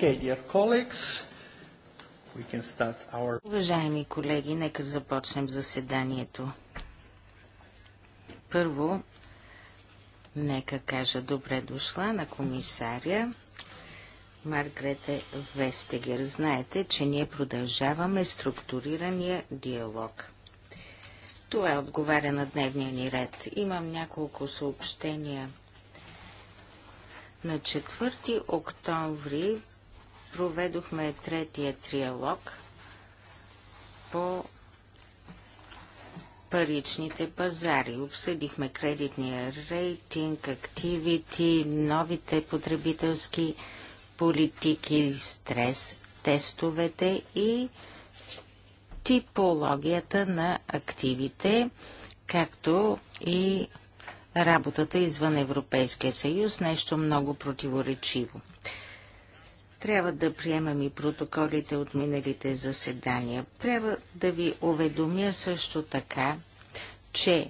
Okay, dear colleagues, we can start our... Уважаеми колеги, нека започнем заседанието. Първо, нека кажа добре дошла на комисаря Маргрете Вестегер. Знаете, че ние продължаваме структурирания диалог. Това е отговаря на дневния ни ред. Имам няколко съобщения на 4 октомври проведохме третия триалог по паричните пазари. Обсъдихме кредитния рейтинг, активити, новите потребителски политики, стрес, тестовете и типологията на активите, както и работата извън Европейския съюз, нещо много противоречиво. Трябва да приемам и протоколите от миналите заседания. Трябва да ви уведомя също така, че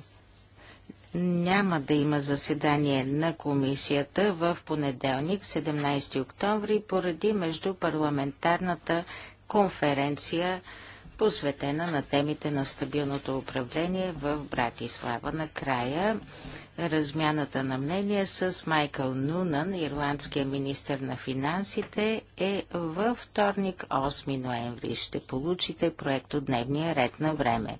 няма да има заседание на комисията в понеделник, 17 октомври, поради междупарламентарната конференция посветена на темите на стабилното управление в Братислава. Накрая размяната на мнение с Майкъл Нунан, ирландския министр на финансите, е във вторник 8 ноември. Ще получите проект от дневния ред на време.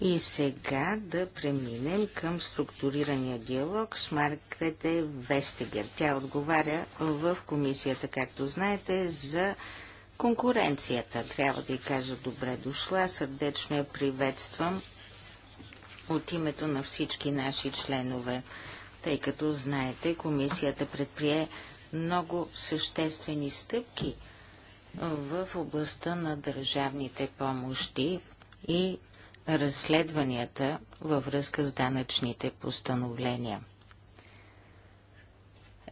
И сега да преминем към структурирания диалог с Маркрете Вестегер. Тя отговаря в комисията, както знаете, за конкуренцията. Трябва да й кажа добре дошла, сърдечно я приветствам от името на всички наши членове, тъй като знаете, комисията предприе много съществени стъпки в областта на държавните помощи и разследванията във връзка с данъчните постановления.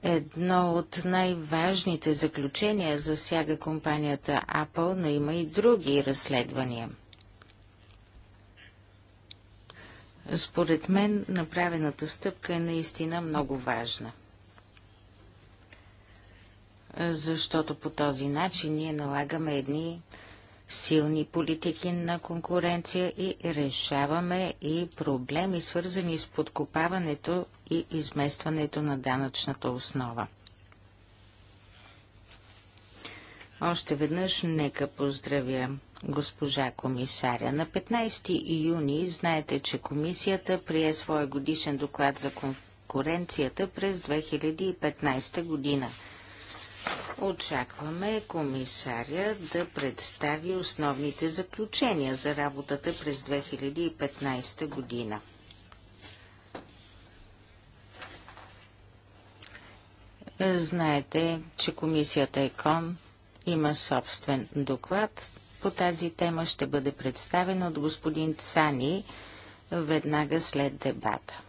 Едно от най-важните заключения засяга компанията Apple, но има и други разследвания. Според мен направената стъпка е наистина много важна защото по този начин ние налагаме едни силни политики на конкуренция и решаваме и проблеми, свързани с подкопаването и изместването на данъчната основа. Още веднъж нека поздравя госпожа комисаря. На 15 юни знаете, че комисията прие своя годишен доклад за конкуренцията през 2015 година – Очакваме комисаря да представи основните заключения за работата през 2015 година. Знаете, че комисията ЕКОН има собствен доклад. По тази тема ще бъде представен от господин Цани веднага след дебата.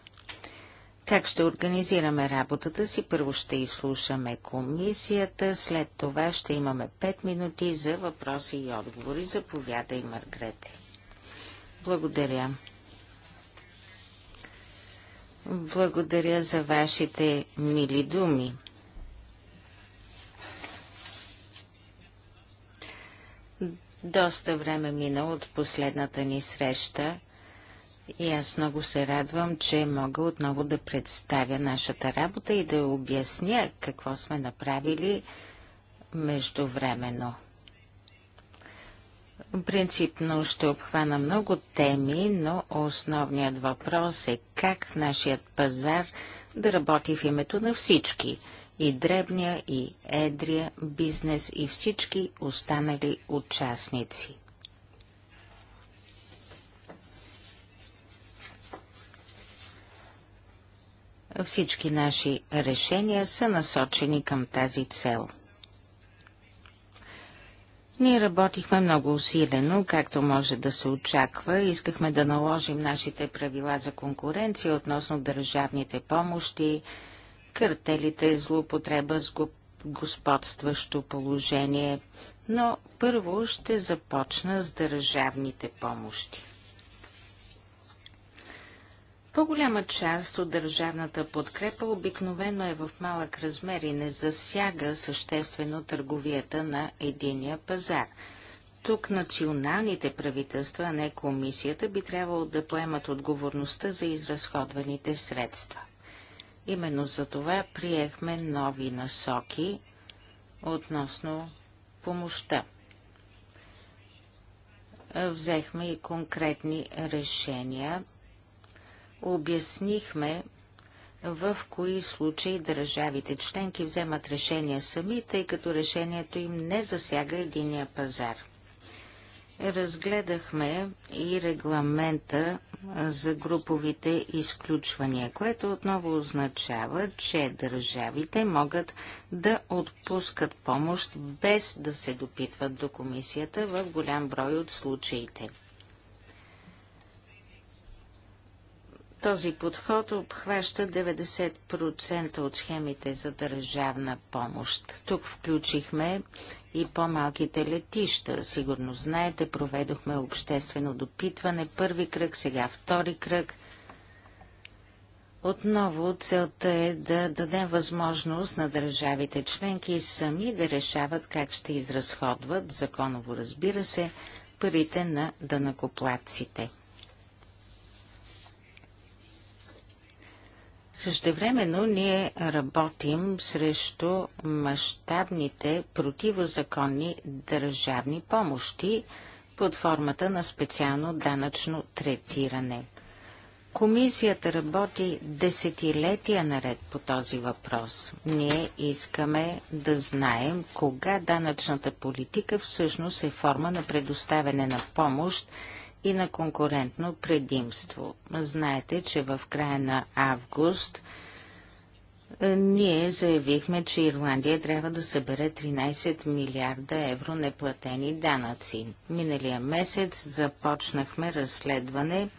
Как ще организираме работата си? Първо ще изслушаме комисията, след това ще имаме 5 минути за въпроси и отговори. Заповядай, Маргрете. Благодаря. Благодаря за вашите мили думи. Доста време мина от последната ни среща. И аз много се радвам, че мога отново да представя нашата работа и да обясня какво сме направили междувременно. Принципно ще обхвана много теми, но основният въпрос е как нашият пазар да работи в името на всички и дребния, и едрия бизнес, и всички останали участници. Всички наши решения са насочени към тази цел. Ние работихме много усилено, както може да се очаква. Искахме да наложим нашите правила за конкуренция относно държавните помощи, картелите, злоупотреба с господстващо положение. Но първо ще започна с държавните помощи. По-голяма част от държавната подкрепа обикновено е в малък размер и не засяга съществено търговията на единия пазар. Тук националните правителства, а не комисията, би трябвало да поемат отговорността за изразходваните средства. Именно за това приехме нови насоки относно помощта. Взехме и конкретни решения Обяснихме в кои случаи държавите членки вземат решения сами, тъй като решението им не засяга единия пазар. Разгледахме и регламента за груповите изключвания, което отново означава, че държавите могат да отпускат помощ без да се допитват до комисията в голям брой от случаите – Този подход обхваща 90% от схемите за държавна помощ. Тук включихме и по-малките летища. Сигурно знаете, проведохме обществено допитване. Първи кръг, сега втори кръг. Отново целта е да дадем възможност на държавите членки сами да решават как ще изразходват, законово разбира се, парите на дънакоплатците. Същевременно ние работим срещу мащабните противозаконни държавни помощи под формата на специално данъчно третиране. Комисията работи десетилетия наред по този въпрос. Ние искаме да знаем кога данъчната политика всъщност е форма на предоставяне на помощ и на конкурентно предимство. Знаете, че в края на август е, ние заявихме, че Ирландия трябва да събере 13 милиарда евро неплатени данъци. Миналия месец започнахме разследване,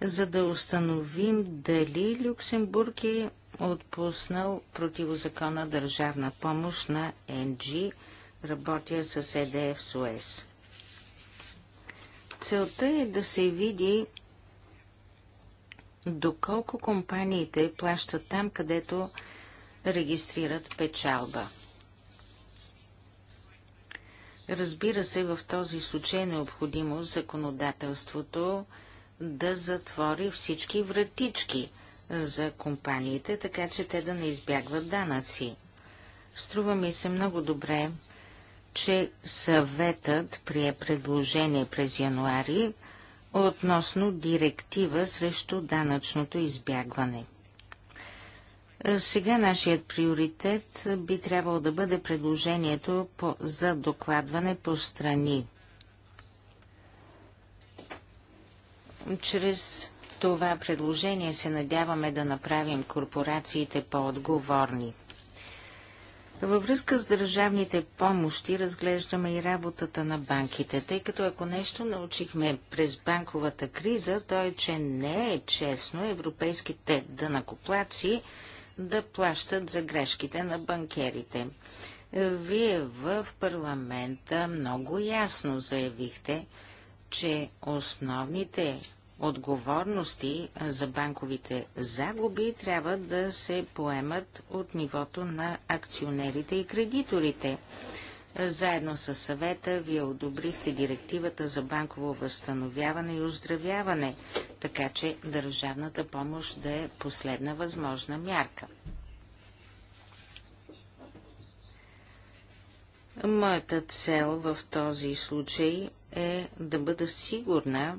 за да установим дали Люксембург е отпуснал противозаконна държавна помощ на НГ, работя с ЕДФ Суес. Целта е да се види доколко компаниите плащат там, където регистрират печалба. Разбира се, в този случай е необходимо законодателството да затвори всички вратички за компаниите, така че те да не избягват данъци. Струва ми се много добре че съветът прие предложение през януари относно директива срещу данъчното избягване. Е, сега нашият приоритет би трябвало да бъде предложението по, за докладване по страни. Чрез това предложение се надяваме да направим корпорациите по-отговорни. Във връзка с държавните помощи разглеждаме и работата на банките, тъй като ако нещо научихме през банковата криза, то е, че не е честно европейските дънакоплаци да плащат за грешките на банкерите. Вие в парламента много ясно заявихте, че основните отговорности за банковите загуби трябва да се поемат от нивото на акционерите и кредиторите. Заедно с съвета вие одобрихте директивата за банково възстановяване и оздравяване, така че държавната помощ да е последна възможна мярка. Моята цел в този случай е да бъда сигурна,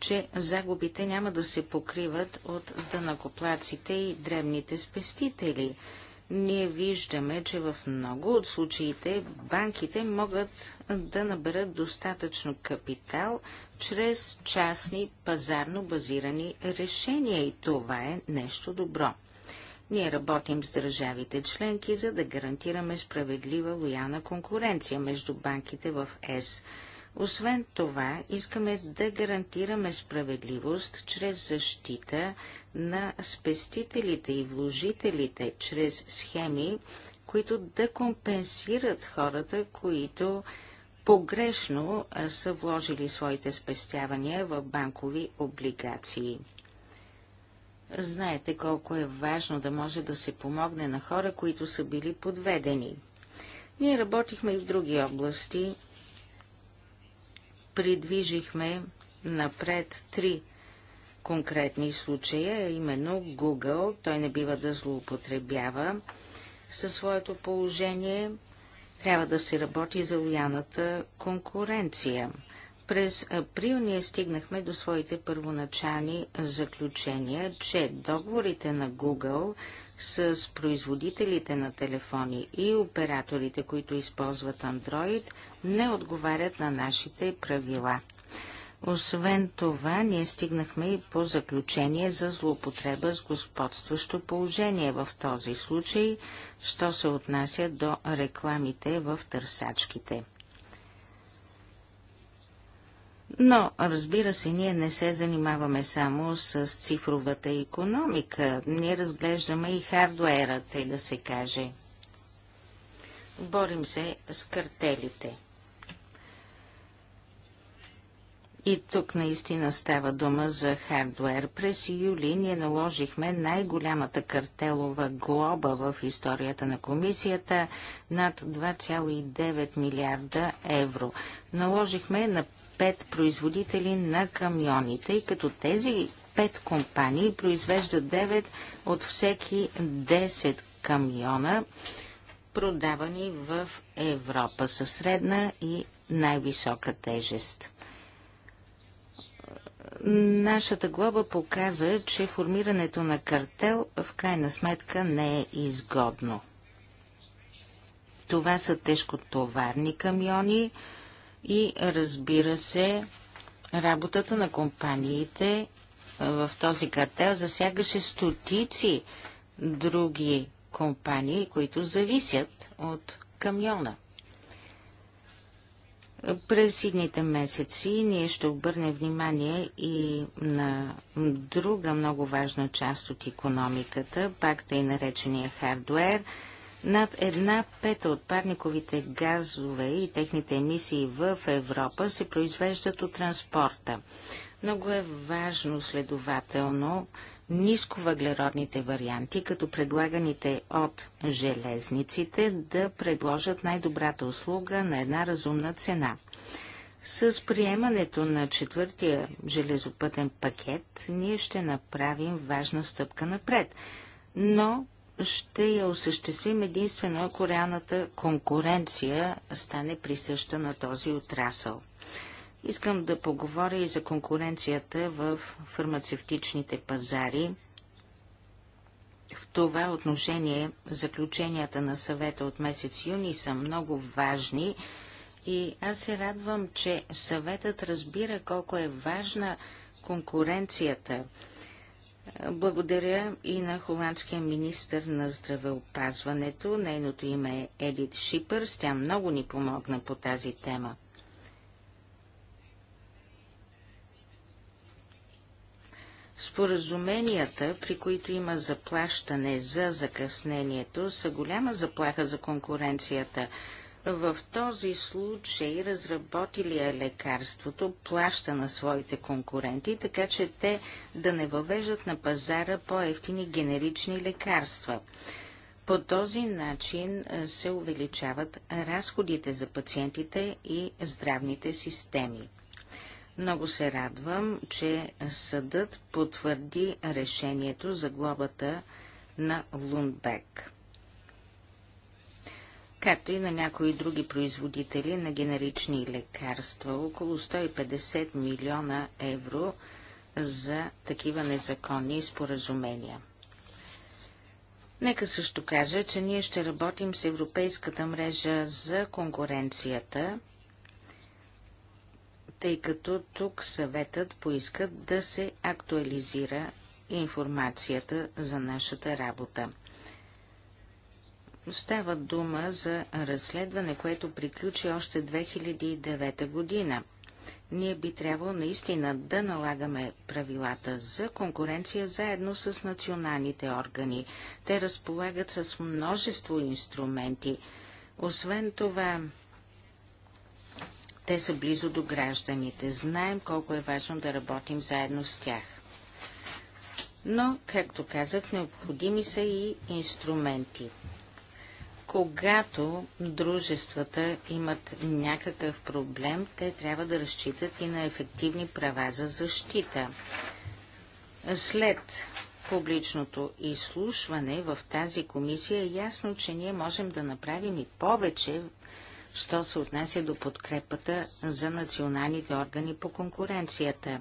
че загубите няма да се покриват от дънакоплаците и дребните спестители. Ние виждаме, че в много от случаите банките могат да наберат достатъчно капитал чрез частни пазарно базирани решения и това е нещо добро. Ние работим с държавите членки, за да гарантираме справедлива лоялна конкуренция между банките в ЕС. Освен това, искаме да гарантираме справедливост чрез защита на спестителите и вложителите, чрез схеми, които да компенсират хората, които погрешно са вложили своите спестявания в банкови облигации. Знаете колко е важно да може да се помогне на хора, които са били подведени. Ние работихме и в други области придвижихме напред три конкретни случая, именно Google. Той не бива да злоупотребява със своето положение. Трябва да се работи за уяната конкуренция. През април ние стигнахме до своите първоначални заключения, че договорите на Google с производителите на телефони и операторите, които използват Android – не отговарят на нашите правила. Освен това, ние стигнахме и по заключение за злоупотреба с господстващо положение в този случай, що се отнася до рекламите в търсачките. Но, разбира се, ние не се занимаваме само с цифровата економика. Ние разглеждаме и хардуера, тъй да се каже. Борим се с картелите. И тук наистина става дума за хардвер. През юли ние наложихме най-голямата картелова глоба в историята на комисията над 2,9 милиарда евро. Наложихме на пет производители на камионите, и като тези пет компании произвеждат 9 от всеки 10 камиона, продавани в Европа със средна и най-висока тежест. Нашата глоба показа, че формирането на картел в крайна сметка не е изгодно. Това са тежкотоварни камиони и разбира се, работата на компаниите в този картел засягаше стотици други компании, които зависят от камиона. През идните месеци ние ще обърнем внимание и на друга много важна част от економиката, пакта и наречения хардуер. Над една пета от парниковите газове и техните емисии в Европа се произвеждат от транспорта. Много е важно, следователно, нисковъглеродните варианти, като предлаганите от железниците, да предложат най-добрата услуга на една разумна цена. С приемането на четвъртия железопътен пакет ние ще направим важна стъпка напред, но ще я осъществим единствено ако реалната конкуренция стане присъща на този отрасъл. Искам да поговоря и за конкуренцията в фармацевтичните пазари. В това отношение заключенията на съвета от месец юни са много важни и аз се радвам, че съветът разбира колко е важна конкуренцията. Благодаря и на холандския министр на здравеопазването. Нейното име е Едит Шипърс. Тя много ни помогна по тази тема. Споразуменията, при които има заплащане за закъснението, са голяма заплаха за конкуренцията. В този случай разработилия е лекарството плаща на своите конкуренти, така че те да не въвеждат на пазара по-ефтини генерични лекарства. По този начин се увеличават разходите за пациентите и здравните системи. Много се радвам, че съдът потвърди решението за глобата на Лундбек, както и на някои други производители на генерични лекарства, около 150 милиона евро за такива незаконни споразумения. Нека също кажа, че ние ще работим с Европейската мрежа за конкуренцията тъй като тук съветът поиска да се актуализира информацията за нашата работа. Става дума за разследване, което приключи още 2009 година. Ние би трябвало наистина да налагаме правилата за конкуренция заедно с националните органи. Те разполагат с множество инструменти. Освен това, те са близо до гражданите. Знаем колко е важно да работим заедно с тях. Но, както казах, необходими са и инструменти. Когато дружествата имат някакъв проблем, те трябва да разчитат и на ефективни права за защита. След публичното изслушване в тази комисия е ясно, че ние можем да направим и повече що се отнася до подкрепата за националните органи по конкуренцията.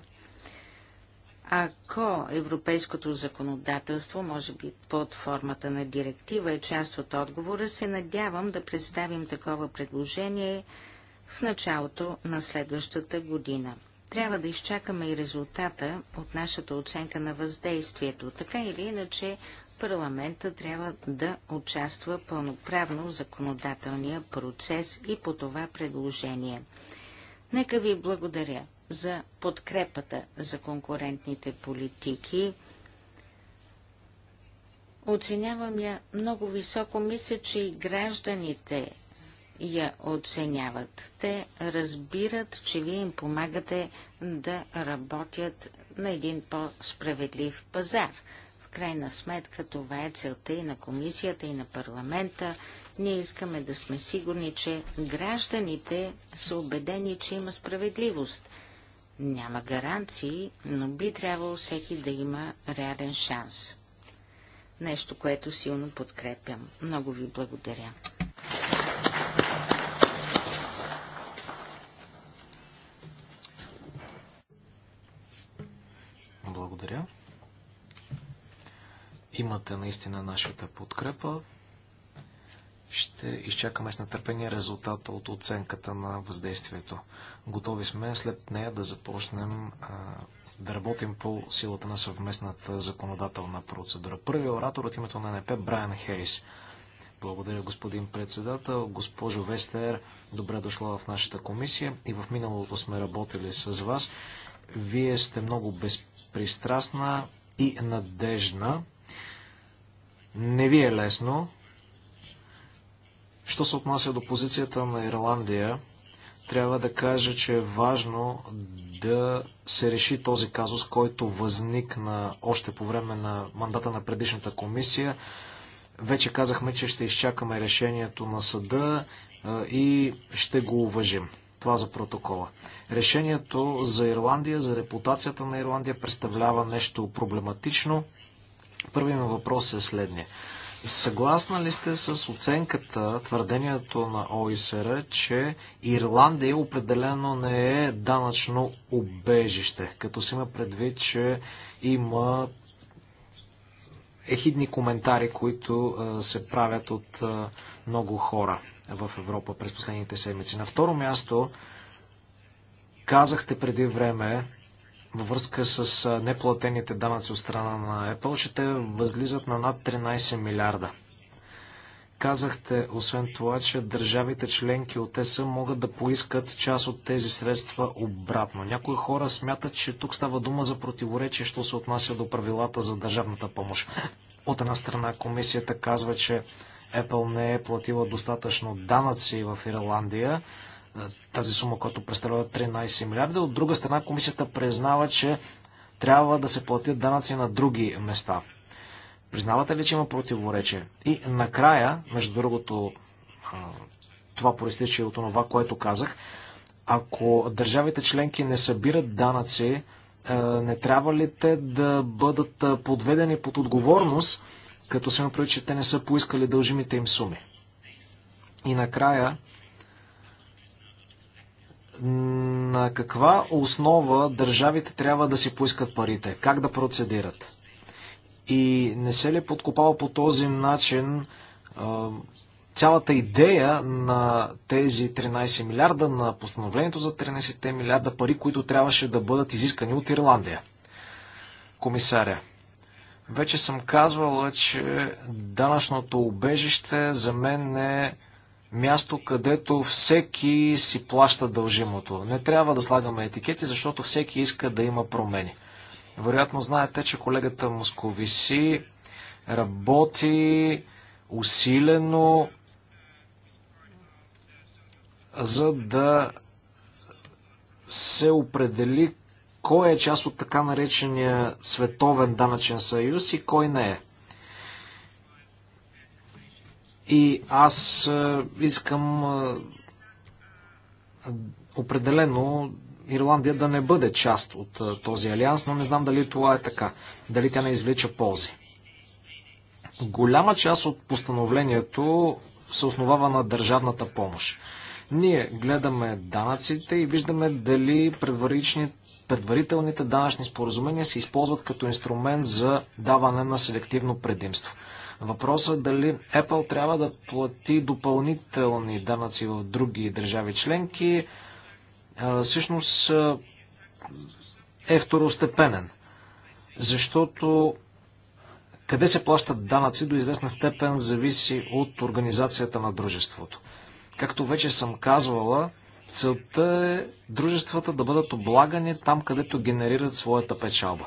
Ако европейското законодателство, може би под формата на директива, е част от отговора, се надявам да представим такова предложение в началото на следващата година. Трябва да изчакаме и резултата от нашата оценка на въздействието. Така или иначе, парламента трябва да участва пълноправно в законодателния процес и по това предложение. Нека ви благодаря за подкрепата за конкурентните политики. Оценявам я много високо. Мисля, че и гражданите я оценяват. Те разбират, че вие им помагате да работят на един по-справедлив пазар. В крайна сметка това е целта и на комисията, и на парламента. Ние искаме да сме сигурни, че гражданите са убедени, че има справедливост. Няма гаранции, но би трябвало всеки да има реален шанс. Нещо, което силно подкрепям. Много ви благодаря. Благодаря. Имате наистина нашата подкрепа. Ще изчакаме с нетърпение резултата от оценката на въздействието. Готови сме след нея да започнем а, да работим по силата на съвместната законодателна процедура. Първият оратор от името на НП Брайан Хейс. Благодаря, господин председател. Госпожо Вестер, добре дошла в нашата комисия и в миналото сме работили с вас. Вие сте много безпристрастна и надежна не ви е лесно. Що се отнася до позицията на Ирландия, трябва да кажа, че е важно да се реши този казус, който възникна още по време на мандата на предишната комисия. Вече казахме, че ще изчакаме решението на съда и ще го уважим. Това за протокола. Решението за Ирландия, за репутацията на Ирландия представлява нещо проблематично. Първият ми въпрос е следния. Съгласна ли сте с оценката, твърдението на ОИСР, че Ирландия определено не е данъчно обежище, като се има предвид, че има ехидни коментари, които се правят от много хора в Европа през последните седмици. На второ място, казахте преди време, във връзка с неплатените данъци от страна на Apple, че те възлизат на над 13 милиарда. Казахте, освен това, че държавите членки от ЕС могат да поискат част от тези средства обратно. Някои хора смятат, че тук става дума за противоречие, що се отнася до правилата за държавната помощ. От една страна комисията казва, че Apple не е платила достатъчно данъци в Ирландия, е, тази сума, която представлява 13 милиарда. От друга страна, комисията признава, че трябва да се платят данъци на други места. Признавате ли, че има противоречие? И накрая, между другото, това проистича от това, което казах, ако държавите членки не събират данъци, е, не трябва ли те да бъдат е, подведени под отговорност, като се направи, че те не са поискали дължимите им суми? И накрая, на каква основа държавите трябва да си поискат парите, как да процедират. И не се ли подкопава по този начин цялата идея на тези 13 милиарда, на постановлението за 13 милиарда пари, които трябваше да бъдат изискани от Ирландия? Комисаря, вече съм казвала, че данъчното убежище за мен е място, където всеки си плаща дължимото. Не трябва да слагаме етикети, защото всеки иска да има промени. Вероятно знаете, че колегата Московиси работи усилено за да се определи кой е част от така наречения световен данъчен съюз и кой не е. И аз е, искам е, определено Ирландия да не бъде част от е, този алианс, но не знам дали това е така, дали тя не извлича ползи. Голяма част от постановлението се основава на държавната помощ. Ние гледаме данъците и виждаме дали предваричните предварителните данъчни споразумения се използват като инструмент за даване на селективно предимство. Въпросът е дали Apple трябва да плати допълнителни данъци в други държави членки, всъщност е второстепенен. Защото къде се плащат данъци до известна степен зависи от организацията на дружеството. Както вече съм казвала, Целта е дружествата да бъдат облагани там, където генерират своята печалба.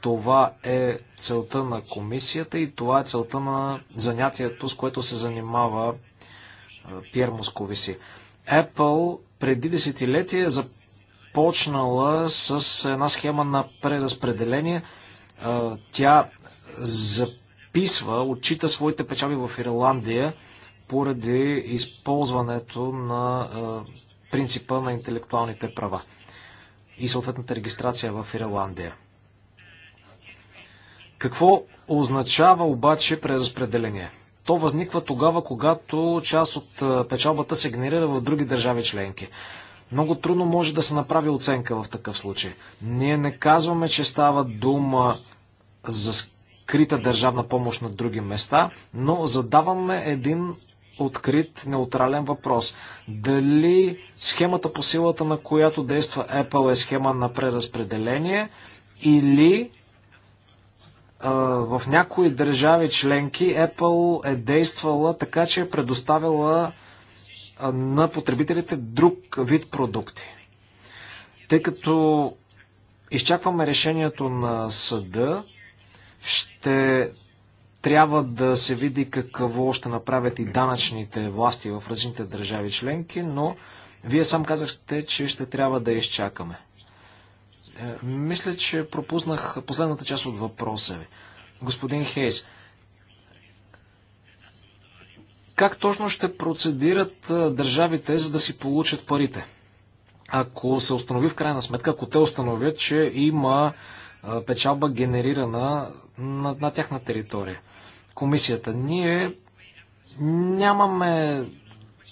Това е целта на комисията и това е целта на занятието, с което се занимава Пьер Московиси. Apple преди десетилетие започнала с една схема на преразпределение. Тя записва, отчита своите печали в Ирландия поради използването на принципа на интелектуалните права и съответната регистрация в Ирландия. Какво означава обаче преразпределение? То възниква тогава, когато част от печалбата се генерира в други държави членки. Много трудно може да се направи оценка в такъв случай. Ние не казваме, че става дума за скрита държавна помощ на други места, но задаваме един открит, неутрален въпрос. Дали схемата по силата на която действа Apple е схема на преразпределение или в някои държави членки Apple е действала така, че е предоставила на потребителите друг вид продукти. Тъй като изчакваме решението на съда, ще трябва да се види какво ще направят и данъчните власти в различните държави членки, но вие сам казахте, че ще трябва да изчакаме. Е, мисля, че пропуснах последната част от въпроса ви. Господин Хейс, как точно ще процедират е, държавите, за да си получат парите? Ако се установи в крайна сметка, ако те установят, че има е, печалба генерирана на, на тяхна територия. Комисията. Ние нямаме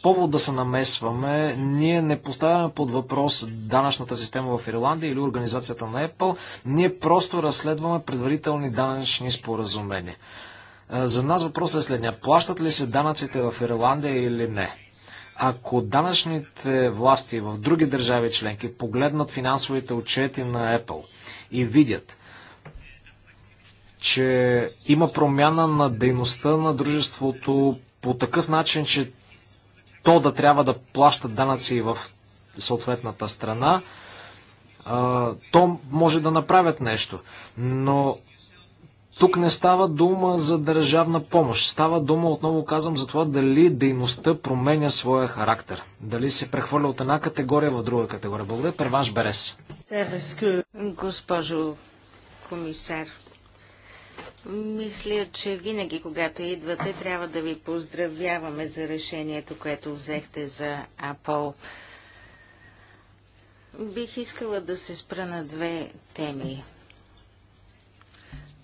повод да се намесваме. Ние не поставяме под въпрос данъчната система в Ирландия или организацията на Apple. Ние просто разследваме предварителни данъчни споразумения. За нас въпросът е следния. Плащат ли се данъците в Ирландия или не? Ако данъчните власти в други държави членки погледнат финансовите отчети на Apple и видят, че има промяна на дейността на дружеството по такъв начин, че то да трябва да плаща данъци в съответната страна, то може да направят нещо. Но тук не става дума за държавна помощ. Става дума, отново казвам, за това дали дейността променя своя характер. Дали се прехвърля от една категория в друга категория. Благодаря, Перванш Берес. Госпожо комисар, мисля, че винаги, когато идвате, трябва да ви поздравяваме за решението, което взехте за Apple. Бих искала да се спра на две теми.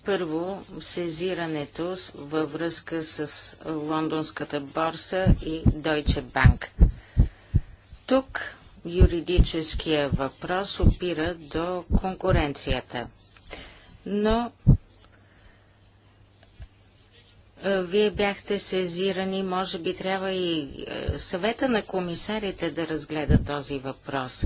Първо, сезирането във връзка с Лондонската борса и Deutsche Bank. Тук юридическия въпрос опира до конкуренцията. Но е, вие бяхте сезирани, може би трябва и е, съвета на комисарите да разгледа този въпрос,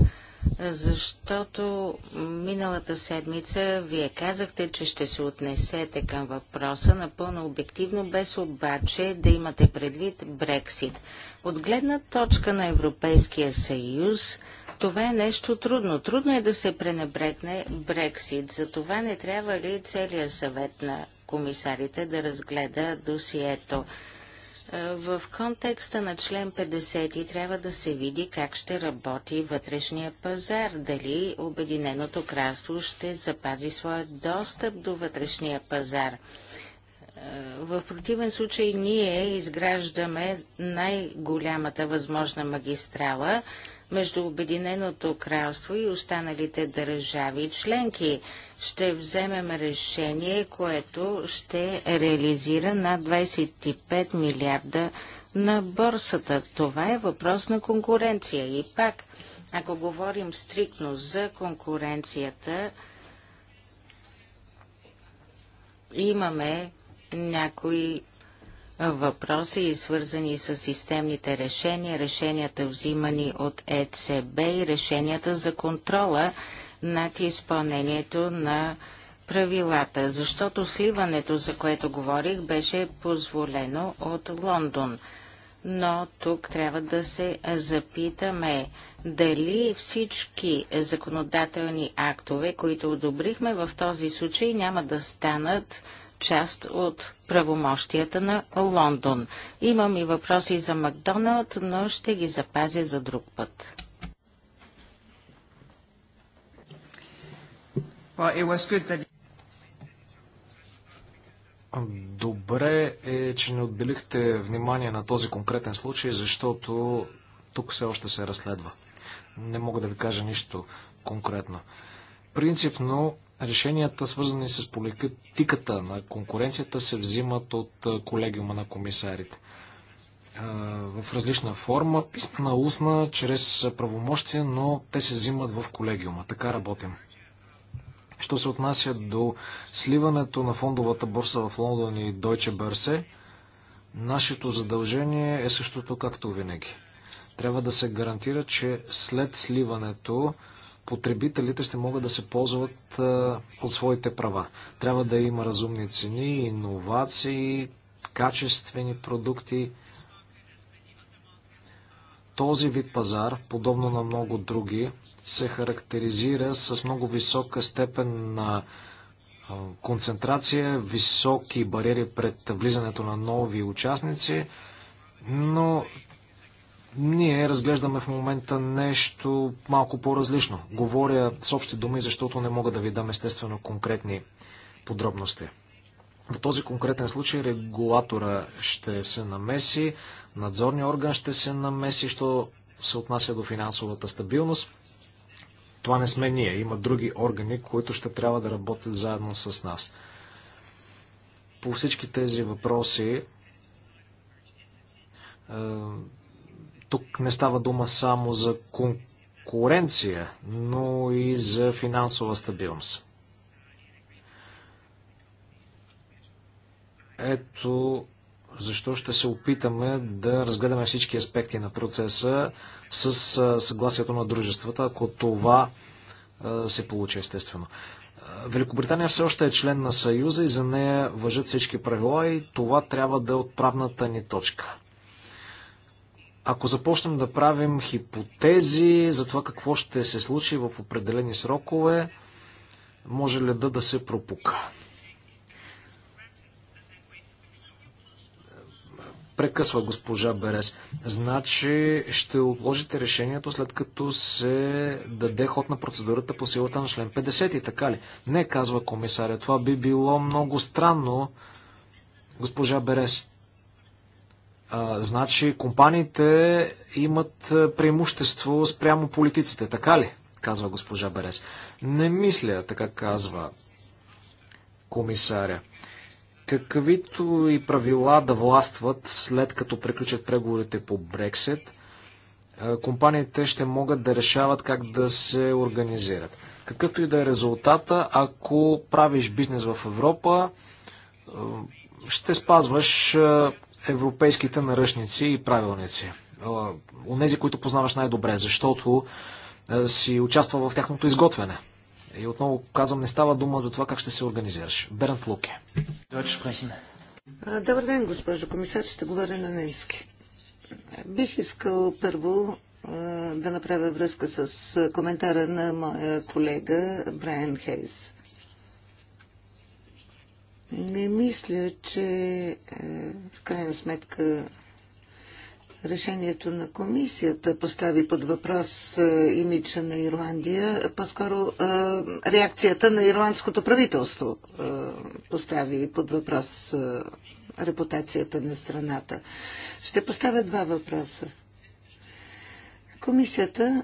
защото миналата седмица вие казахте, че ще се отнесете към въпроса напълно обективно, без обаче да имате предвид Брексит. От гледна точка на Европейския съюз, това е нещо трудно. Трудно е да се пренебрегне Брексит. За това не трябва ли целият съвет на комисарите да разгледа досието. В контекста на член 50 трябва да се види как ще работи вътрешния пазар, дали Обединеното кралство ще запази своя достъп до вътрешния пазар. В противен случай ние изграждаме най-голямата възможна магистрала, между Обединеното кралство и останалите държави и членки. Ще вземем решение, което ще реализира над 25 милиарда на борсата. Това е въпрос на конкуренция. И пак, ако говорим стриктно за конкуренцията, имаме някои въпроси, свързани с системните решения, решенията взимани от ЕЦБ и решенията за контрола над изпълнението на правилата, защото сливането, за което говорих, беше позволено от Лондон. Но тук трябва да се запитаме дали всички законодателни актове, които одобрихме в този случай, няма да станат част от правомощията на Лондон. Имам и въпроси за Макдоналд, но ще ги запазя за друг път. Добре е, че не отделихте внимание на този конкретен случай, защото тук все още се разследва. Не мога да ви кажа нищо конкретно. Принципно решенията, свързани с политиката на конкуренцията, се взимат от колегиума на комисарите в различна форма, писана, устна, чрез правомощия, но те се взимат в колегиума. Така работим. Що се отнася до сливането на фондовата борса в Лондон и Deutsche Börse, нашето задължение е същото както винаги. Трябва да се гарантира, че след сливането потребителите ще могат да се ползват от своите права. Трябва да има разумни цени, иновации, качествени продукти. Този вид пазар, подобно на много други, се характеризира с много висока степен на концентрация, високи бариери пред влизането на нови участници, но ние разглеждаме в момента нещо малко по-различно. Говоря с общи думи, защото не мога да ви дам естествено конкретни подробности. В този конкретен случай регулатора ще се намеси, надзорния орган ще се намеси, що се отнася до финансовата стабилност. Това не сме ние. Има други органи, които ще трябва да работят заедно с нас. По всички тези въпроси е, тук не става дума само за конкуренция, но и за финансова стабилност. Ето защо ще се опитаме да разгледаме всички аспекти на процеса с съгласието на дружествата, ако това се получи естествено. Великобритания все още е член на Съюза и за нея въжат всички правила и това трябва да е отправната ни точка. Ако започнем да правим хипотези за това какво ще се случи в определени срокове, може леда да се пропука. Прекъсва госпожа Берес. Значи ще отложите решението след като се даде ход на процедурата по силата на член 50 и така ли? Не, казва комисаря. Това би било много странно, госпожа Берес. А, значи компаниите имат преимущество спрямо политиците, така ли? Казва госпожа Берес. Не мисля, така казва комисаря. Каквито и правила да властват след като приключат преговорите по Брексит, компаниите ще могат да решават как да се организират. Какъвто и да е резултата, ако правиш бизнес в Европа, ще спазваш европейските наръчници и правилници. Онези, които познаваш най-добре, защото си участва в тяхното изготвяне. И отново казвам, не става дума за това как ще се организираш. Бернт Луке. Добър ден, госпожо комисар. Ще говоря на немски. Бих искал първо да направя връзка с коментара на моя колега Брайан Хейс. Не мисля, че е, в крайна сметка решението на комисията постави под въпрос е, имича на Ирландия. По-скоро е, реакцията на ирландското правителство постави под въпрос репутацията на страната. Ще поставя два въпроса. Комисията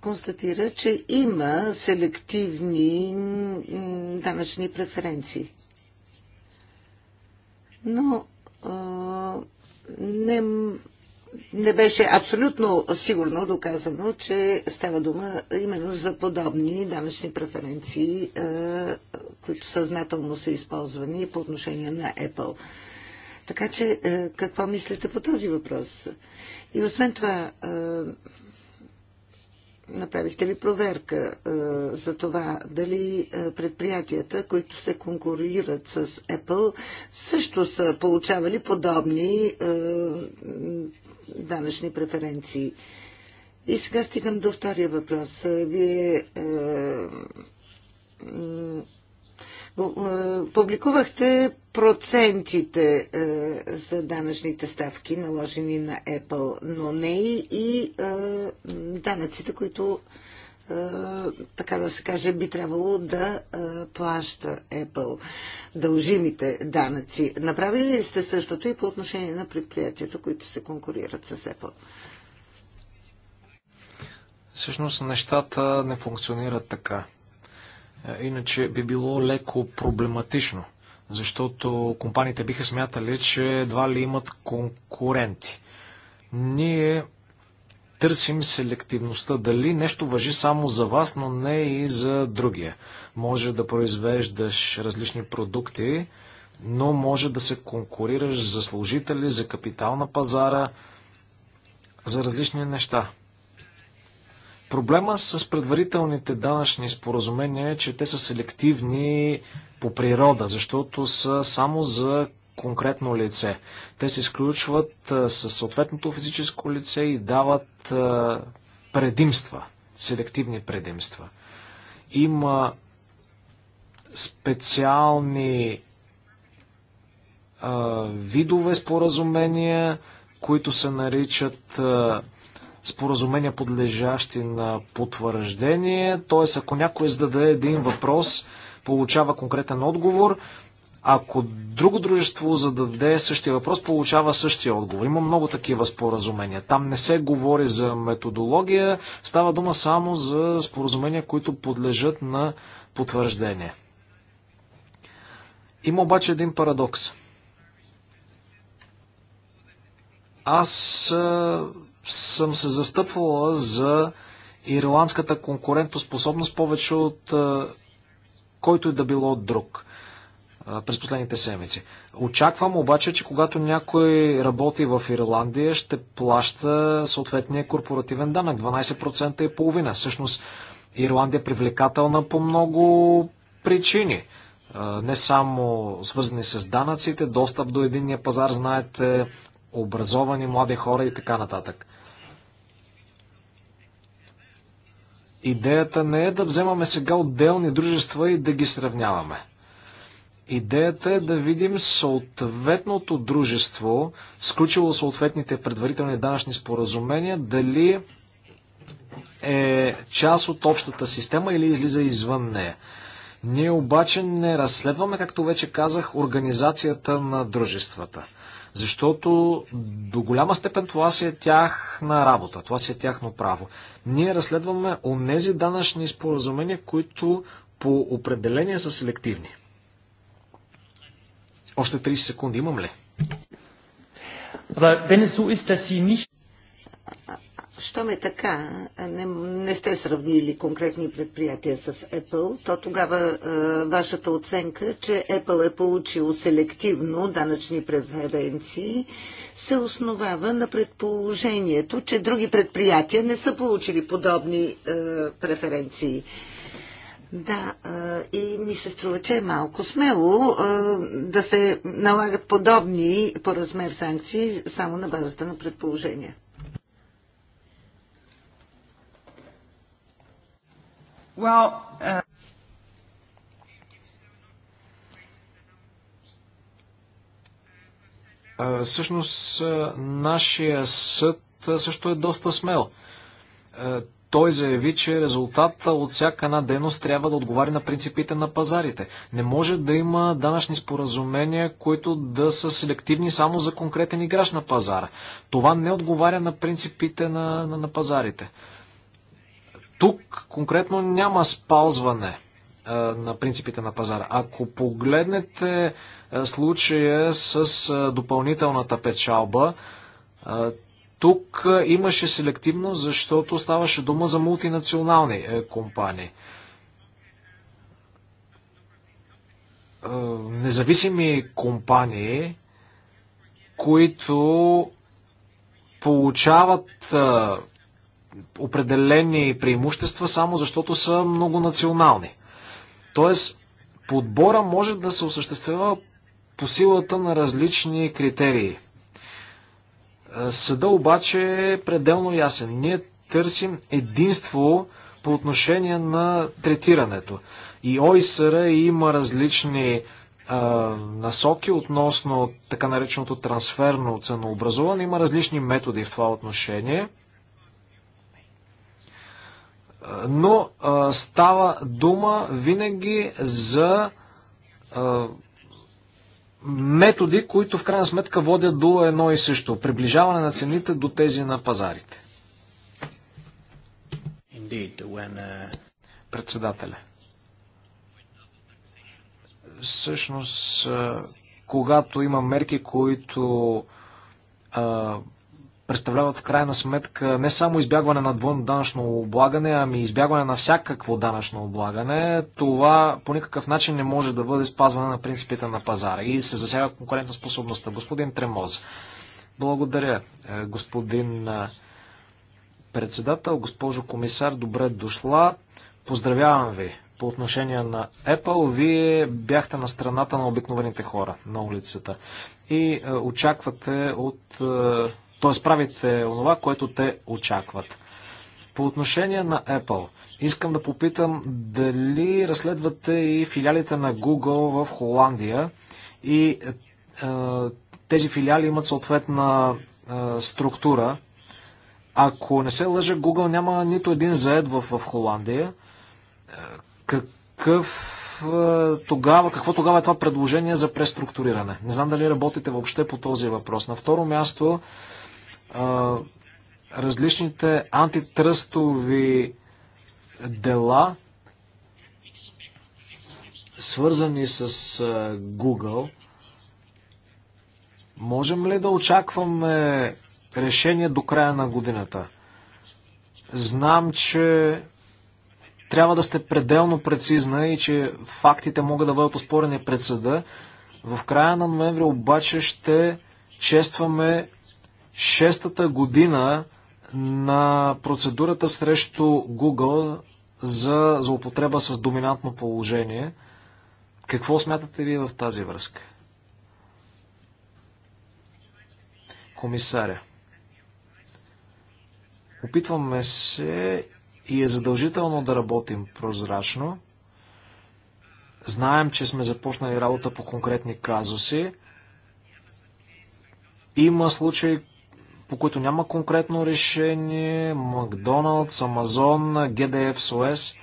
констатира, че има селективни данъчни преференции но не, не беше абсолютно сигурно доказано, че става дума именно за подобни данъчни преференции, които съзнателно са използвани по отношение на Apple. Така че, какво мислите по този въпрос? И освен това, Направихте ли проверка за това дали предприятията, които се конкурират с Apple, също са получавали подобни данъчни преференции? И сега стигам до втория въпрос. Вие Публикувахте процентите е, за данъчните ставки, наложени на Apple, но не и е, данъците, които е, така да се каже, би трябвало да плаща Apple дължимите данъци. Направили ли сте същото и по отношение на предприятията, които се конкурират с Apple? Всъщност нещата не функционират така. Иначе би било леко проблематично, защото компаниите биха смятали, че едва ли имат конкуренти. Ние търсим селективността. Дали нещо въжи само за вас, но не и за другия. Може да произвеждаш различни продукти, но може да се конкурираш за служители, за капитал на пазара, за различни неща. Проблема с предварителните данъчни споразумения е, че те са селективни по природа, защото са само за конкретно лице. Те се изключват със съответното физическо лице и дават предимства, селективни предимства. Има специални а, видове споразумения, които се наричат а, споразумения, подлежащи на потвърждение. Т.е. ако някой зададе един въпрос, получава конкретен отговор. Ако друго дружество зададе същия въпрос, получава същия отговор. Има много такива споразумения. Там не се говори за методология, става дума само за споразумения, които подлежат на потвърждение. Има обаче един парадокс. Аз съм се застъпвала за ирландската конкурентоспособност повече от който и да било от друг през последните седмици. Очаквам обаче, че когато някой работи в Ирландия, ще плаща съответния корпоративен данък 12% и половина. Всъщност Ирландия е привлекателна по много причини. Не само свързани с данъците, достъп до единния пазар, знаете, образовани млади хора и така нататък. Идеята не е да вземаме сега отделни дружества и да ги сравняваме. Идеята е да видим съответното дружество, сключило съответните предварителни данъчни споразумения, дали е част от общата система или излиза извън нея. Ние обаче не разследваме, както вече казах, организацията на дружествата. Защото до голяма степен това си е тяхна работа, това си е тяхно право. Ние разследваме онези данъчни споразумения, които по определение са селективни. Още 30 секунди имам ли? щом е така, не, не сте сравнили конкретни предприятия с Apple, то тогава а, е, вашата оценка, че Apple е получил селективно данъчни преференции, се основава на предположението, че други предприятия не са получили подобни а, е, преференции. Да, е, и ми се струва, че е малко смело да се налагат подобни по размер санкции само на базата на предположения. Well, uh, uh, всъщност, uh, нашия съд също е доста смел. той заяви, че резултата от всяка една дейност трябва да отговаря на принципите на пазарите. Не може да има данъчни споразумения, които да са селективни само за конкретен играч на пазара. Това не отговаря на принципите на, на, на пазарите. Тук конкретно няма спалзване на принципите на пазара. Ако погледнете случая с допълнителната печалба, тук имаше селективно, защото ставаше дума за мултинационални е, компании. Независими компании, които получават определени преимущества, само защото са многонационални. Тоест, подбора може да се осъществява по силата на различни критерии. Е, съда обаче е пределно ясен. Ние търсим единство по отношение на третирането. И ОИСР има различни а, е, насоки относно така нареченото трансферно ценообразуване. Има различни методи в това отношение – но а, става дума винаги за а, методи, които в крайна сметка водят до едно и също. Приближаване на цените до тези на пазарите. Indeed, when, uh... Председателя. Всъщност, когато има мерки, които а, представляват в крайна сметка не само избягване на двойно данъчно облагане, ами избягване на всякакво данъчно облагане, това по никакъв начин не може да бъде спазване на принципите на пазара и се засяга конкурентна способността. Господин Тремоз, благодаря, е, господин е, председател, госпожо комисар, добре дошла. Поздравявам ви по отношение на Apple. Вие бяхте на страната на обикновените хора на улицата и е, очаквате от т.е. правите онова, което те очакват. По отношение на Apple, искам да попитам дали разследвате и филиалите на Google в Холандия и е, тези филиали имат съответна е, структура. Ако не се лъжа, Google няма нито един заед в, в Холандия. Е, какъв е, тогава, какво тогава е това предложение за преструктуриране? Не знам дали работите въобще по този въпрос. На второ място, различните антитръстови дела, свързани с Google, можем ли да очакваме решение до края на годината? Знам, че трябва да сте пределно прецизна и че фактите могат да бъдат успорени пред съда. В края на ноември обаче ще честваме шестата година на процедурата срещу Google за злоупотреба с доминантно положение. Какво смятате ви в тази връзка? Комисаря. Опитваме се и е задължително да работим прозрачно. Знаем, че сме започнали работа по конкретни казуси. Има случаи, по които няма конкретно решение, Макдоналдс, Амазон, GDF, SOS.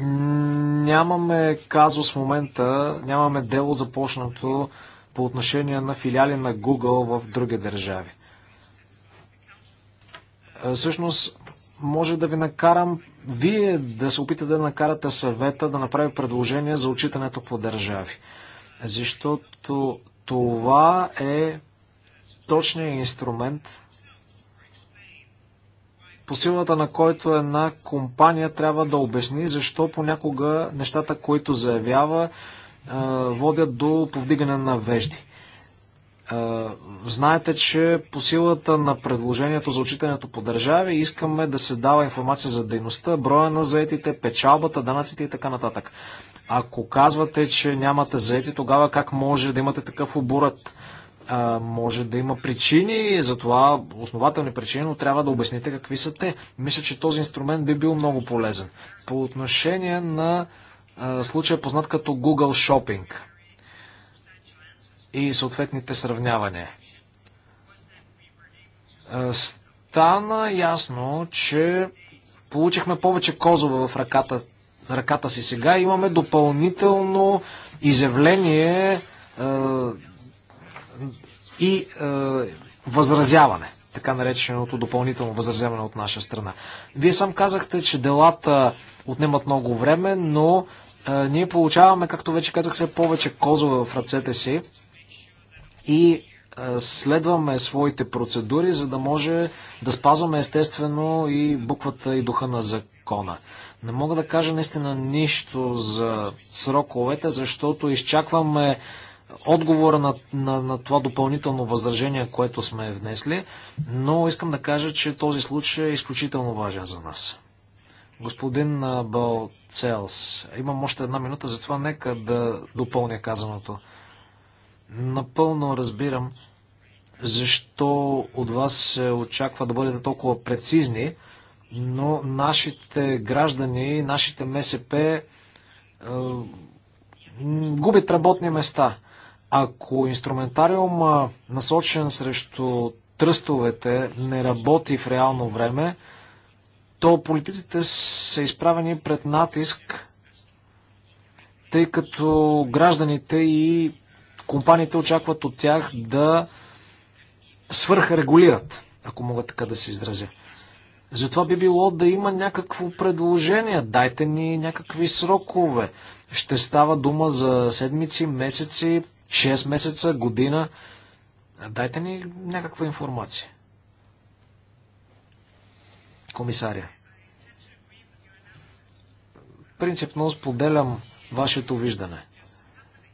Нямаме казус в момента, нямаме дело започнато по отношение на филиали на Google в други държави. Е, всъщност, може да ви накарам вие да се опитате да накарате съвета да направи предложение за отчитането по държави. Защото това е точния инструмент, по силата на който една компания трябва да обясни защо понякога нещата, които заявява, водят до повдигане на вежди. Знаете, че по силата на предложението за отчитането по държави искаме да се дава информация за дейността, броя на заетите, печалбата, данъците и така нататък. Ако казвате, че нямате заети, тогава как може да имате такъв оборот? А, може да има причини, за това основателни причини, но трябва да обясните какви са те. Мисля, че този инструмент би бил много полезен. По отношение на а, случая познат като Google Shopping и съответните сравнявания. А, стана ясно, че получихме повече козове в ръката, ръката си сега. Имаме допълнително изявление и е, възразяване, така нареченото допълнително възразяване от наша страна. Вие сам казахте, че делата отнемат много време, но е, ние получаваме, както вече казах, все повече козове в ръцете си и е, следваме своите процедури, за да може да спазваме естествено и буквата и духа на закона. Не мога да кажа наистина нищо за сроковете, защото изчакваме отговора на, на, на това допълнително възражение, което сме внесли, но искам да кажа, че този случай е изключително важен за нас. Господин Балцелс, имам още една минута, затова нека да допълня казаното. Напълно разбирам защо от вас се очаква да бъдете толкова прецизни, но нашите граждани, нашите МСП е, губят работни места. Ако инструментариума насочен срещу тръстовете не работи в реално време, то политиците са изправени пред натиск, тъй като гражданите и компаниите очакват от тях да свърхрегулират, ако мога така да се изразя. Затова би било да има някакво предложение, дайте ни някакви срокове. Ще става дума за седмици, месеци, 6 месеца, година. Дайте ни някаква информация. Комисаря. Принципно споделям вашето виждане.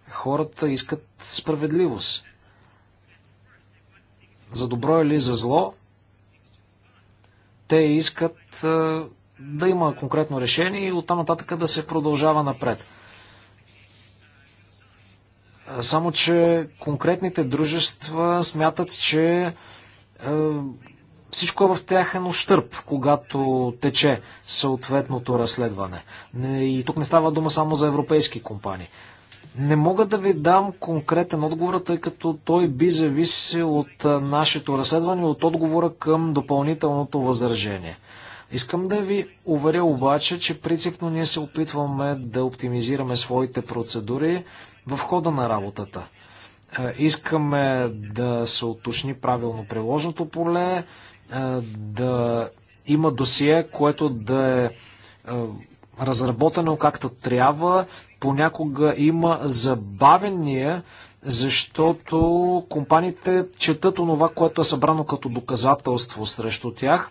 Хората искат справедливост. За добро или за зло, те искат да има конкретно решение и оттам нататък да се продължава напред. Само, че конкретните дружества смятат, че е, всичко е в тях е нощърп, ощърп, когато тече съответното разследване. И тук не става дума само за европейски компании. Не мога да ви дам конкретен отговор, тъй като той би зависил от е, нашето разследване, от отговора към допълнителното възражение. Искам да ви уверя обаче, че принципно ние се опитваме да оптимизираме своите процедури, в хода на работата. Е, искаме да се уточни правилно приложното поле, е, да има досие, което да е, е разработено както трябва. Понякога има забавения, защото компаниите четат онова, което е събрано като доказателство срещу тях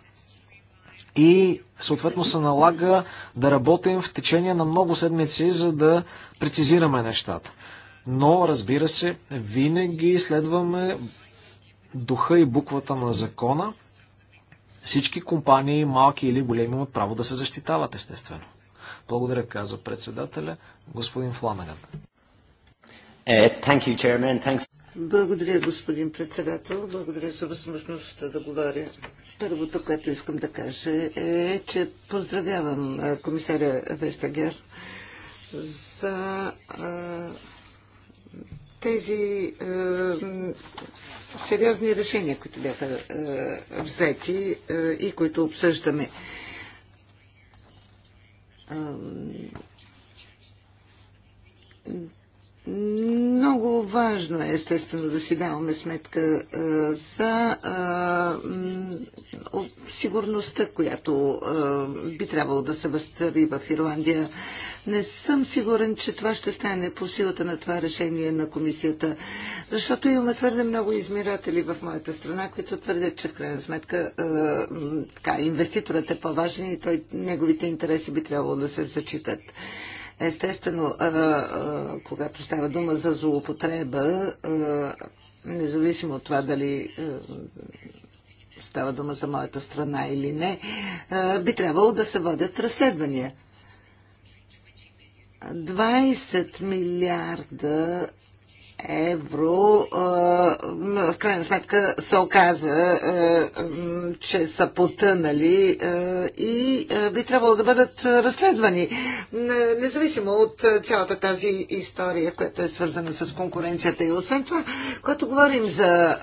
и съответно се налага да работим в течение на много седмици, за да прецизираме нещата. Но, разбира се, винаги следваме духа и буквата на закона. Всички компании, малки или големи, имат право да се защитават, естествено. Благодаря, каза председателя, господин Фланаган. Е, Благодаря, господин председател. Благодаря за възможността да говоря Първото, което искам да кажа е, че поздравявам комисаря Вестагер за а, тези а, сериозни решения, които бяха а, взети а, и които обсъждаме. А, много важно е, естествено, да си даваме сметка за сигурността, която би трябвало да се възцари в Ирландия. Не съм сигурен, че това ще стане по силата на това решение на комисията, защото имаме твърде много измиратели в моята страна, които твърдят, че в крайна сметка така, инвеститорът е по-важен и той, неговите интереси би трябвало да се зачитат. Естествено, когато става дума за злоупотреба, независимо от това дали става дума за моята страна или не, би трябвало да се водят разследвания. 20 милиарда евро в крайна сметка се оказа, че са потънали и би трябвало да бъдат разследвани. Независимо от цялата тази история, която е свързана с конкуренцията. И освен това, когато говорим за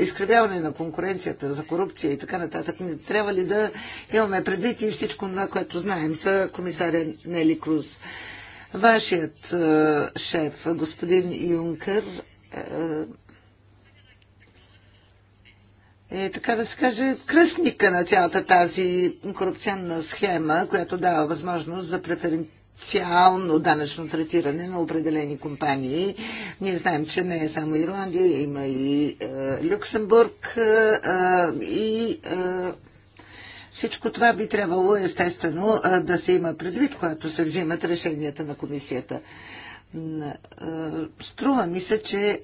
изкривяване на конкуренцията, за корупция и така нататък, не трябва ли да имаме предвид и всичко това, което знаем за комисаря Нели Круз. Вашият е, шеф, господин Юнкър, е, е, така да се каже, кръстника на цялата тази корупционна схема, която дава възможност за преференциално данъчно третиране на определени компании. Ние знаем, че не е само Ирландия, има и е, Люксембург е, е и е, всичко това би трябвало естествено да се има предвид, когато се взимат решенията на комисията. Струва ми се, че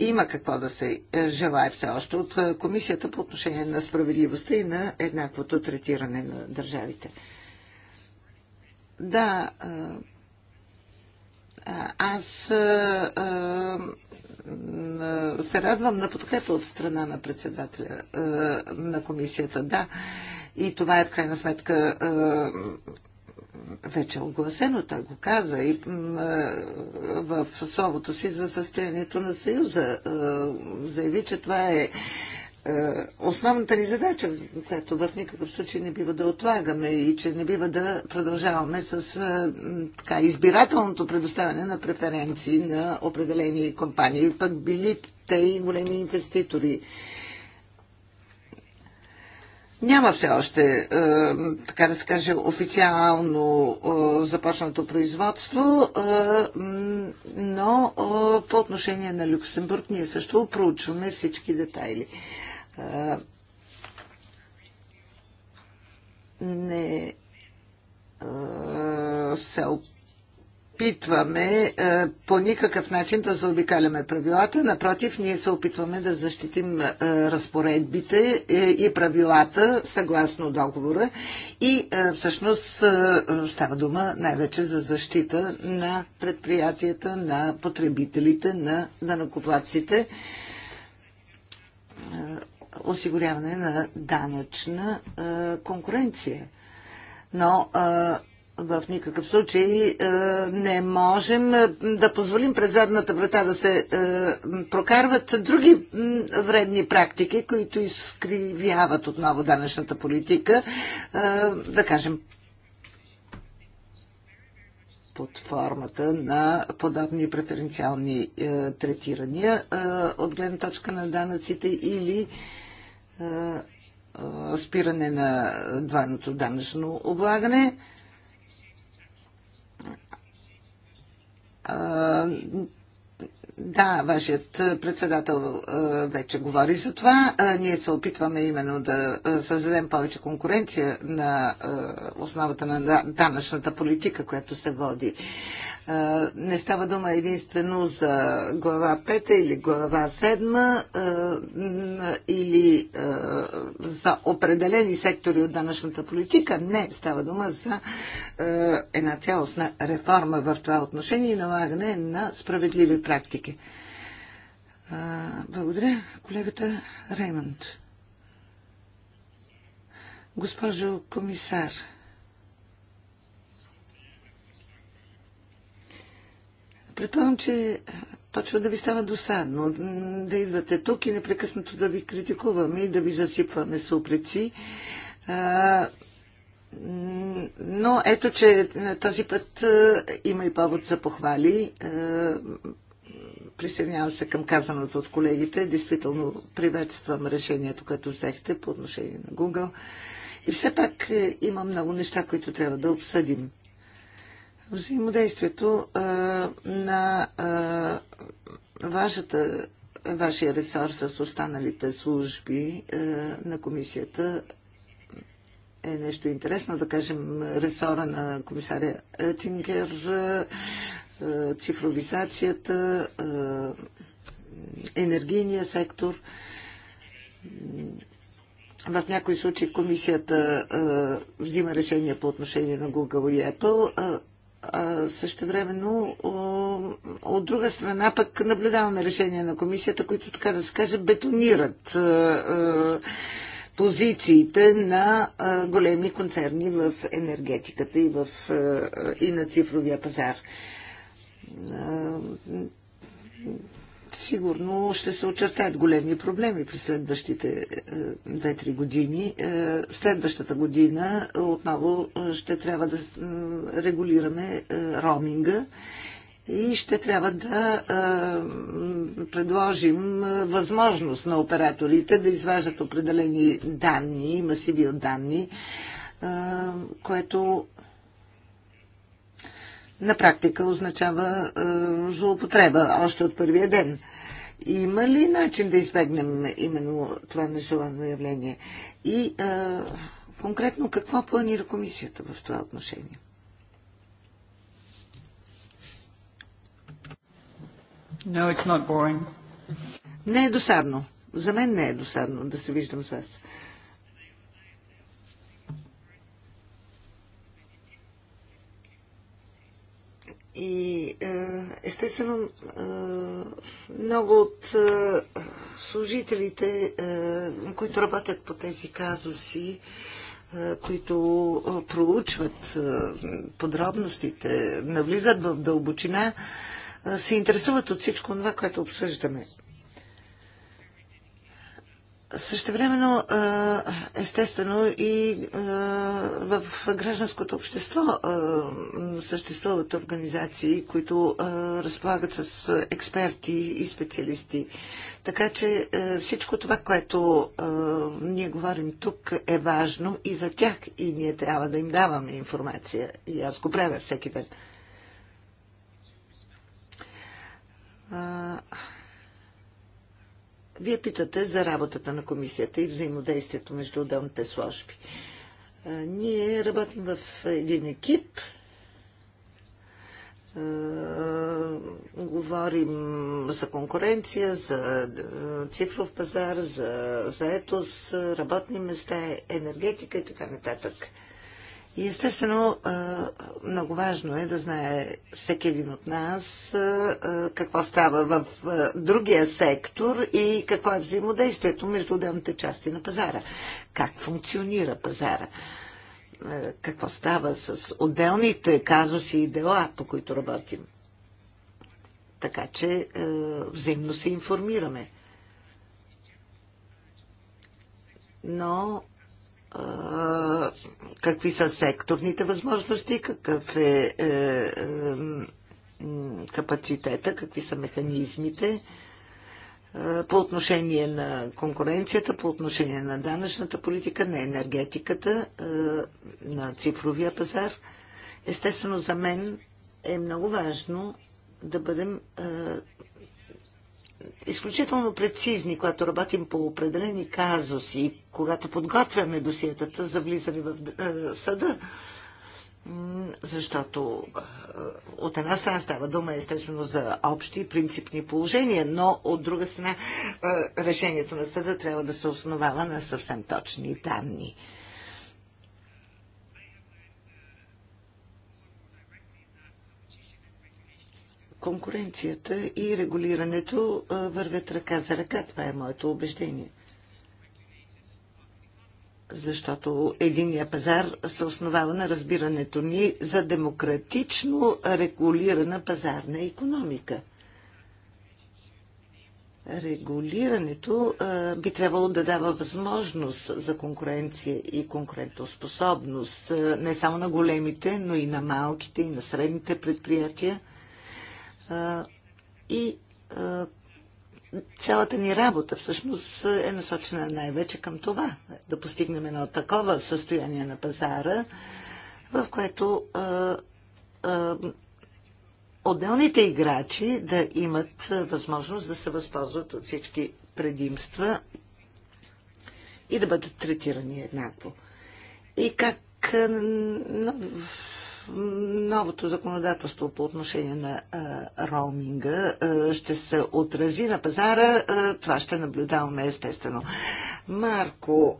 има какво да се желая все още от комисията по отношение на справедливостта и на еднаквото третиране на държавите. Да, аз се радвам на подкрепа от страна на председателя е, на комисията. Да, и това е в крайна сметка е, вече огласено, той го каза и е, в словото си за състоянието на Съюза. Заяви, че това е е, основната ни задача, която в никакъв случай не бива да отлагаме и че не бива да продължаваме с е, така, избирателното предоставяне на преференции на определени компании, пък били те и големи инвеститори. Няма все още, е, така да се каже, официално започнато производство, но по отношение на Люксембург ние също проучваме всички детайли не се опитваме по никакъв начин да заобикаляме правилата. Напротив, ние се опитваме да защитим разпоредбите е, и правилата съгласно договора. И всъщност става дума най-вече за защита на предприятията, на потребителите, на данакоплаците осигуряване на данъчна конкуренция. Но в никакъв случай не можем да позволим през задната врата да се прокарват други вредни практики, които изкривяват отново данъчната политика, да кажем, под формата на подобни преференциални е, третирания е, от гледна точка на данъците или спиране на двойното данъчно облагане. Да, вашият председател вече говори за това. Ние се опитваме именно да създадем повече конкуренция на основата на данъчната политика, която се води. Не става дума единствено за глава 5 или глава 7 или за определени сектори от данъчната политика. Не, става дума за една цялостна реформа в това отношение и налагане на справедливи практики. Благодаря, колегата Реймонд. Госпожо комисар, Предполагам, че е, почва да ви става досадно да идвате тук и непрекъснато да ви критикуваме и да ви засипваме с упреци. Но ето, че е, този път е, има и повод за похвали. Присъединявам се към казаното от колегите. Действително приветствам решението, което взехте по отношение на Google. И все пак има много неща, които трябва да обсъдим взаимодействието а, на а, вашата, вашия ресор с останалите служби а, на комисията е нещо интересно, да кажем, ресора на комисаря Етингер, цифровизацията, енергийния сектор. В някои случаи комисията взима решения по отношение на Google и Apple същевременно от друга страна пък наблюдаваме решения на комисията, които така да се каже бетонират позициите на големи концерни в енергетиката и, в, и на цифровия пазар сигурно ще се очертаят големи проблеми през следващите 2-3 е, години. Е, следващата година отново е, ще трябва да регулираме роминга и ще трябва да предложим възможност на операторите да изваждат определени данни, масиви от данни, което на практика означава е, злоупотреба още от първия ден. Има ли начин да избегнем именно това нежелано явление? И е, конкретно какво планира комисията в това отношение? No, it's not boring. Не е досадно. За мен не е досадно да се виждам с вас. Uh, И е, естествено е, много от е, служителите, които работят по тези казуси, които проучват подробностите, навлизат в дълбочина, се интересуват от всичко това, което обсъждаме. Същевременно, естествено, и в гражданското общество съществуват организации, които разполагат с експерти и специалисти. Така че всичко това, което ние говорим тук, е важно и за тях, и ние трябва да им даваме информация. И аз го правя всеки ден. Вие питате за работата на комисията и взаимодействието между отделните служби. Ние работим в един екип. Говорим за конкуренция, за цифров пазар, за заетост, работни места, енергетика и така нататък. И естествено, много важно е да знае всеки един от нас какво става в другия сектор и какво е взаимодействието между отделните части на пазара. Как функционира пазара? Какво става с отделните казуси и дела, по които работим? Така че взаимно се информираме. Но какви са секторните възможности, какъв е, е, е капацитета, какви са механизмите е, по отношение на конкуренцията, по отношение на данъчната политика, на енергетиката, е, на цифровия пазар. Естествено, за мен е много важно да бъдем изключително прецизни, когато работим по определени казуси, когато подготвяме досиетата за влизане в е, съда, защото е, от една страна става дума естествено за общи принципни положения, но от друга страна е, решението на съда трябва да се основава на съвсем точни данни. конкуренцията и регулирането вървят ръка за ръка. Това е моето убеждение. Защото единия пазар се основава на разбирането ни за демократично регулирана пазарна економика. Регулирането би трябвало да дава възможност за конкуренция и конкурентоспособност не само на големите, но и на малките и на средните предприятия – и цялата ни работа всъщност е насочена най-вече към това, да постигнем едно такова състояние на пазара, в което отделните играчи да имат възможност да се възползват от всички предимства и да бъдат третирани еднакво. И как новото законодателство по отношение на роуминга ще се отрази на пазара, това ще наблюдаваме естествено. Марко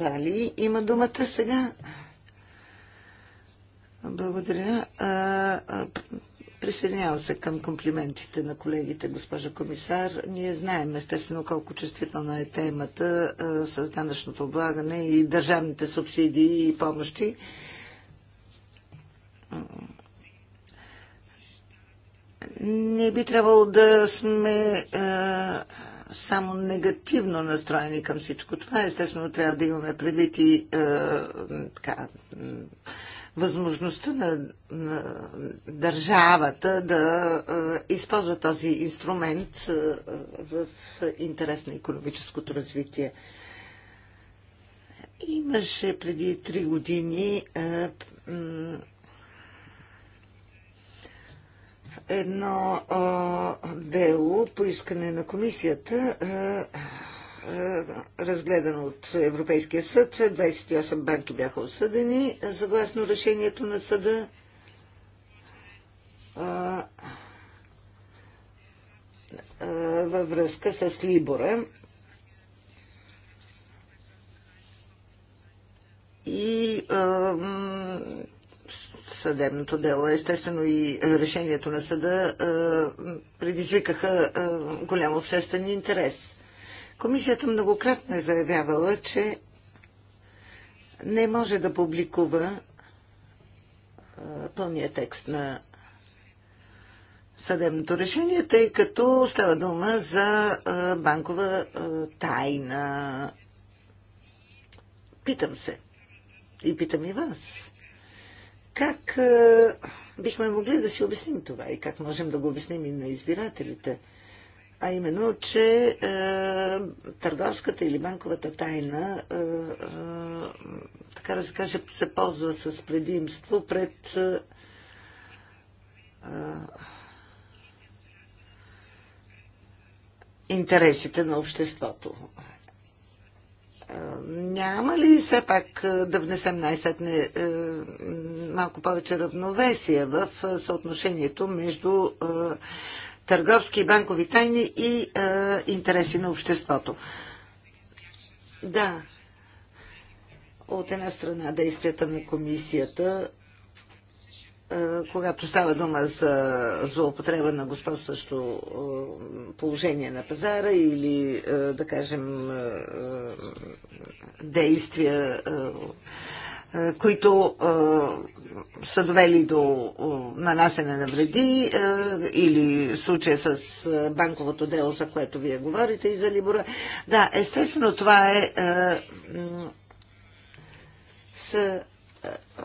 Вали има думата сега. Благодаря. Присъединявам се към комплиментите на колегите, госпожа комисар. Ние знаем естествено колко чувствителна е темата с данъчното облагане и държавните субсидии и помощи не би трябвало да сме а, само негативно настроени към всичко това. Естествено, трябва да имаме предвид и а, така, възможността на, на държавата да а, използва този инструмент а, в интерес на економическото развитие. Имаше преди три години а, едно а, дело по искане на комисията, а, а, разгледано от Европейския съд. 28 банки бяха осъдени. Съгласно решението на съда, а, във връзка с Либора, и а, съдебното дело. Естествено и решението на съда е, предизвикаха е, голям обществен интерес. Комисията многократно е заявявала, че не може да публикува е, пълния текст на съдебното решение, тъй като става дума за банкова тайна. Питам се. И питам и вас. Как е, бихме могли да си обясним това и как можем да го обясним и на избирателите? А именно, че а, е, търговската или банковата тайна, а, е, а, така да се каже, се ползва с предимство пред. А, интересите на обществото няма ли все пак да внесем най-сетне е, малко повече равновесие в съотношението между търговски и банкови тайни и интереси на обществото? Да. От една страна действията на комисията е, когато става дума за злоупотреба на господстващо е, положение на пазара или, е, да кажем, действия, които са довели до нанасене на вреди или случая с банковото дело, за което вие говорите и за Либора. Да, естествено, това е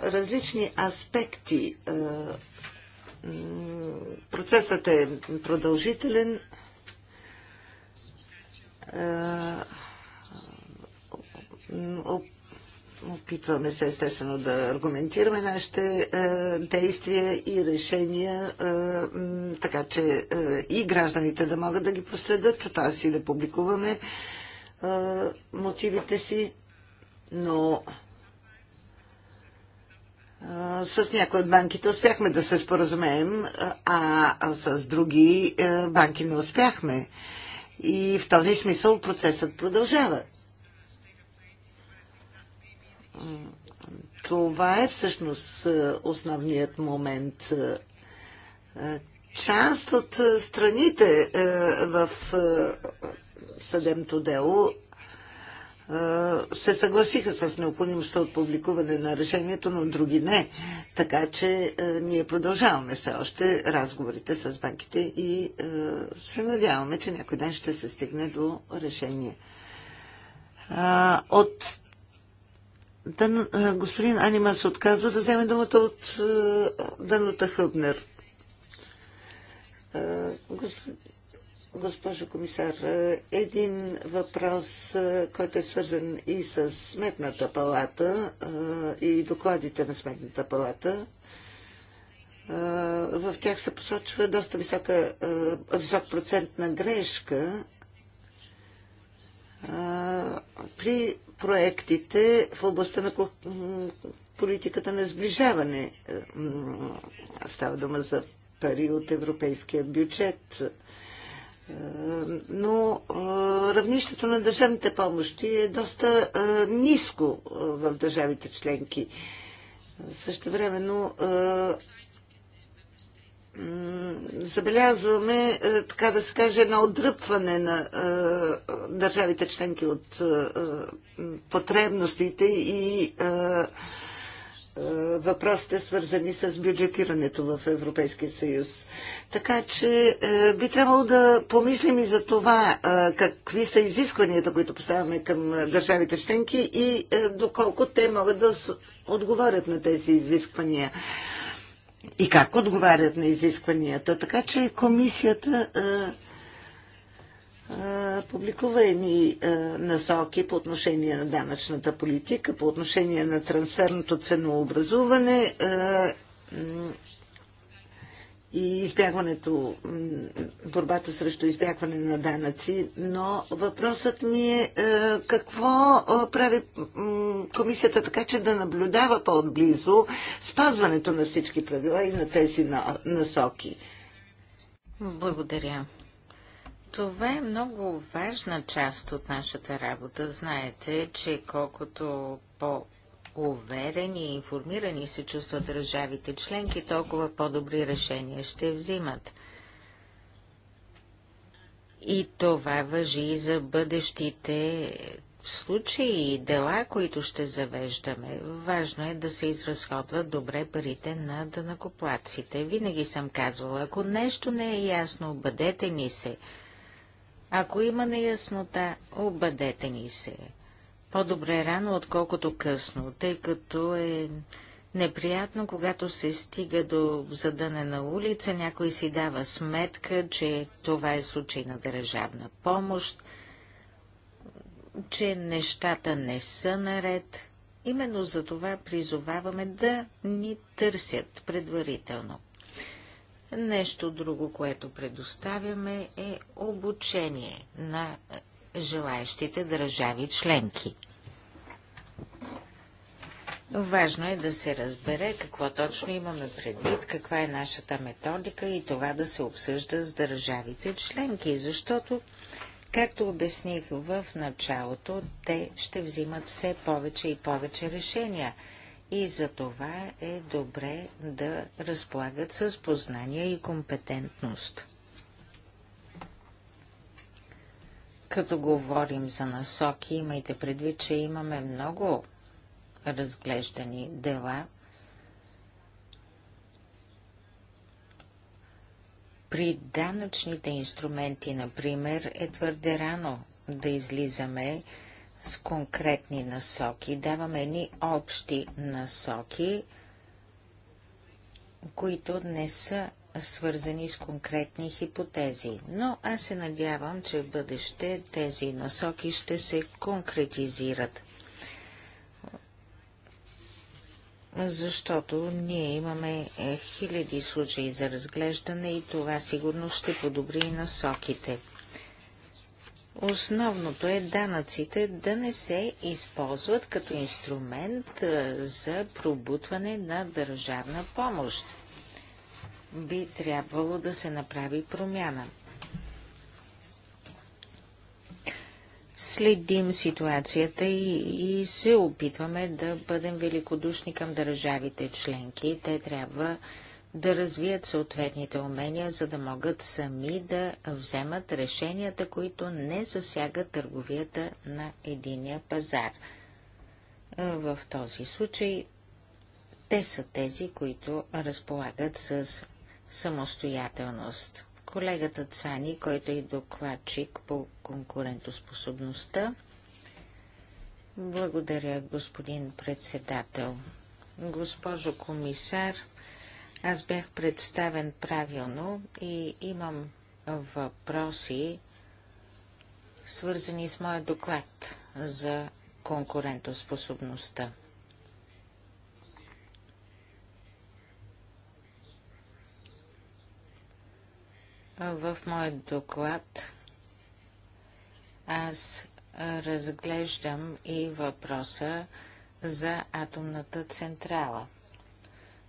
различни аспекти. Е, процесът е продължителен. Е, опитваме се естествено да аргументираме нашите е, действия и решения, така че и гражданите да могат да ги проследят, че си да публикуваме мотивите си, но с някои от банките успяхме да се споразумеем, а с други е, банки не успяхме. И в този смисъл процесът продължава. Това е всъщност е, основният момент. Е, част от страните в съдебното дело се съгласиха с необходимостта от публикуване на решението, но други не. Така че ние продължаваме все още разговорите с банките и се надяваме, че някой ден ще се стигне до решение. От Дан... господин Анима се отказва да вземе думата от Данута Хъбнер. Господин госпожо комисар, един въпрос, който е свързан и с Сметната палата и докладите на Сметната палата. В тях се посочва доста висока, висок процент на грешка при проектите в областта на политиката на сближаване. Става дума за пари от европейския бюджет но равнището на държавните помощи е доста ниско в държавите членки. Също времено забелязваме, така да се каже, едно отдръпване на държавите членки от потребностите и е, въпросите, свързани с бюджетирането в Европейския съюз. Така че е, би трябвало да помислим и за това е, какви са изискванията, които поставяме към държавите членки и доколко те могат да отговорят на тези изисквания. И как отговарят на изискванията. Така че комисията публикува едни насоки по отношение на данъчната политика, по отношение на трансферното ценообразуване и избягването, борбата срещу избягване на данъци, но въпросът ми е какво прави комисията така, че да наблюдава по-отблизо спазването на всички правила и на тези насоки. Благодаря. Това е много важна част от нашата работа. Знаете, че колкото по уверени и информирани се чувстват държавите членки, толкова по-добри решения ще взимат. И това въжи и за бъдещите случаи и дела, които ще завеждаме. Важно е да се изразходват добре парите на дънакоплаците. Винаги съм казвала, ако нещо не е ясно, бъдете ни се – ако има неяснота, обадете ни се. По-добре рано, отколкото късно, тъй като е неприятно, когато се стига до задънена улица, някой си дава сметка, че това е случай на държавна помощ, че нещата не са наред. Именно за това призоваваме да ни търсят предварително. Нещо друго, което предоставяме е обучение на желаящите държави членки. Важно е да се разбере какво точно имаме предвид, каква е нашата методика и това да се обсъжда с държавите членки, защото, както обясних в началото, те ще взимат все повече и повече решения – и за това е добре да разполагат с познания и компетентност. Като говорим за насоки, имайте предвид, че имаме много разглеждани дела. При данъчните инструменти, например, е твърде рано да излизаме с конкретни насоки. Даваме едни общи насоки, които не са свързани с конкретни хипотези. Но аз се надявам, че в бъдеще тези насоки ще се конкретизират. Защото ние имаме е, хиляди случаи за разглеждане и това сигурно ще подобри и насоките. Основното е данъците да не се използват като инструмент за пробутване на държавна помощ. Би трябвало да се направи промяна. Следим ситуацията и, и се опитваме да бъдем великодушни към държавите членки. Те трябва да развият съответните умения, за да могат сами да вземат решенията, които не засягат търговията на единия пазар. В този случай те са тези, които разполагат с самостоятелност. Колегата Цани, който е докладчик по конкурентоспособността, благодаря, господин председател. Госпожо комисар, аз бях представен правилно и имам въпроси, свързани с моя доклад за конкурентоспособността. В моя доклад аз разглеждам и въпроса за атомната централа.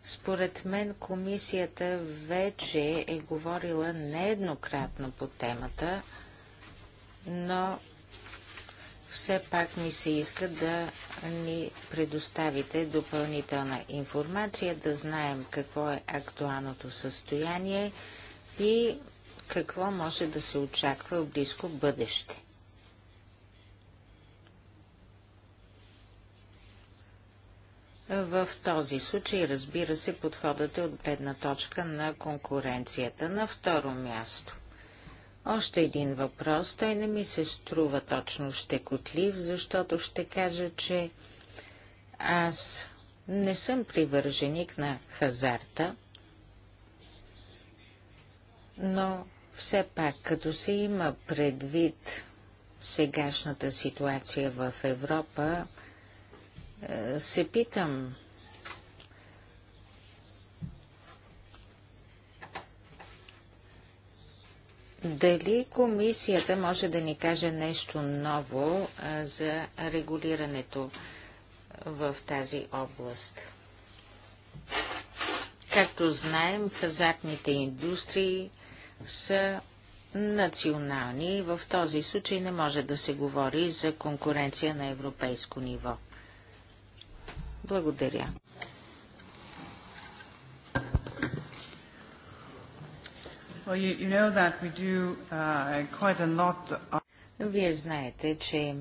Според мен комисията вече е говорила нееднократно по темата, но все пак ми се иска да ни предоставите допълнителна информация, да знаем какво е актуалното състояние и какво може да се очаква в близко бъдеще. В този случай, разбира се, подходът е от гледна точка на конкуренцията. На второ място. Още един въпрос. Той не ми се струва точно щекотлив, защото ще кажа, че аз не съм привърженик на хазарта, но все пак, като се има предвид сегашната ситуация в Европа, е, се питам, Дали комисията може да ни каже нещо ново е, за регулирането в тази област? Както знаем, хазартните индустрии са национални и в този случай не може да се говори за конкуренция на европейско ниво. Благодаря. Uh, Вие знаете, че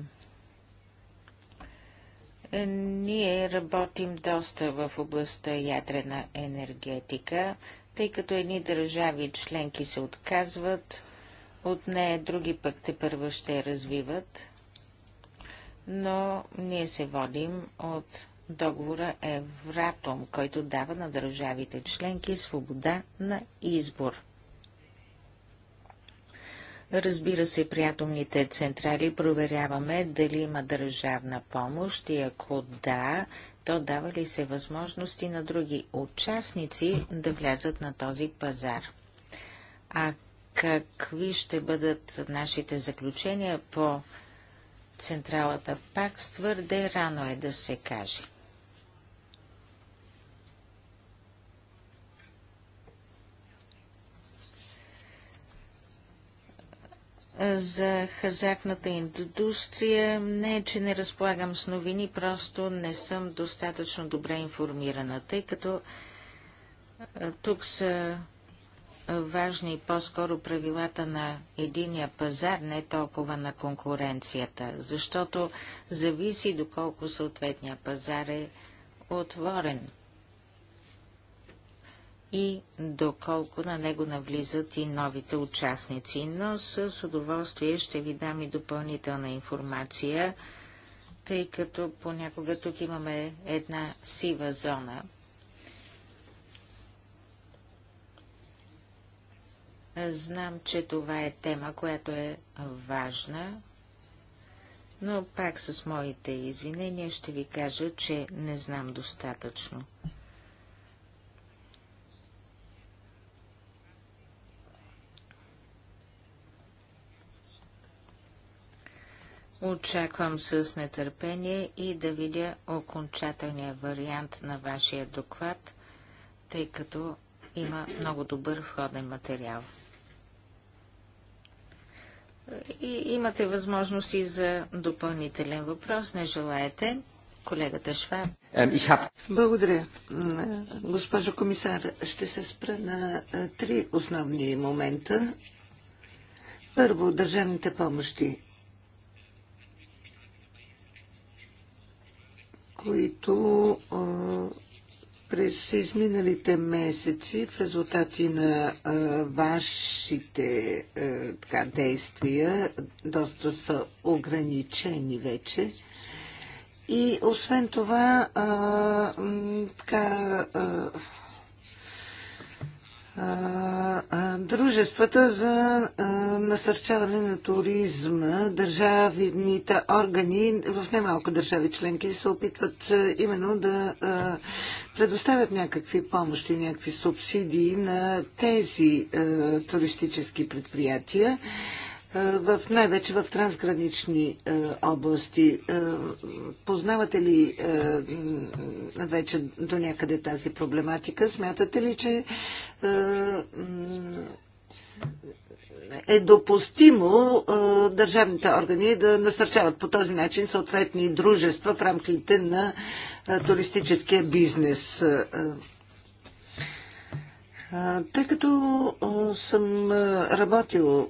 ние работим доста в областта ядрена енергетика, тъй като едни държави членки се отказват от нея, други пък те първо ще развиват. Но ние се водим от договора е вратом, който дава на държавите членки свобода на избор. Разбира се, при атомните централи проверяваме дали има държавна помощ и ако да, то дава ли се възможности на други участници да влязат на този пазар. А какви ще бъдат нашите заключения по централата пак твърде рано е да се каже. за хазартната индустрия. Не, е, че не разполагам с новини, просто не съм достатъчно добре информирана, тъй като е, тук са важни по-скоро правилата на единия пазар, не толкова на конкуренцията, защото зависи доколко съответния пазар е отворен и доколко на него навлизат и новите участници. Но с удоволствие ще ви дам и допълнителна информация, тъй като понякога тук имаме една сива зона. Знам, че това е тема, която е важна, но пак с моите извинения ще ви кажа, че не знам достатъчно. Очаквам с нетърпение и да видя окончателния вариант на вашия доклад, тъй като има много добър входен материал. И имате възможност и за допълнителен въпрос. Не желаете? Колегата Шваб. Благодаря. Госпожо комисар, ще се спра на е, три основни момента. Първо, държавните помощи. които през изминалите месеци в резултати на вашите така, действия доста са ограничени вече. И освен това, така, дружествата за насърчаване на туризма, държавните органи в немалко държави членки се опитват именно да предоставят някакви помощи, някакви субсидии на тези туристически предприятия. Е, в, най-вече в трансгранични е, области. Е, познавате ли е, вече до някъде тази проблематика? Смятате ли, че е, е допустимо е, държавните органи да насърчават по този начин съответни дружества в рамките на туристическия бизнес? Тъй като съм работил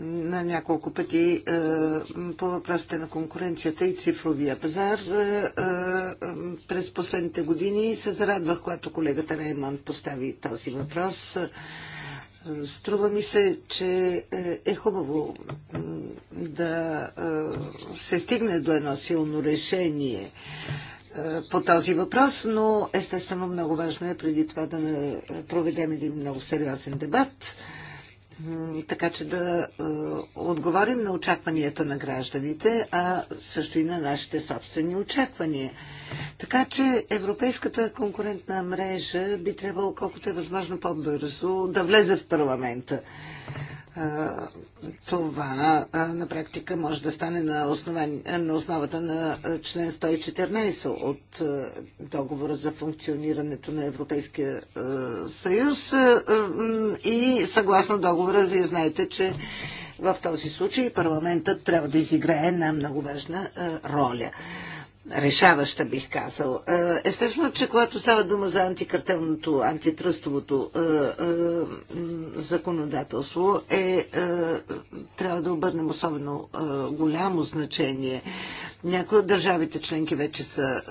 на няколко пъти е, по въпросите на конкуренцията и цифровия пазар. Е, е, през последните години се зарадвах, когато колегата Рейман постави този въпрос. Струва ми се, че е хубаво да се стигне до едно силно решение по този въпрос, но естествено много важно е преди това да проведем един много сериозен дебат така че да е, отговорим на очакванията на гражданите, а също и на нашите собствени очаквания. Така че Европейската конкурентна мрежа би трябвало колкото е възможно по-бързо да влезе в парламента. Това на практика може да стане на, основа, на основата на член 114 от договора за функционирането на Европейския съюз и съгласно договора вие знаете, че в този случай парламентът трябва да изиграе една много важна роля решаваща, бих казал. Е, естествено, че когато става дума за антикартелното, антитръстовото е, е, законодателство, е, трябва да обърнем особено голямо значение. Някои от държавите членки вече са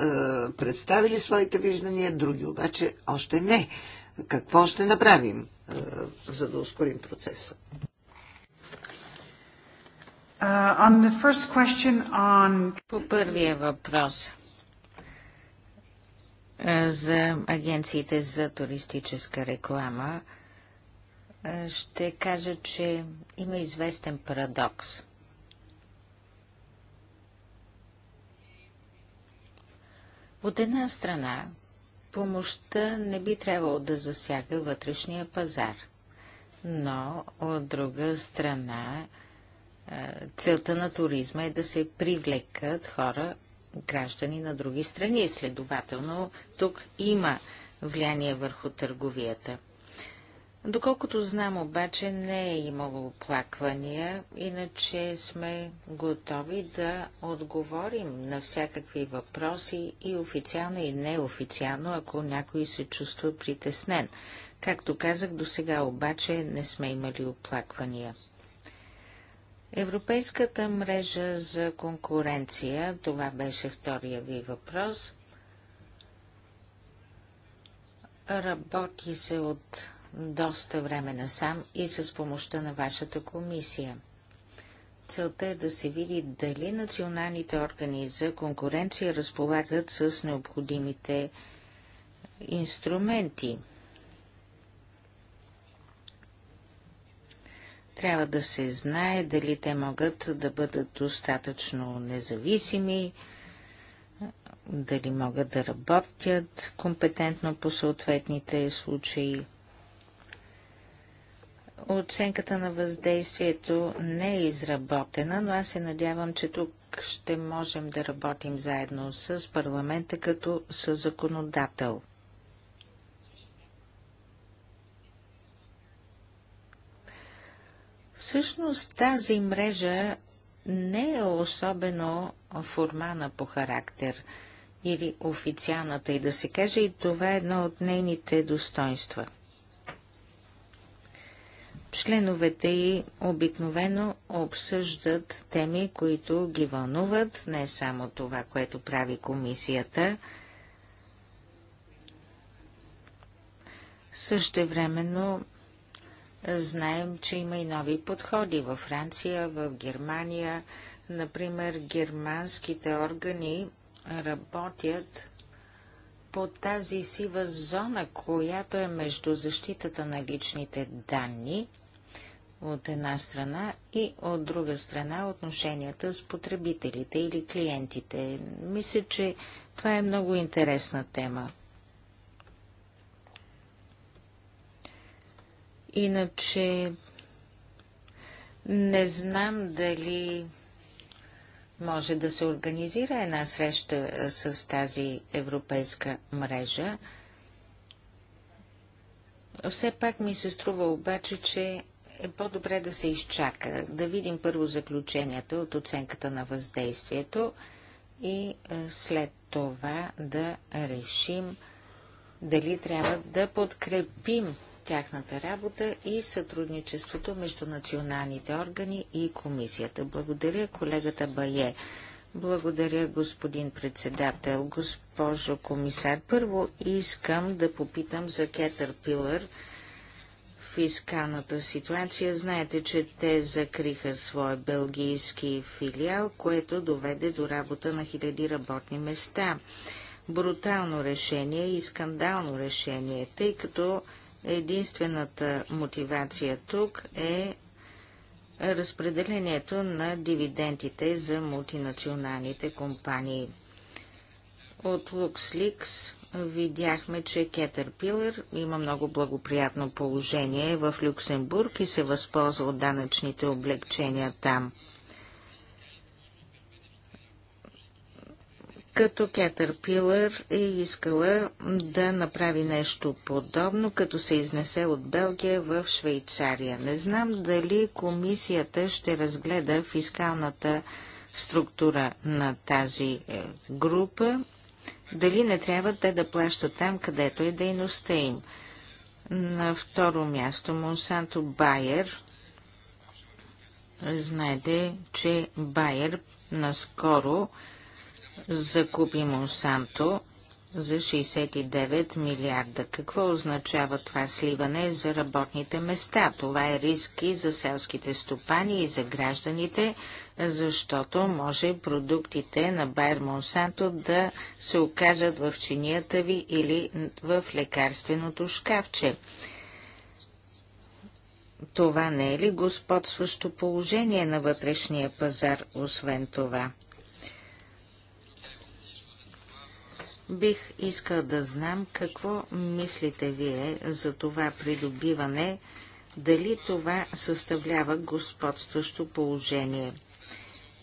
представили своите виждания, други обаче още не. Какво ще направим, за да ускорим процеса? Uh, По първия въпрос за агенциите за туристическа реклама, ще кажа, че има известен парадокс. От една страна, помощта не би трябвало да засяга вътрешния пазар, но от друга страна, целта на туризма е да се привлекат хора, граждани на други страни. Следователно, тук има влияние върху търговията. Доколкото знам обаче, не е имало оплаквания, иначе сме готови да отговорим на всякакви въпроси и официално и неофициално, ако някой се чувства притеснен. Както казах, до сега обаче не сме имали оплаквания. Европейската мрежа за конкуренция, това беше втория ви въпрос, работи се от доста време насам и с помощта на вашата комисия. Целта е да се види дали националните органи за конкуренция разполагат с необходимите инструменти – Трябва да се знае дали те могат да бъдат достатъчно независими, дали могат да работят компетентно по съответните случаи. Оценката на въздействието не е изработена, но аз се надявам, че тук ще можем да работим заедно с парламента като със законодател. Всъщност тази мрежа не е особено формана по характер или официалната и да се каже и това е едно от нейните достоинства. Членовете й обикновено обсъждат теми, които ги вълнуват, не само това, което прави комисията. времено Знаем, че има и нови подходи във Франция, в Германия. Например, германските органи работят по тази сива зона, която е между защитата на личните данни от една страна и от друга страна отношенията с потребителите или клиентите. Мисля, че това е много интересна тема. Иначе не знам дали може да се организира една среща с тази европейска мрежа. Все пак ми се струва обаче, че е по-добре да се изчака, да видим първо заключенията от оценката на въздействието и след това да решим дали трябва да подкрепим тяхната работа и сътрудничеството между националните органи и комисията. Благодаря колегата Бае. Благодаря, господин председател. Госпожо комисар, първо искам да попитам за Кетърпилър фискалната ситуация. Знаете, че те закриха своя белгийски филиал, което доведе до работа на хиляди работни места. Брутално решение и скандално решение, тъй като Единствената мотивация тук е разпределението на дивидендите за мултинационалните компании. От LuxLeaks видяхме, че Caterpillar има много благоприятно положение в Люксембург и се възползва от данъчните облегчения там – като Кетърпилър е искала да направи нещо подобно, като се изнесе от Белгия в Швейцария. Не знам дали комисията ще разгледа фискалната структура на тази е, група, дали не трябва те да плащат там, където е дейността им. На второ място Монсанто Байер. Знаете, че Байер наскоро закупи Монсанто за 69 милиарда. Какво означава това сливане за работните места? Това е риск и за селските стопани и за гражданите, защото може продуктите на Байер Монсанто да се окажат в чинията ви или в лекарственото шкафче. Това не е ли господстващо положение на вътрешния пазар, освен това? Бих искал да знам какво мислите вие за това придобиване, дали това съставлява господстващо положение.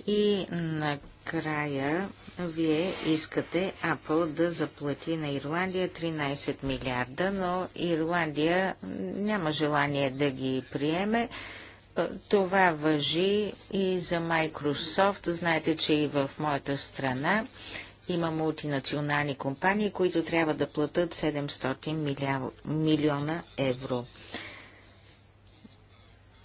И накрая вие искате Apple да заплати на Ирландия 13 милиарда, но Ирландия няма желание да ги приеме. Това въжи и за Microsoft. Знаете, че и в моята страна има мултинационални компании, които трябва да платят 700 милиал... милиона евро.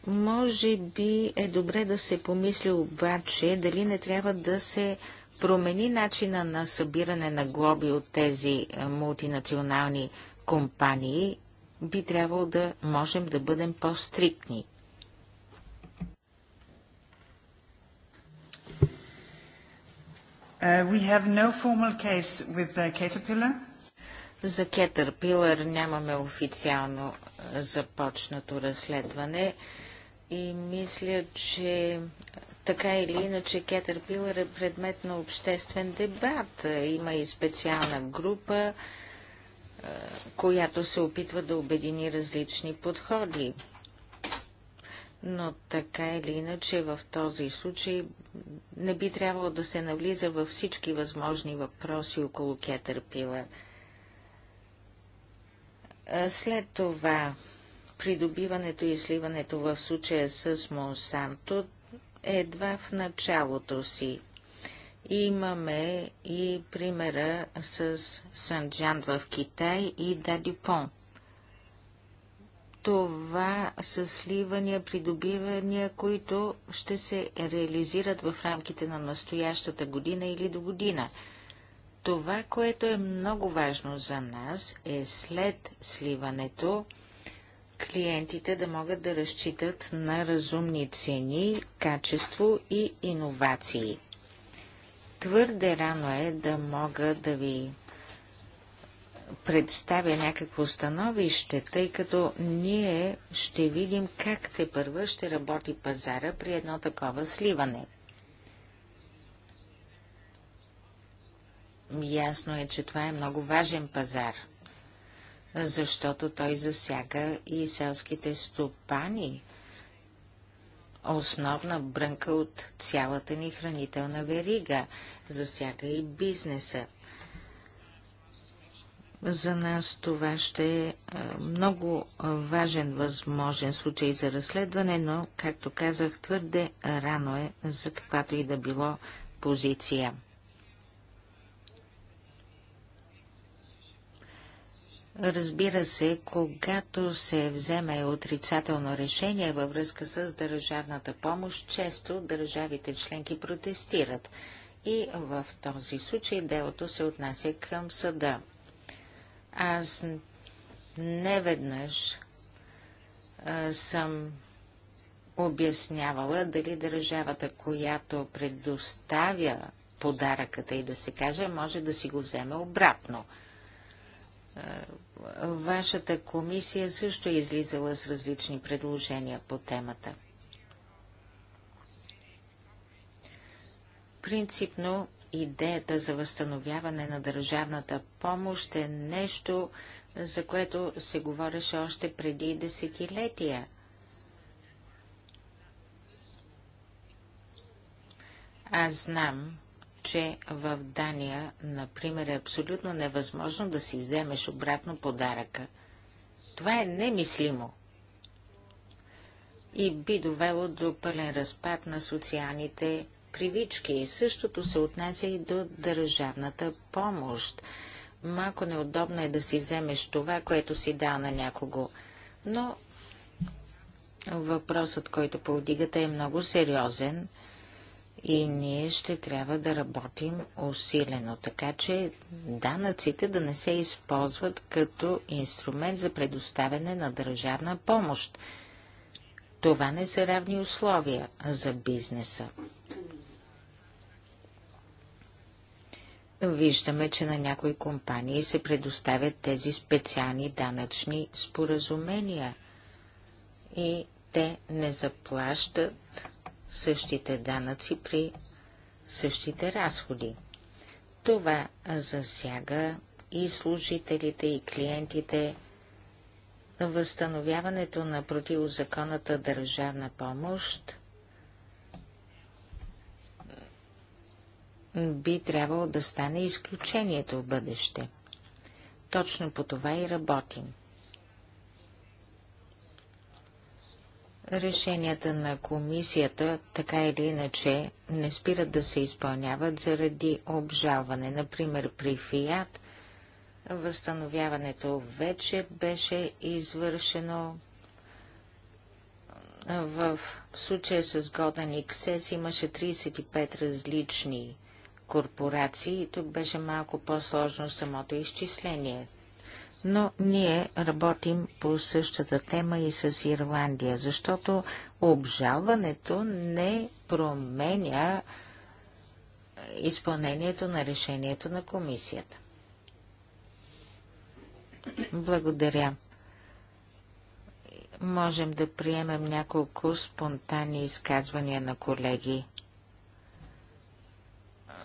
Може би е добре да се помисли обаче дали не трябва да се промени начина на събиране на глоби от тези е, мултинационални компании, би трябвало да можем да бъдем по-стриктни. Uh, we have no formal case with uh, Caterpillar. За Caterpillar нямаме официално започнато разследване и мисля, че така или иначе Кетърпилър е предмет на обществен дебат. Има и специална група, която се опитва да обедини различни подходи но така или иначе в този случай не би трябвало да се навлиза във всички възможни въпроси около Кетърпила. След това придобиването и сливането в случая с Монсанто едва в началото си. Имаме и примера с Санджан в Китай и Дадипон. Това са сливания, придобивания, които ще се реализират в рамките на настоящата година или до година. Това, което е много важно за нас, е след сливането клиентите да могат да разчитат на разумни цени, качество и иновации. Твърде рано е да мога да ви представя някакво становище, тъй като ние ще видим как те първа ще работи пазара при едно такова сливане. Ясно е, че това е много важен пазар, защото той засяга и селските стопани, основна брънка от цялата ни хранителна верига, засяга и бизнеса. За нас това ще е, е много важен възможен случай за разследване, но, както казах, твърде рано е за каквато и да било позиция. Разбира се, когато се вземе отрицателно решение във връзка с държавната помощ, често държавите членки протестират. И в този случай делото се отнася към съда. Аз неведнъж а, съм обяснявала дали държавата, която предоставя подаръката и да се каже, може да си го вземе обратно. Вашата комисия също е излизала с различни предложения по темата. Принципно идеята за възстановяване на държавната помощ е нещо, за което се говореше още преди десетилетия. Аз знам, че в Дания, например, е абсолютно невъзможно да си вземеш обратно подаръка. Това е немислимо и би довело до пълен разпад на социалните привички. Същото се отнася и до държавната помощ. Малко неудобно е да си вземеш това, което си дал на някого. Но въпросът, който повдигате, е много сериозен и ние ще трябва да работим усилено, така че данъците да не се използват като инструмент за предоставяне на държавна помощ. Това не са равни условия за бизнеса. виждаме, че на някои компании се предоставят тези специални данъчни споразумения и те не заплащат същите данъци при същите разходи. Това засяга и служителите, и клиентите. Възстановяването на противозаконната държавна помощ би трябвало да стане изключението в бъдеще. Точно по това и работим. Решенията на комисията, така или иначе, не спират да се изпълняват заради обжалване. Например, при ФИАТ възстановяването вече беше извършено. В случая с Годен Иксес имаше 35 различни корпорации и тук беше малко по-сложно самото изчисление. Но ние работим по същата тема и с Ирландия, защото обжалването не променя изпълнението на решението на комисията. Благодаря. Можем да приемем няколко спонтанни изказвания на колеги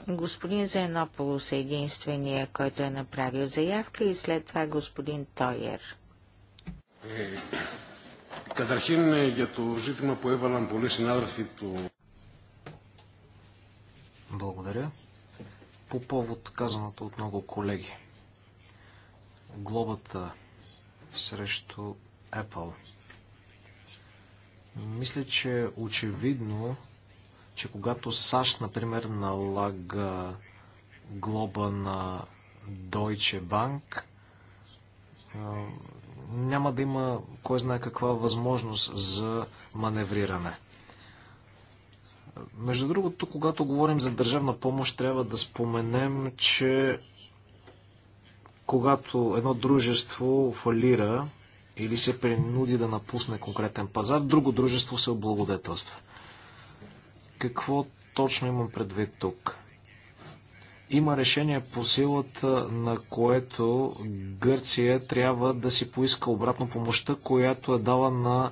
господин Зенополос е единствения, който е направил заявка и след това господин Тойер. Καταρχήν για το ζήτημα που έβαλαν πολλοί συνάδελφοι του... Благодаря. По повод казаното от много колеги. Глобата срещу Apple. Мисля, че е очевидно че когато САЩ, например, налага глоба на Deutsche Bank, няма да има кой знае каква възможност за маневриране. Между другото, когато говорим за държавна помощ, трябва да споменем, че когато едно дружество фалира или се принуди да напусне конкретен пазар, друго дружество се облагодетелства. Какво точно имам предвид тук? Има решение по силата, на което Гърция трябва да си поиска обратно помощта, която е дала на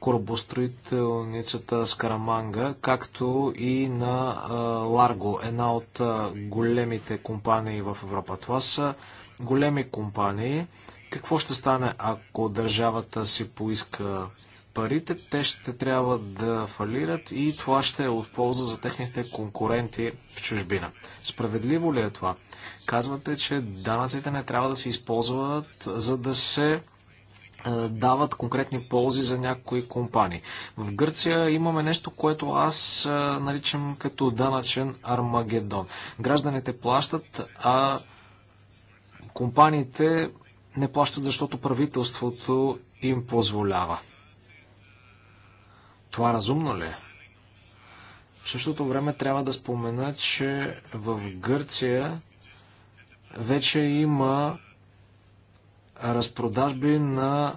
корабостроителницата Скараманга, както и на Ларго, една от големите компании в Европа. Това са големи компании. Какво ще стане, ако държавата си поиска парите, те ще трябва да фалират и това ще е от полза за техните конкуренти в чужбина. Справедливо ли е това? Казвате, че данъците не трябва да се използват, за да се е, дават конкретни ползи за някои компании. В Гърция имаме нещо, което аз е, наричам като данъчен армагедон. Гражданите плащат, а компаниите не плащат, защото правителството им позволява. Това разумно ли е? В същото време трябва да спомена, че в Гърция вече има разпродажби на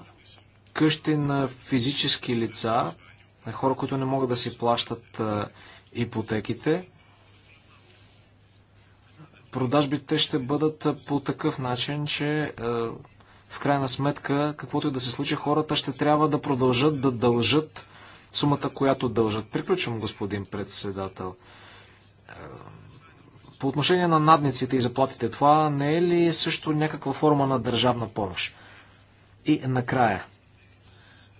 къщи на физически лица, на хора, които не могат да си плащат ипотеките. Продажбите ще бъдат по такъв начин, че в крайна сметка, каквото и да се случи, хората ще трябва да продължат да дължат сумата, която дължат. Приключвам, господин председател. Е, по отношение на надниците и заплатите, това не е ли също някаква форма на държавна помощ? И накрая,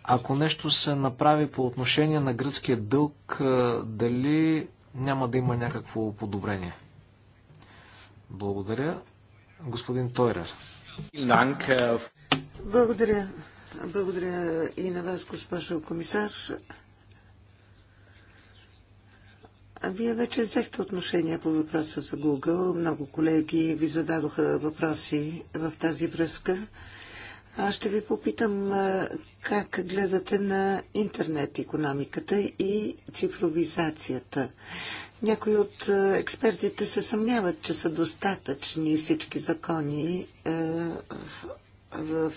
ако нещо се направи по отношение на гръцкия дълг, е, дали няма да има някакво подобрение? Благодаря. Господин Тойрер. Благодаря. Благодаря и на вас, госпожо комисар вие вече взехте отношение по въпроса за Google. Много колеги ви зададоха въпроси в тази връзка. Аз ще ви попитам как гледате на интернет економиката и цифровизацията. Някои от експертите се съмняват, че са достатъчни всички закони в, в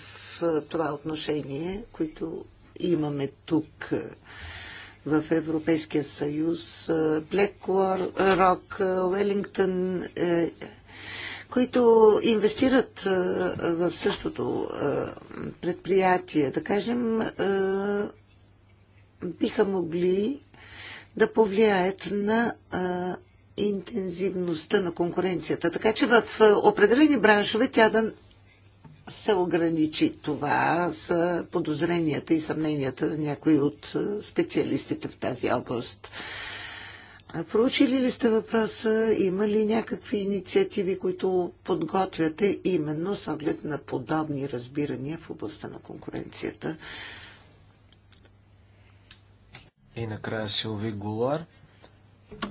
това отношение, които имаме тук в Европейския съюз, е, BlackRock, е, Wellington, е, които инвестират в същото предприятие, да кажем, биха могли да повлияят на интензивността на конкуренцията. Така че в определени браншове тя да се ограничи. Това са подозренията и съмненията на някои от специалистите в тази област. проучили ли сте въпроса? Има ли някакви инициативи, които подготвяте именно с оглед на подобни разбирания в областта на конкуренцията? И накрая Силви Голар.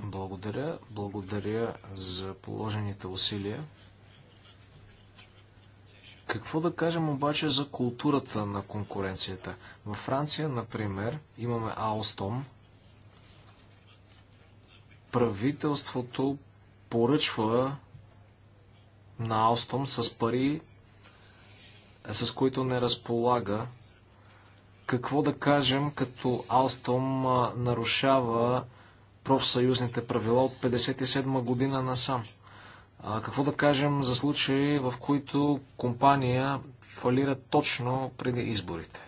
Благодаря. Благодаря за положените усилия. Какво да кажем обаче за културата на конкуренцията? Във Франция, например, имаме Алстом. Правителството поръчва на Алстом с пари, с които не разполага. Какво да кажем, като Алстом нарушава профсъюзните правила от 1957 година насам? А, какво да кажем за случаи, в които компания фалира точно преди изборите?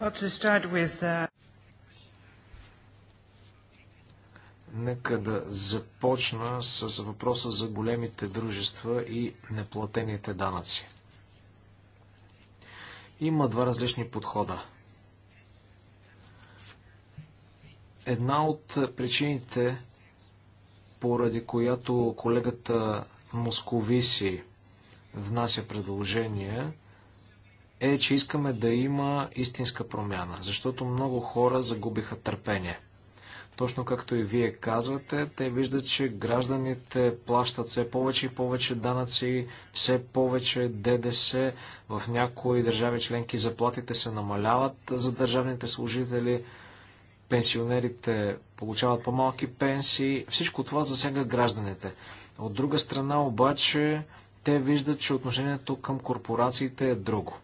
Uh, Нека да започна с въпроса за големите дружества и неплатените данъци. Има два различни подхода. Една от причините, поради която колегата Московиси внася предложение, е, че искаме да има истинска промяна, защото много хора загубиха търпение. Точно както и вие казвате, те виждат, че гражданите плащат все повече и повече данъци, все повече ДДС. В някои държави членки заплатите се намаляват за държавните служители пенсионерите получават по-малки пенсии. Всичко това засяга гражданите. От друга страна обаче те виждат, че отношението към корпорациите е друго.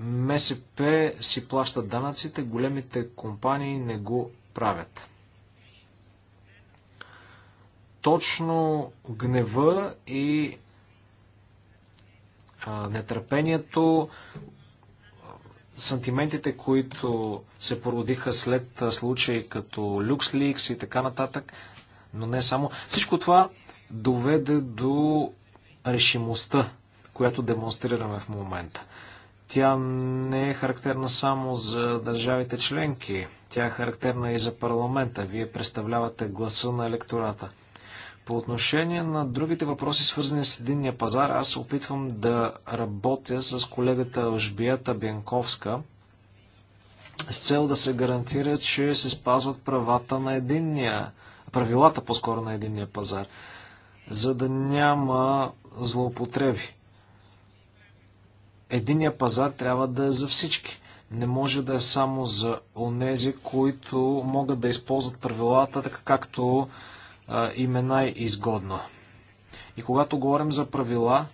МСП си плащат данъците, големите компании не го правят. Точно гнева и а, нетърпението сантиментите, които се породиха след случаи като LuxLeaks и така нататък, но не само. Всичко това доведе до решимостта, която демонстрираме в момента. Тя не е характерна само за държавите членки, тя е характерна и за парламента. Вие представлявате гласа на електората. По отношение на другите въпроси, свързани с единния пазар, аз се опитвам да работя с колегата Лъжбията Бенковска с цел да се гарантира, че се спазват правата на единния, правилата по-скоро на единния пазар, за да няма злоупотреби. Единия пазар трябва да е за всички. Не може да е само за онези, които могат да използват правилата така както им е най-изгодно. И когато говорим за правила,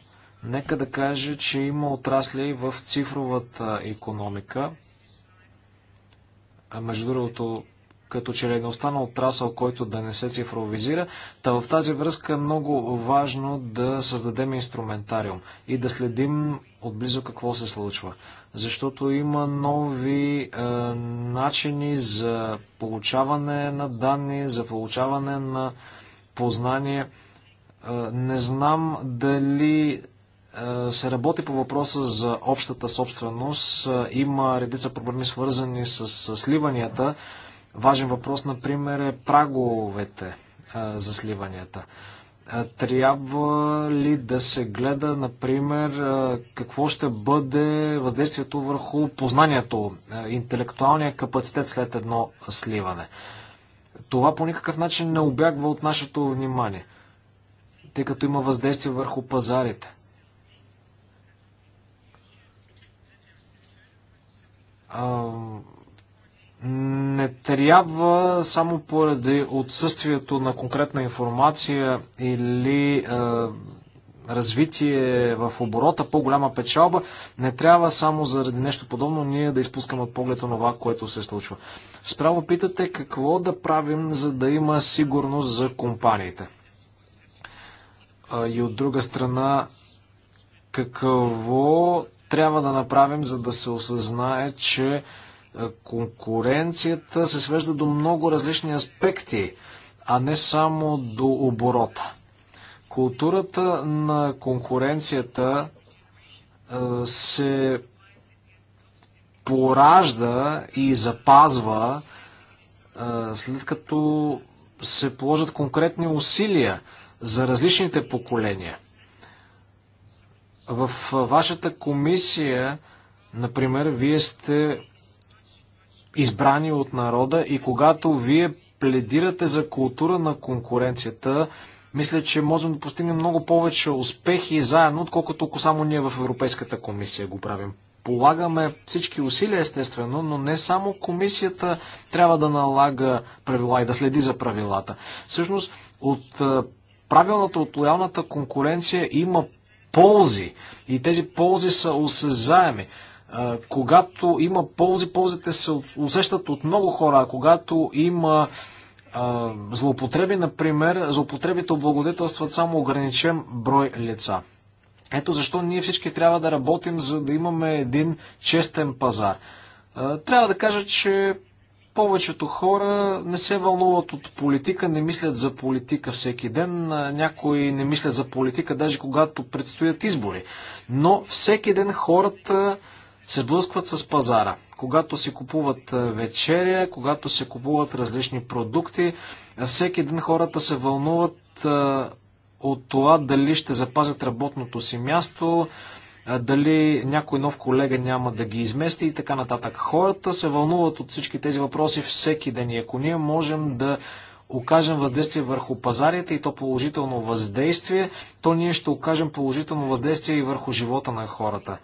нека да кажа, че има отрасли в цифровата економика. Между другото, като че ли не останал отрасъл, който да не се цифровизира. Та в тази връзка е много важно да създадем инструментариум и да следим отблизо какво се случва. Защото има нови е, начини за получаване на данни, за получаване на познание. Е, не знам дали е, се работи по въпроса за общата собственост. Е, има редица проблеми свързани с сливанията. Важен въпрос, например, е праговете за сливанията. Трябва ли да се гледа, например, какво ще бъде въздействието върху познанието, интелектуалния капацитет след едно сливане? Това по никакъв начин не обягва от нашето внимание, тъй като има въздействие върху пазарите не трябва само поради отсъствието на конкретна информация или е, развитие в оборота, по-голяма печалба, не трябва само заради нещо подобно ние да изпускаме от поглед това, което се случва. Справо питате какво да правим, за да има сигурност за компаниите. И от друга страна, какво трябва да направим, за да се осъзнае, че е, конкуренцията се свежда до много различни аспекти, а не само до оборота. Културата на конкуренцията е, се поражда и запазва е, след като се положат конкретни усилия за различните поколения. В вашата комисия, например, вие сте избрани от народа и когато вие пледирате за култура на конкуренцията, мисля, че можем да постигнем много повече успехи заедно, отколкото ако само ние в Европейската комисия го правим. Полагаме всички усилия, естествено, но не само комисията трябва да налага правила и да следи за правилата. Всъщност, от е, правилната, от лоялната конкуренция има ползи и тези ползи са осезаеми когато има ползи, ползите се усещат от много хора. Когато има злоупотреби, например, злоупотребите облагодетелстват само ограничен брой лица. Ето защо ние всички трябва да работим, за да имаме един честен пазар. Трябва да кажа, че повечето хора не се вълнуват от политика, не мислят за политика всеки ден, някои не мислят за политика даже когато предстоят избори. Но всеки ден хората се блъскват с пазара. Когато се купуват е, вечеря, когато се купуват различни продукти, е, всеки ден хората се вълнуват е, от това дали ще запазят работното си място, дали някой нов колега няма да ги измести и така нататък. Хората се вълнуват от всички тези въпроси всеки ден и ако ние можем да окажем въздействие върху пазарите и то положително въздействие, то ние ще окажем положително въздействие и върху живота на хората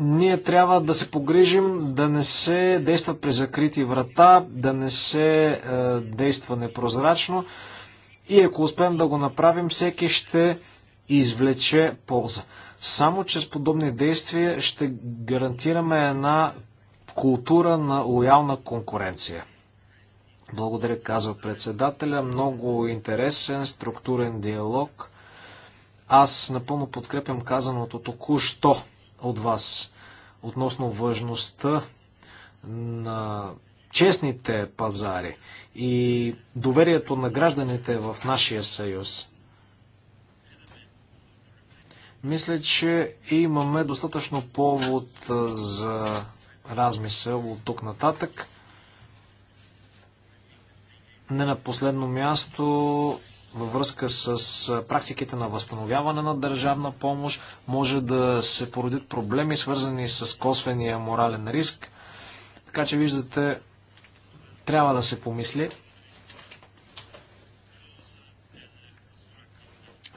ние трябва да се погрижим да не се действа при закрити врата, да не се е, действа непрозрачно и ако успеем да го направим, всеки ще извлече полза. Само чрез подобни действия ще гарантираме една култура на лоялна конкуренция. Благодаря, казва председателя. Много интересен, структурен диалог. Аз напълно подкрепям казаното току-що от вас относно важността на честните пазари и доверието на гражданите в нашия съюз. Мисля, че имаме достатъчно повод за размисъл от тук нататък. Не на последно място във връзка с практиките на възстановяване на държавна помощ, може да се породят проблеми, свързани с косвения морален риск. Така че виждате, трябва да се помисли.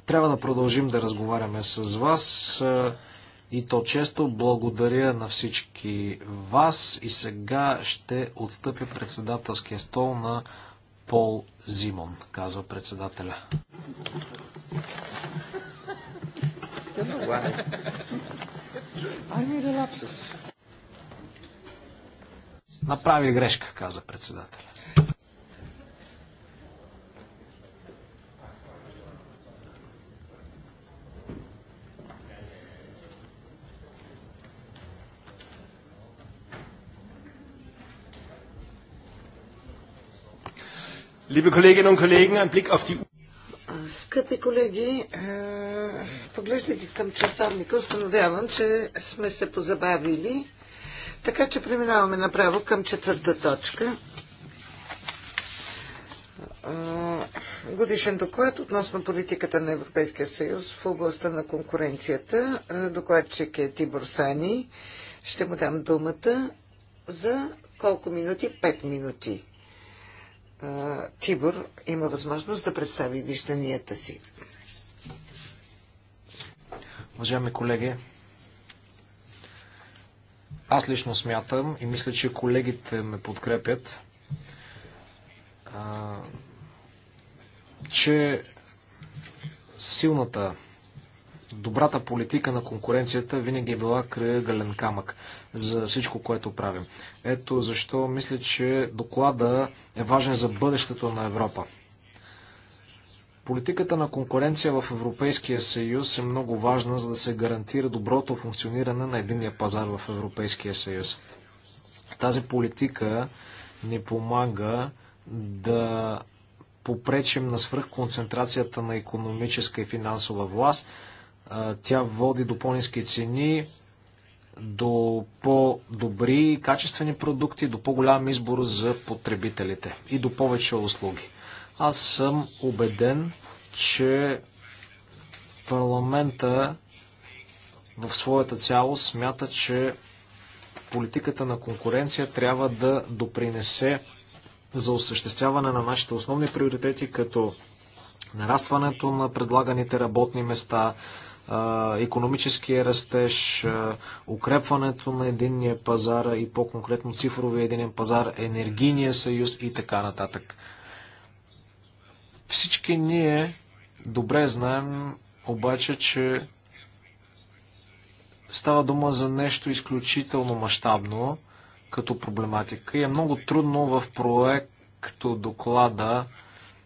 Трябва да продължим да разговаряме с вас и то често. Благодаря на всички вас и сега ще отстъпя председателския стол на Пол Зимон, казва председателя. Направи грешка, каза председателя. Liebe Kolleginnen und Kollegen, ein Blick auf die Скъпи колеги, е, поглеждайки към часовника, установявам, че сме се позабавили, така че преминаваме направо към четвърта точка. Е, годишен доклад относно политиката на Европейския съюз в областта на конкуренцията. Е, докладчик е Тибор Сани. Ще му дам думата за колко минути? Пет минути. Тибор има възможност да представи вижданията си. Уважаеми колеги, аз лично смятам и мисля, че колегите ме подкрепят, че силната добрата политика на конкуренцията винаги е била кръгален камък за всичко, което правим. Ето защо мисля, че доклада е важен за бъдещето на Европа. Политиката на конкуренция в Европейския съюз е много важна, за да се гарантира доброто функциониране на единния пазар в Европейския съюз. Тази политика ни помага да попречим на свръхконцентрацията на економическа и финансова власт, тя води до по-низки цени, до по-добри качествени продукти, до по-голям избор за потребителите и до повече услуги. Аз съм убеден, че парламента в своята цялост смята, че политиката на конкуренция трябва да допринесе за осъществяване на нашите основни приоритети, като нарастването на предлаганите работни места, економическия растеж, укрепването на единния пазар и по-конкретно цифровия единен пазар, енергийния съюз и така нататък. Всички ние добре знаем обаче, че става дума за нещо изключително мащабно като проблематика и е много трудно в проекто доклада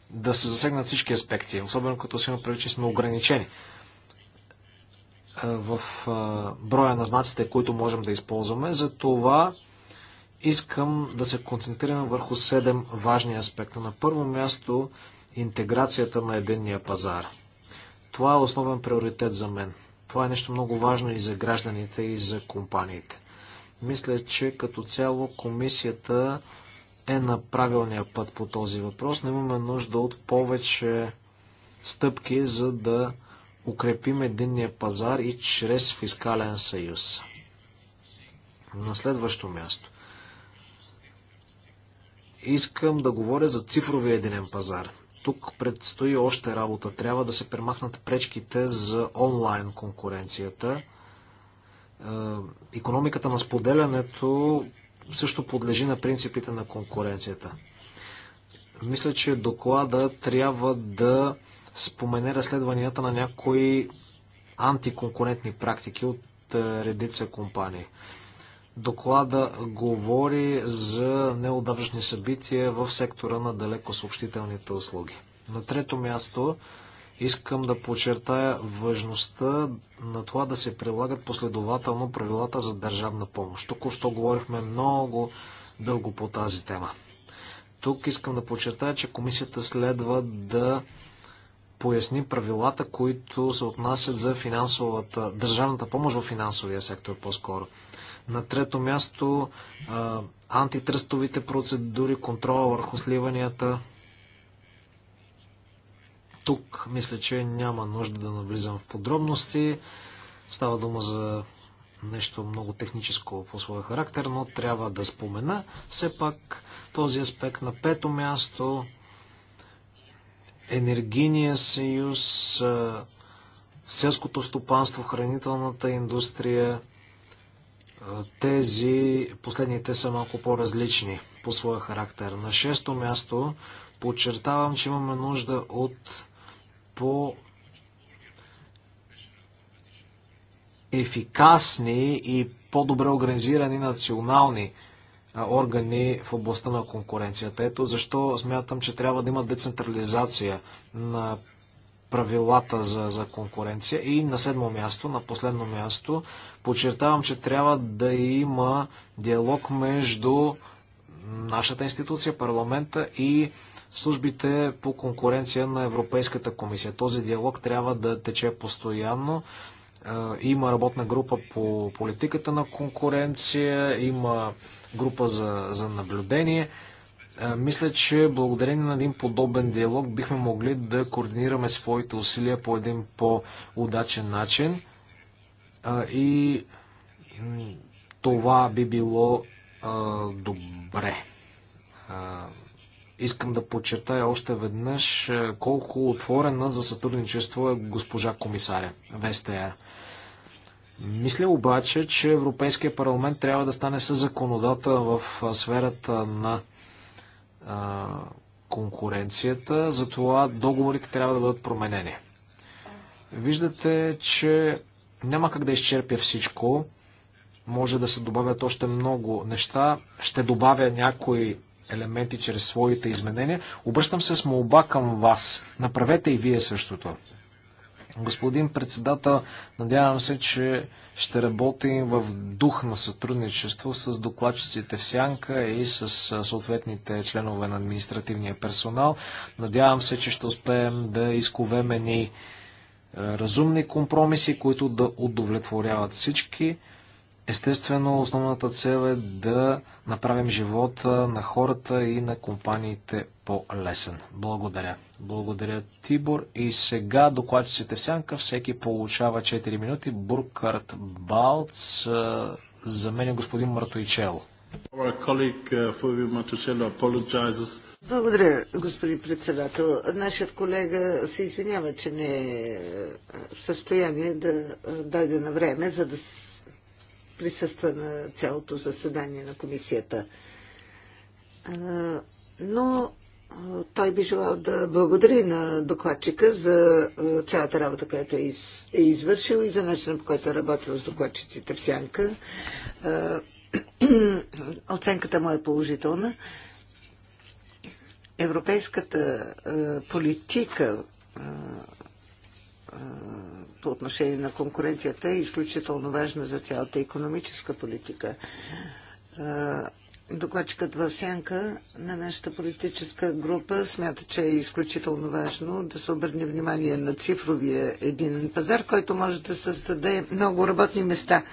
да се засегнат всички аспекти, особено като се има че сме ограничени е, в е, броя на знаците, които можем да използваме. За това искам да се концентрирам върху седем важни аспекта. На първо място интеграцията на единния пазар. Това е основен приоритет за мен. Това е нещо много важно и за гражданите, и за компаниите. Мисля, че като цяло комисията е на правилния път по този въпрос. Не имаме нужда от повече стъпки, за да укрепим единния пазар и чрез фискален съюз. На следващо място. Искам да говоря за цифровия единен пазар. Тук предстои още работа. Трябва да се премахнат пречките за онлайн конкуренцията. Економиката на споделянето също подлежи на принципите на конкуренцията. Мисля, че доклада трябва да спомене разследванията на някои антиконкурентни практики от е, редица компании. Доклада говори за неудачни събития в сектора на далеко съобщителните услуги. На трето място искам да подчертая важността на това да се прилагат последователно правилата за държавна помощ. Току-що говорихме много дълго по тази тема. Тук искам да подчертая, че комисията следва да поясни правилата, които се отнасят за финансовата, държавната помощ в финансовия сектор по-скоро. На трето място а, антитръстовите процедури, контрола върху сливанията. Тук мисля, че няма нужда да навлизам в подробности. Става дума за нещо много техническо по своя характер, но трябва да спомена все пак този аспект на пето място енергийния съюз, селското стопанство, хранителната индустрия, тези последните са малко по-различни по своя характер. На шесто място подчертавам, че имаме нужда от по ефикасни и по-добре организирани национални органи в областта на конкуренцията. Ето защо смятам, че трябва да има децентрализация на правилата за, за конкуренция. И на седмо място, на последно място, подчертавам, че трябва да има диалог между нашата институция, парламента и службите по конкуренция на Европейската комисия. Този диалог трябва да тече постоянно. Има работна група по политиката на конкуренция, има група за, за наблюдение. Мисля, че благодарение на един подобен диалог бихме могли да координираме своите усилия по един по-удачен начин и това би било добре искам да подчертая още веднъж колко отворена за сътрудничество е госпожа комисаря Вестеер. Мисля обаче, че Европейския парламент трябва да стане със законодател в сферата на а, конкуренцията, затова договорите трябва да бъдат променени. Виждате, че няма как да изчерпя всичко. Може да се добавят още много неща. Ще добавя някои елементи чрез своите изменения. Обръщам се с молба към вас. Направете и вие същото. Господин председател, надявам се, че ще работим в дух на сътрудничество с докладчиците в Сянка и с съответните членове на административния персонал. Надявам се, че ще успеем да изковеме ни разумни компромиси, които да удовлетворяват всички. Естествено, основната цел е да направим живота на хората и на компаниите по-лесен. Благодаря. Благодаря, Тибор. И сега докладчиците в сянка. Всеки получава 4 минути. Буркарт Балц. За мен е господин Мартоичело. Uh, Благодаря, господин председател. Нашият колега се извинява, че не е, е в състояние да е, дойде на време, за да присъства на цялото заседание на комисията. Но той би желал да благодари на докладчика за е, цялата работа, която е, е извършил и за начина по който е работил с докладчиците в Сянка. Е, оценката му е положителна. Европейската политика по отношение на конкуренцията е изключително важна за цялата економическа политика докладчикът в сянка на нашата политическа група смята, че е изключително важно да се обърне внимание на цифровия един пазар, който може да създаде много работни места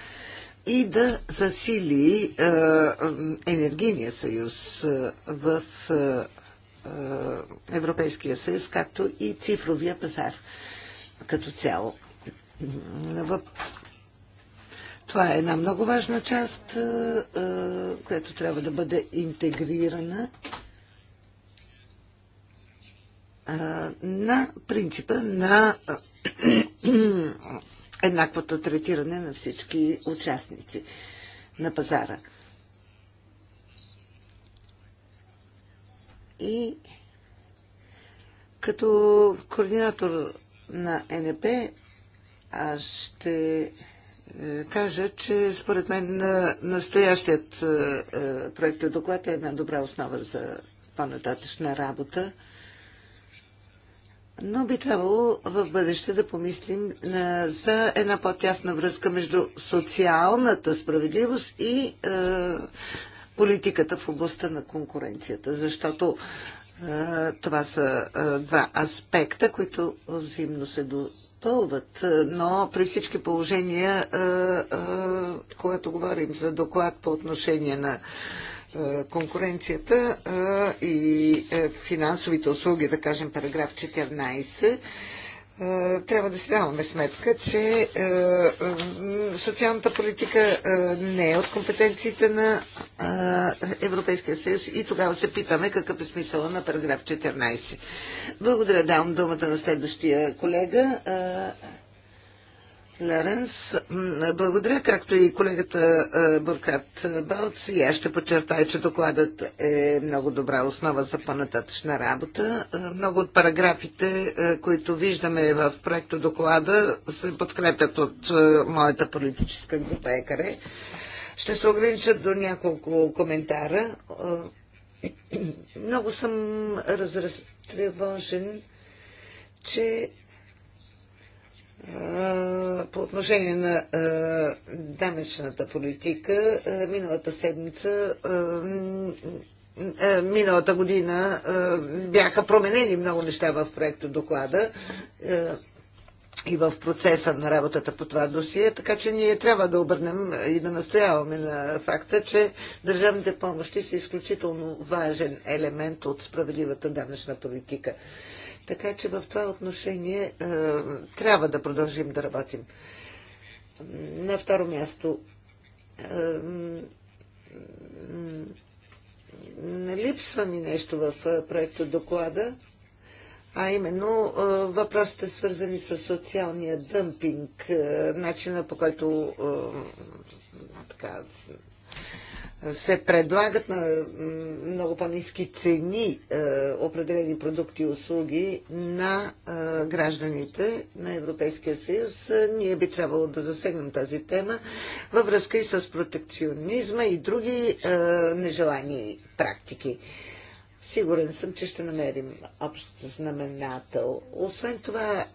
и да засили е, е енергийния съюз е, в е, е, Европейския съюз, както и цифровия пазар като цяло. Това е една много важна част, която трябва да бъде интегрирана на принципа на еднаквото третиране на всички участници на пазара. И като координатор на НП аз ще кажа, че според мен настоящият проект доклад е една добра основа за по-нататъчна работа. Но би трябвало в бъдеще да помислим за една по-тясна връзка между социалната справедливост и политиката в областта на конкуренцията, защото това са два аспекта, които взаимно се допълват, е, но при всички положения, е, е, когато говорим за доклад по отношение на конкуренцията и финансовите услуги, да кажем параграф 14, е, трябва да си даваме сметка, че е, социалната политика е, не е от компетенциите на Европейския съюз и тогава се питаме какъв е смисъла на параграф 14. Благодаря, давам думата на следващия колега. Наренс, благодаря, както и колегата Буркат Балц. И аз ще подчертая, че докладът е много добра основа за по-нататъчна работа. Много от параграфите, които виждаме в проекта доклада, се подкрепят от моята политическа група ЕКАРЕ. Ще се ограничат до няколко коментара. Много съм разтревожен, че по отношение на данъчната политика, миналата седмица, миналата година бяха променени много неща в проекто доклада и в процеса на работата по това досие, така че ние трябва да обърнем и да настояваме на факта, че държавните помощи са изключително важен елемент от справедливата данъчна политика. Така че в това отношение е, трябва да продължим да работим. На второ място, е, липсва ми нещо в е, проекто доклада, а именно е, въпросите свързани с социалния дъмпинг, начина по който така, се предлагат на много по-низки цени е, определени продукти и услуги на е, гражданите на Европейския съюз. Ние би трябвало да засегнем тази тема във връзка и с протекционизма и други е, нежелани практики. Сигурен съм, че ще намерим общ знаменател. Освен това,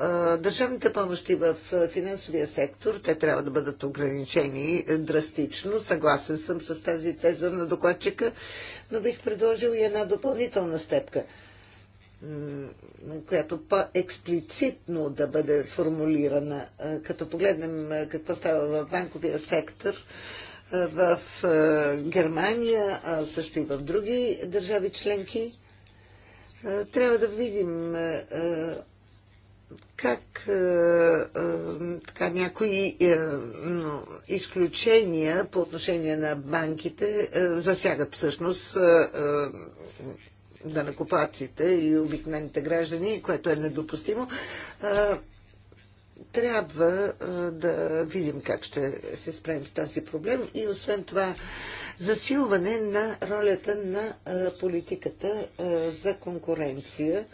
държавните помощи в финансовия сектор, те трябва да бъдат ограничени е, драстично. Съгласен съм с тази теза на докладчика, но бих предложил и една допълнителна степка, която по-експлицитно да бъде формулирана. Като погледнем какво става в банковия сектор, в е, Германия, а също и в други държави членки. Е, трябва да видим е, как така, някои изключения по отношение на банките засягат всъщност накупаците и обикновените граждани, което е недопустимо трябва да видим как ще се справим с този проблем и освен това засилване на ролята на политиката за конкуренция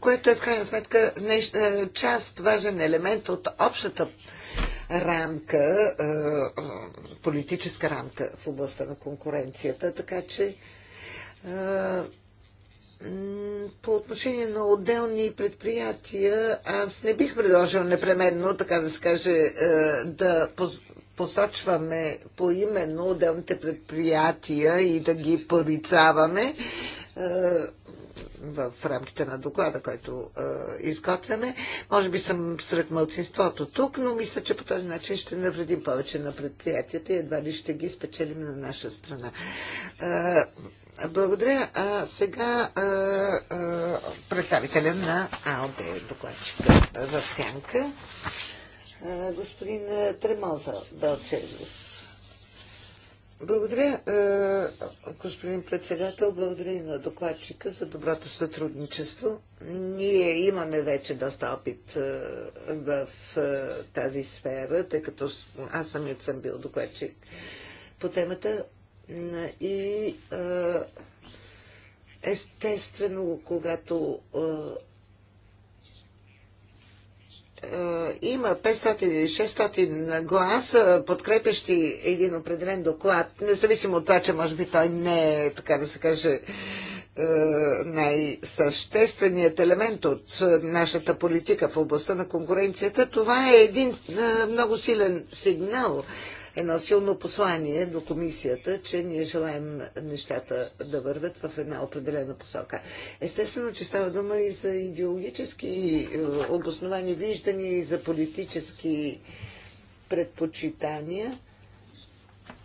което е в крайна сметка част, важен елемент от общата рамка, политическа рамка в областта на конкуренцията. Така че по отношение на отделни предприятия, аз не бих предложил непременно, така да се каже, е, да посочваме поименно отделните предприятия и да ги порицаваме е, в рамките на доклада, който е, изготвяме. Може би съм сред мълцинството тук, но мисля, че по този начин ще навредим повече на предприятията и едва ли ще ги спечелим на наша страна. Е, благодаря. А, сега а, а, представителя на АЛДЕ, докладчика в Сянка, а, господин Тремоза Белцелюс. Благодаря, а, господин председател, благодаря и на докладчика за доброто сътрудничество. Ние имаме вече доста опит а, в а, тази сфера, тъй като аз самият съм бил докладчик по темата и естествено, когато има 500 или 600 гласа, подкрепящи един определен доклад, независимо от това, че може би той не е, така да се каже, най-същественият елемент от нашата политика в областта на конкуренцията, това е един много силен сигнал едно силно послание до комисията, че ние желаем нещата да вървят в една определена посока. Естествено, че става дума и за идеологически е, обосновани виждания и за политически предпочитания.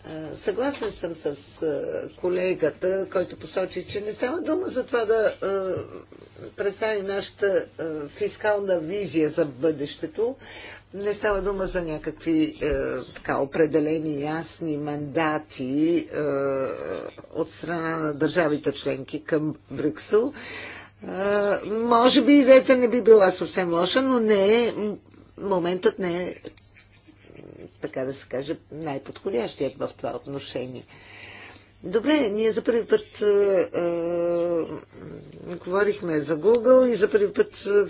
Е, съгласен съм с е, колегата, който посочи, че не става дума за това да представи нашата фискална визия за бъдещето, не става дума за някакви е, така, определени ясни мандати е, от страна на държавите членки към Брюксел. Е, може би идеята не би била съвсем лоша, но не е, моментът не е, така да се каже, най-подходящият в това отношение. Е, Добре, ние за първи път е, е, говорихме за Google и за първи път, е,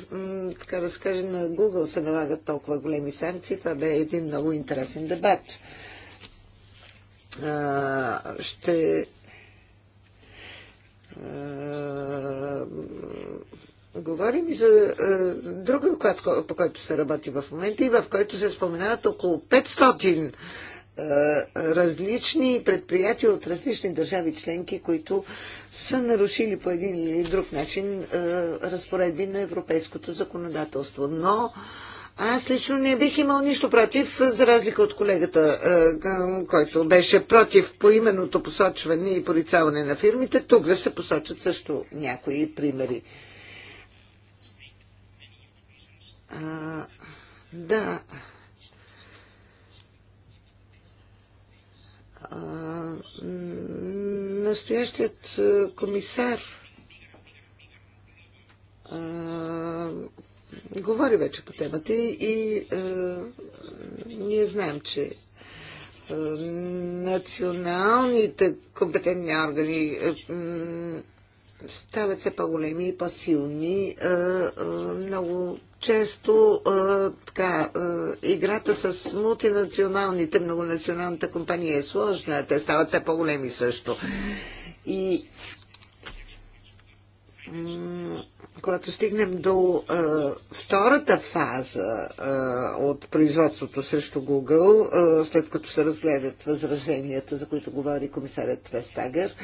така да се каже, на Google се налагат толкова големи санкции. Това бе един много интересен дебат. Е, ще Е, говорим и за е, друг доклад, по който се работи в момента и в който се споменават около 500 е, различни предприятия от различни държави членки, които са нарушили по един или друг начин е, разпоредби на европейското законодателство. Но аз лично не бих имал нищо против, за разлика от колегата, е, който беше против по именното посочване и порицаване на фирмите. Тук да се посочат също някои примери. А, да. настоящият комисар говори вече по темата и ние знаем, че националните компетентни органи стават все по-големи и по-силни. Много често така, играта с мултинационалните, многонационалната компания е сложна. Те стават все по-големи също. И когато стигнем до а, втората фаза а, от производството срещу Google, а, след като се разгледат възраженията, за които говори комисарят Трестагер,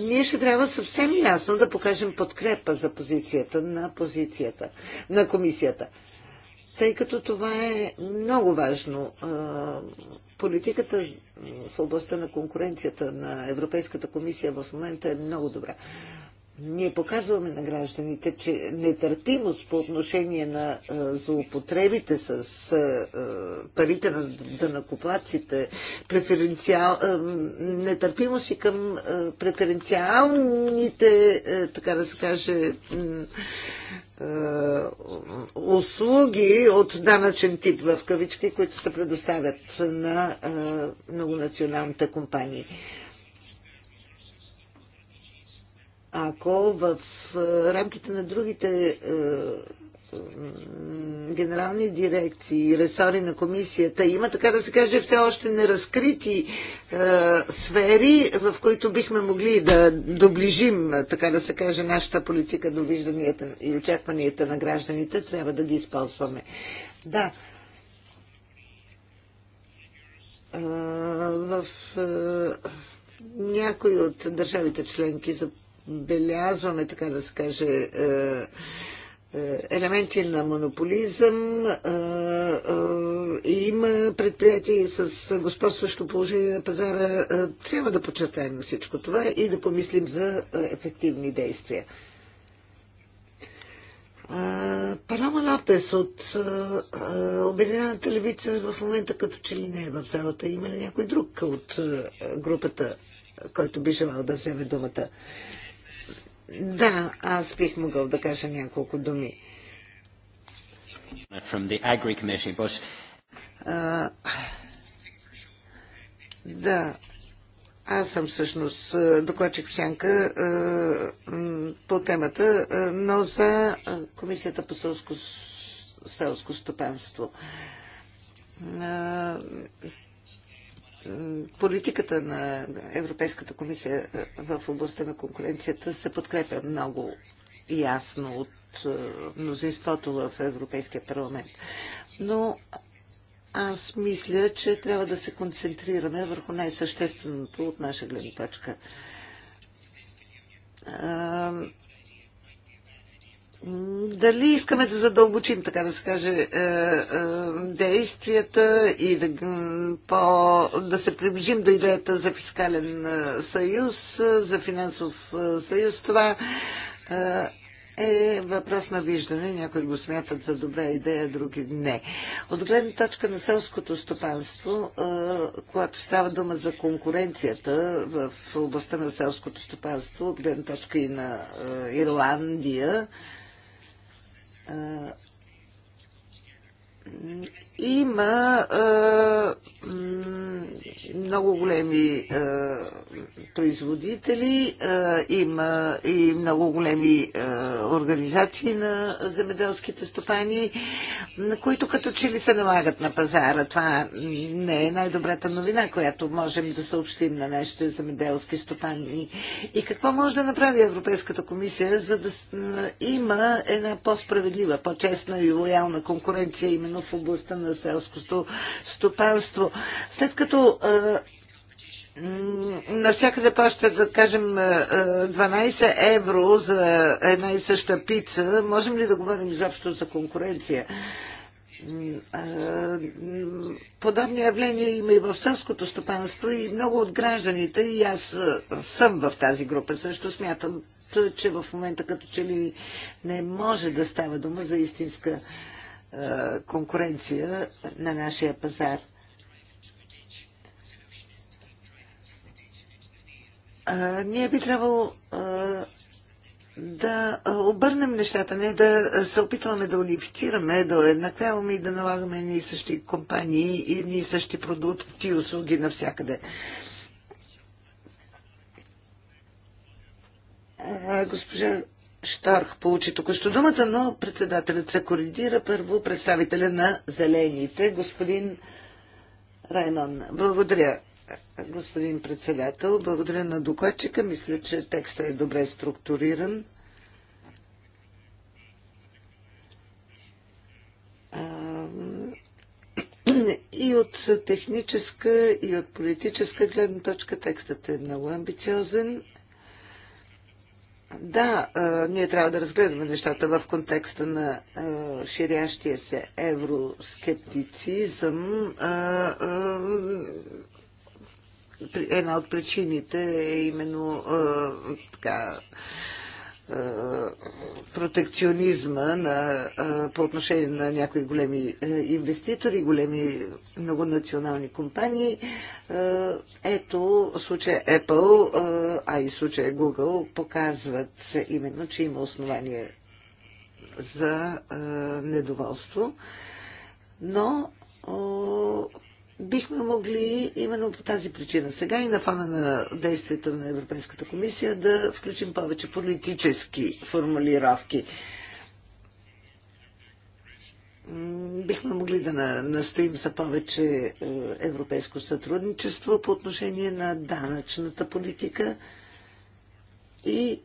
ние ще трябва съвсем ясно да покажем подкрепа за позицията на позицията на комисията. Тъй като това е много важно. политиката в областта на конкуренцията на Европейската комисия в момента е много добра. Ние показваме на гражданите, че нетърпимост по отношение на а, е, злоупотребите с е, е, парите на дънакоплаците, преференциал, нетърпимост и към преференциалните, така да се каже, услуги от данъчен тип в кавички, които се предоставят на многонационалните компании. ако в е, рамките на другите е, генерални дирекции и ресори на комисията има, така да се каже, все още неразкрити е, сфери, в които бихме могли да доближим, така да се каже, нашата политика до вижданията и очакванията на гражданите, трябва да ги използваме. Да. Е, в е, някои от държавите членки за отбелязваме, така да се каже, е, е, елементи на монополизъм. Е, има предприятия с господстващо положение на пазара. Трябва да почертаем всичко това и да помислим за ефективни действия. Панама Лапес от Обединената левица в момента като че ли не е в залата. Има ли някой друг от групата, който би желал да вземе думата? Да, аз бих могъл да кажа няколко думи. But... да, аз съм всъщност докладчик в Сянка по темата, но за Комисията по селско, селско стопанство политиката на Европейската комисия е, в областта на конкуренцията се подкрепя много ясно от е, мнозинството в Европейския парламент. Но аз мисля, че трябва да се концентрираме върху най-същественото от наша гледна точка дали искаме да задълбочим, така да се каже, е, е, действията и да, по, да се приближим до идеята за фискален е, съюз, за финансов съюз, това е въпрос на виждане. Някои го смятат за добра идея, други не. От гледна точка на селското стопанство, когато става дума за конкуренцията в областта на селското стопанство, от гледна точка и на Ирландия, а, има а, много големи а, производители, а, има и много големи а, организации на земеделските стопани, които като че ли се налагат на пазара. Това не е най-добрата новина, която можем да съобщим на нашите земеделски стопани. И какво може да направи Европейската комисия, за да има една по-справедлива, по-честна и лоялна конкуренция именно особено в областта на селското стопанство. След като навсякъде плащат, да кажем, 12 евро за една и съща пица, можем ли да говорим изобщо за конкуренция? Подобни явления има и в селското стопанство и много от гражданите, и аз съм в тази група също, смятам, че в момента като че ли не може да става дума за истинска е, конкуренция на нашия пазар. ние би трябвало да обърнем нещата, не да се опитваме да унифицираме, да еднаквяваме и да налагаме едни и същи компании и едни и същи продукти и услуги навсякъде. Госпожа Шторх получи току-що думата, но председателят се коридира първо представителя на Зелените, господин Райнон, Благодаря, господин председател. Благодаря на докладчика. Мисля, че текстът е добре структуриран. И от техническа, и от политическа гледна точка текстът е много амбициозен. Да, ние трябва да разгледаме нещата в контекста на ширящия се евроскептицизъм. Една от причините е именно така е, протекционизма на, е, по отношение на някои големи е, инвеститори, големи многонационални компании. Ето, случая Apple, а и случая Google показват именно, че има основание за недоволство. Но бихме могли именно по тази причина сега и на фана на действията на Европейската комисия да включим повече политически формулировки. Бихме могли да настоим за повече е, европейско сътрудничество по отношение на данъчната политика и е,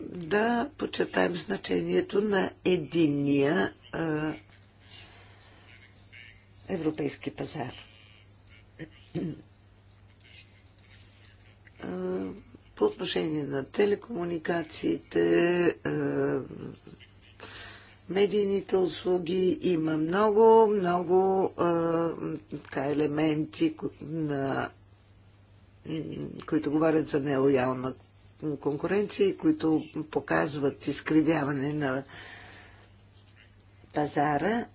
да подчертаем значението на единия е, европейски пазар. По отношение на телекомуникациите, медийните услуги има много, много така, елементи на които говорят за нелоялна конкуренция и които показват изкривяване на пазара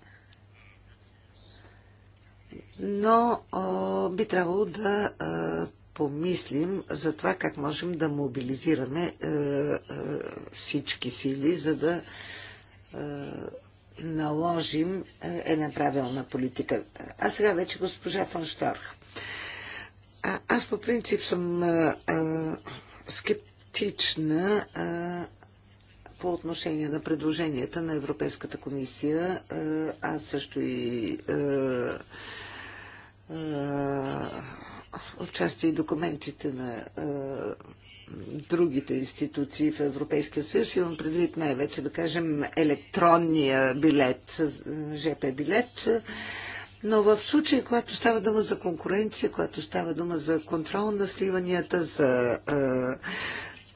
но а, би трябвало да а, помислим за това как можем да мобилизираме а, а, всички сили, за да а, наложим една правилна политика. А сега вече госпожа фон Шторх. А, аз по принцип съм а, а, скептична а, по отношение на предложенията на Европейската комисия, а, аз също и а, отчасти и документите на другите институции в Европейския съюз. Имам предвид най-вече, да кажем, електронния билет, ЖП билет. Но в случая, когато става дума за конкуренция, когато става дума за контрол на сливанията, за а,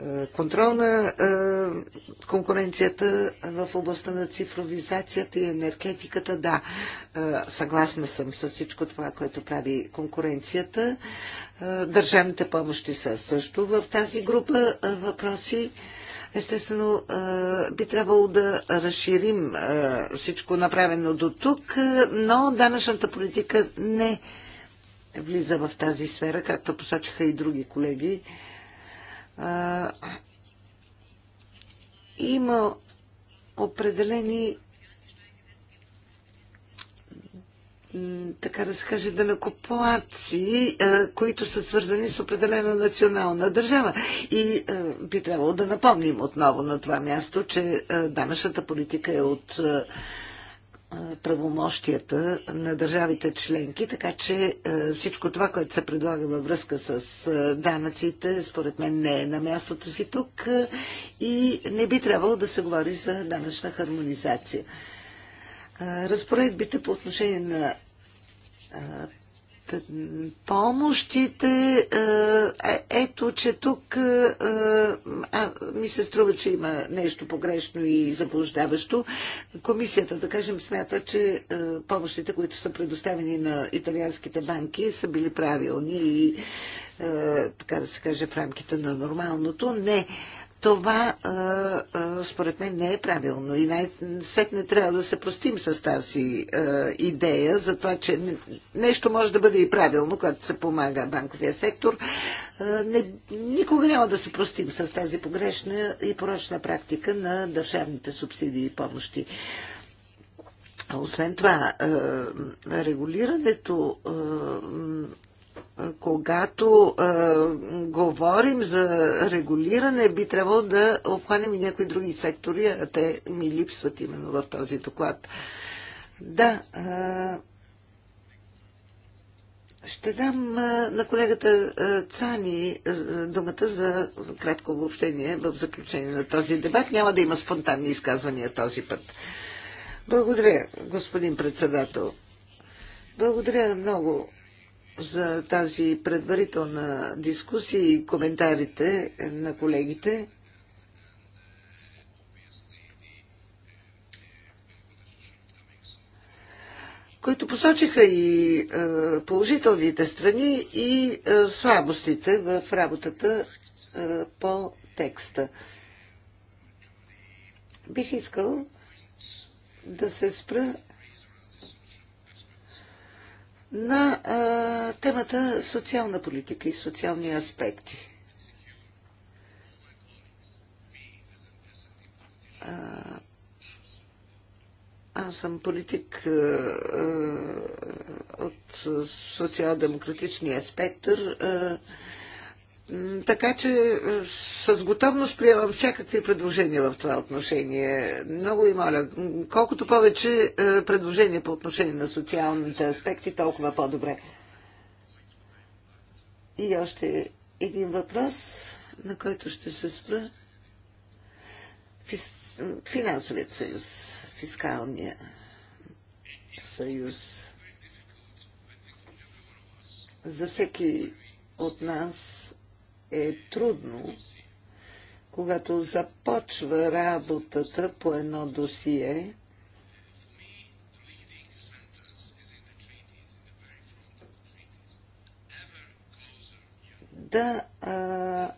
е, контрол на е, конкуренцията в областта на цифровизацията и енергетиката. Да, е, съгласна съм с всичко това, което прави конкуренцията. Държавните помощи са също в тази група въпроси. Естествено, би трябвало да разширим всичко направено до тук, но данъчната политика не влиза в тази сфера, както посочиха и други колеги а, има определени така да се каже, данакоплаци, които са свързани с определена национална държава. И би трябвало да напомним отново на това място, че данъчната политика е от правомощията на държавите членки, така че всичко това, което се предлага във връзка с данъците, според мен не е на мястото си тук и не би трябвало да се говори за данъчна хармонизация. Разпоредбите по отношение на помощите. Е, е, ето, че тук а, е, е, а, ми се струва, че има нещо погрешно и заблуждаващо. Комисията, да кажем, смята, че а, помощите, които са предоставени на италианските банки, са били правилни и, а, така да се каже, в рамките на нормалното. Не. Това, според мен, не е правилно и най-сетне трябва да се простим с тази идея за това, че нещо може да бъде и правилно, когато се помага банковия сектор. Не, никога няма да се простим с тази погрешна и порочна практика на държавните субсидии и помощи. Освен това, регулирането когато а, говорим за регулиране, би трябвало да обхванем и някои други сектори, а те ми липсват именно в този доклад. Да, а, ще дам а, на колегата а, Цани а, думата за кратко обобщение в заключение на този дебат. Няма да има спонтанни изказвания този път. Благодаря, господин председател. Благодаря много за тази предварителна дискусия и коментарите на колегите. които посочиха и е, положителните страни и е, слабостите в работата е, по текста. Бих искал да се спра на а, темата социална политика и социални аспекти. А, аз съм политик а, от социал-демократичния спектър. А, така че е, с готовност приемам всякакви предложения в това отношение. Много ви моля, колкото повече е, предложения по отношение на социалните аспекти, толкова по-добре. И още един въпрос, на който ще се спра. Фис... Финансовият съюз, фискалния съюз. За всеки от нас е трудно, когато започва работата по едно досие, да а,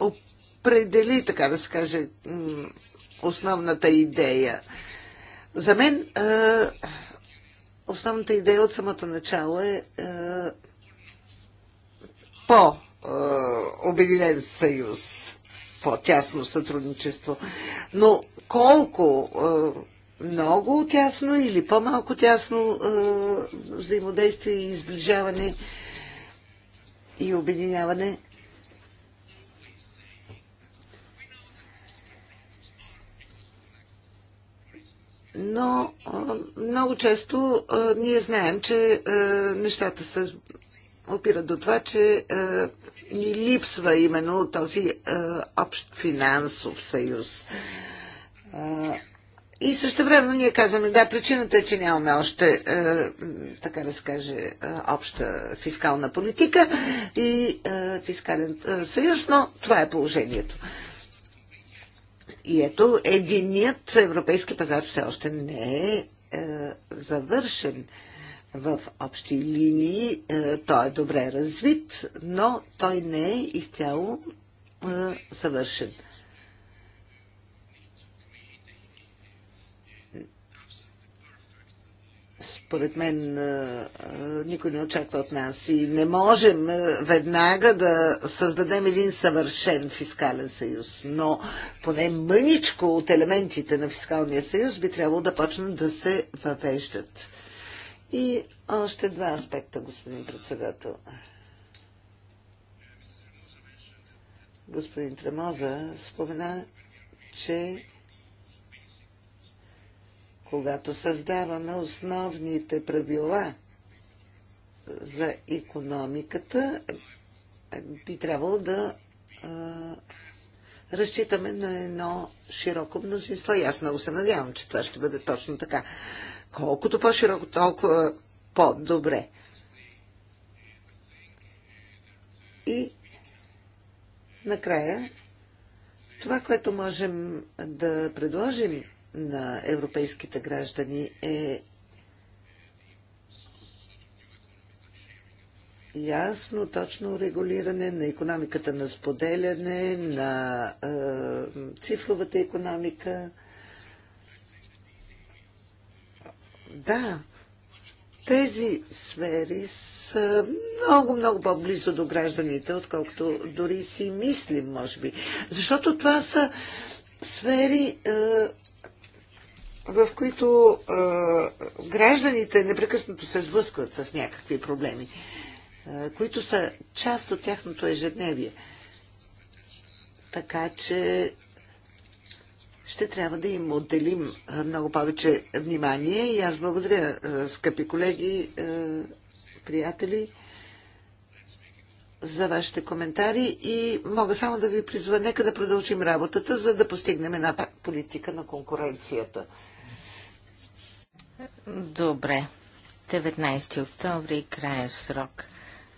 определи, така да се каже, основната идея. За мен а, основната идея от самото начало е а, по Обединен съюз, по-тясно сътрудничество. Но колко е, много тясно или по-малко тясно е, взаимодействие и изближаване и обединяване но е, много често ние знаем, че нещата са опират до това, че е, ни липсва именно този е, общ финансов съюз. Е, и също време ние казваме, да, причината е, че нямаме още, е, така да скаже, обща фискална политика и е, фискален е, съюз, но това е положението. И ето, единият европейски пазар все още не е, е завършен. Е, в общи линии е, той е добре развит, но той не е изцяло е, съвършен. Според мен е, никой не очаква от нас и не можем веднага да създадем един съвършен фискален съюз, но поне мъничко от елементите на фискалния съюз би трябвало да почнат да се въвеждат. И още два аспекта, господин председател. Господин Тремоза спомена, че когато създаваме основните правила за економиката, би трябвало да а, разчитаме на едно широко мнозинство. И аз много се надявам, че това ще бъде точно така колкото по-широко, толкова по-добре. И накрая, това, което можем да предложим на европейските граждани е ясно, точно регулиране на економиката на споделяне, на е, цифровата економика, Да, тези сфери са много, много по-близо до гражданите, отколкото дори си мислим, може би. Защото това са сфери, е, в които е, гражданите непрекъснато се сблъскват с някакви проблеми, е, които са част от тяхното ежедневие. Така че ще трябва да им отделим много повече внимание. И аз благодаря, скъпи колеги, приятели, за вашите коментари и мога само да ви призва, нека да продължим работата, за да постигнем една политика на конкуренцията. Добре. 19 октомври, крайен срок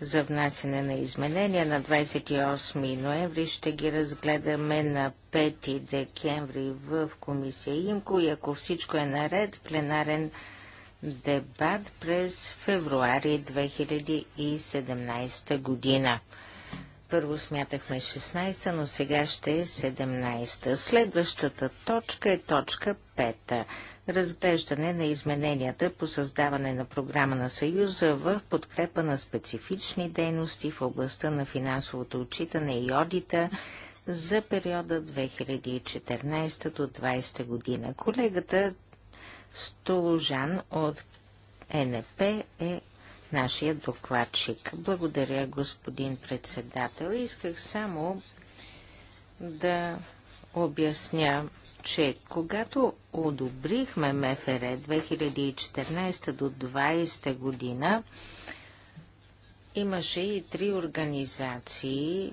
за внасяне на изменения на 28 ноември. Ще ги разгледаме на 5 декември в комисия ИМКО и ако всичко е наред, пленарен дебат през февруари 2017 година. Първо смятахме 16, но сега ще е 17. Следващата точка е точка 5 разглеждане на измененията по създаване на програма на Съюза в подкрепа на специфични дейности в областта на финансовото отчитане и одита за периода 2014 до 2020 година. Колегата Столожан от НП е нашия докладчик. Благодаря, господин председател. Исках само да обясня че когато одобрихме МФР 2014 до 2020 година, имаше и три организации,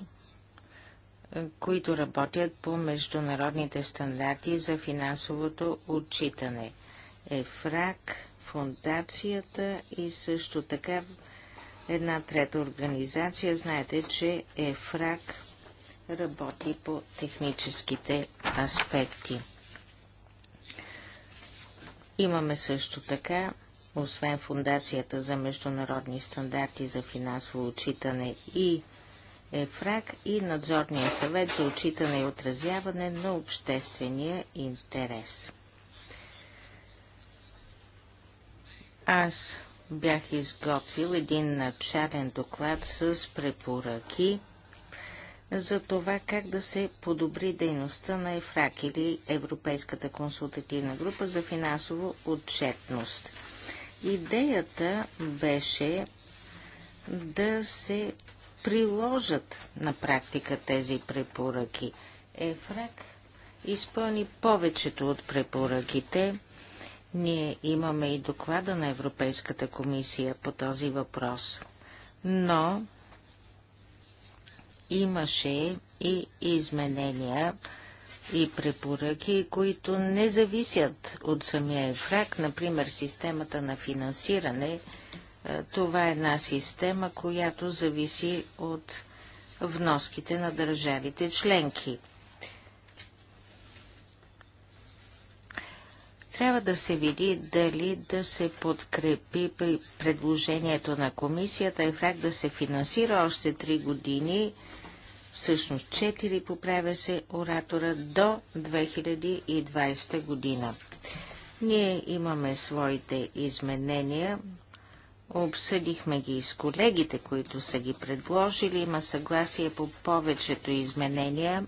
които работят по международните стандарти за финансовото отчитане. ЕФРАК, фундацията и също така една трета организация. Знаете, че ЕФРАК работи по техническите аспекти. Имаме също така, освен Фундацията за международни стандарти за финансово отчитане и ЕФРАК и Надзорния съвет за отчитане и отразяване на обществения интерес. Аз бях изготвил един начален доклад с препоръки – за това как да се подобри дейността на ЕФРАК или Европейската консултативна група за финансово отчетност. Идеята беше да се приложат на практика тези препоръки. ЕФРАК изпълни повечето от препоръките. Ние имаме и доклада на Европейската комисия по този въпрос. Но имаше и изменения и препоръки, които не зависят от самия ефрак, например системата на финансиране. Е, това е една система, която зависи от вноските на държавите членки. Трябва да се види дали да се подкрепи предложението на комисията и фрак да се финансира още 3 години всъщност четири поправя се оратора до 2020 година. Ние имаме своите изменения, обсъдихме ги с колегите, които са ги предложили, има съгласие по повечето изменения.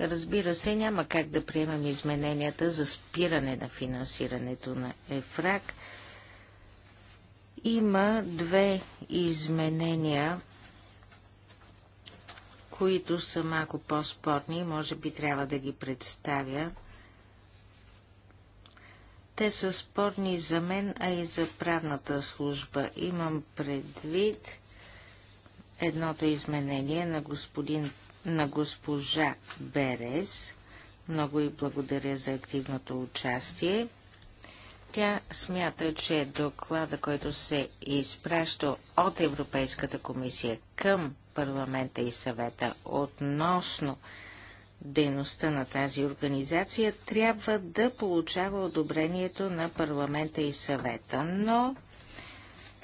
Разбира се, няма как да приемем измененията за спиране на финансирането на ЕФРАК. Има две изменения – които са малко по-спорни, може би трябва да ги представя. Те са спорни за мен, а и за правната служба. Имам предвид едното изменение на, господин, на госпожа Берес. Много и благодаря за активното участие. Тя смята, че доклада, който се изпраща от Европейската комисия към парламента и съвета относно дейността на тази организация трябва да получава одобрението на парламента и съвета, но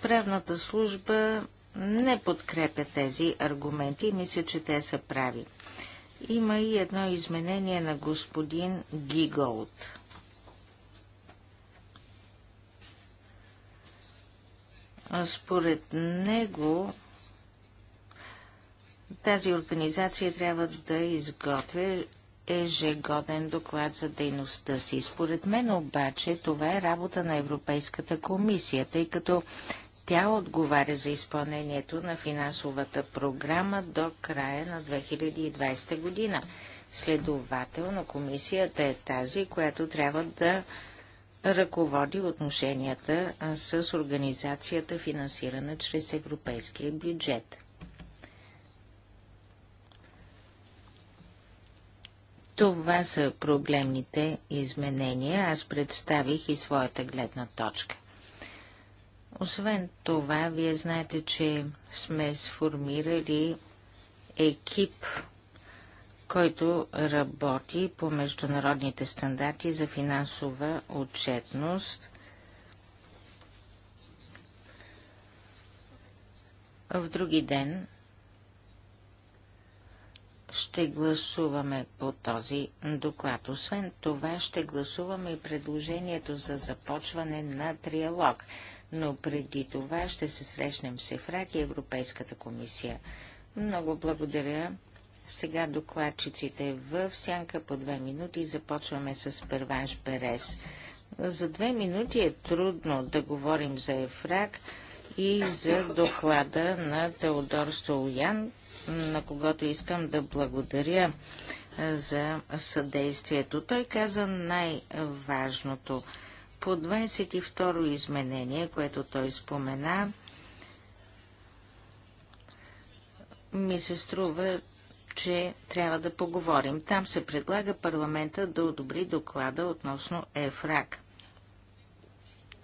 правната служба не подкрепя тези аргументи и мисля, че те са прави. Има и едно изменение на господин Гиголт. Според него тази организация трябва да изготвя ежегоден доклад за дейността си. Според мен обаче това е работа на Европейската комисия, тъй като тя отговаря за изпълнението на финансовата програма до края на 2020 година. Следователно, комисията е тази, която трябва да ръководи отношенията с организацията, финансирана чрез европейския бюджет. Това са проблемните изменения. Аз представих и своята гледна точка. Освен това, вие знаете, че сме сформирали екип, който работи по международните стандарти за финансова отчетност. В други ден ще гласуваме по този доклад. Освен това ще гласуваме и предложението за започване на триалог. Но преди това ще се срещнем с ЕФРАК и Европейската комисия. Много благодаря. Сега докладчиците в сянка по две минути. Започваме с Перванш Перес. За две минути е трудно да говорим за ЕФРАК и за доклада на Теодор Столоян, на когото искам да благодаря за съдействието. Той каза най-важното. По 22-ро изменение, което той спомена, ми се струва, че трябва да поговорим. Там се предлага парламента да одобри доклада относно ЕФРАК.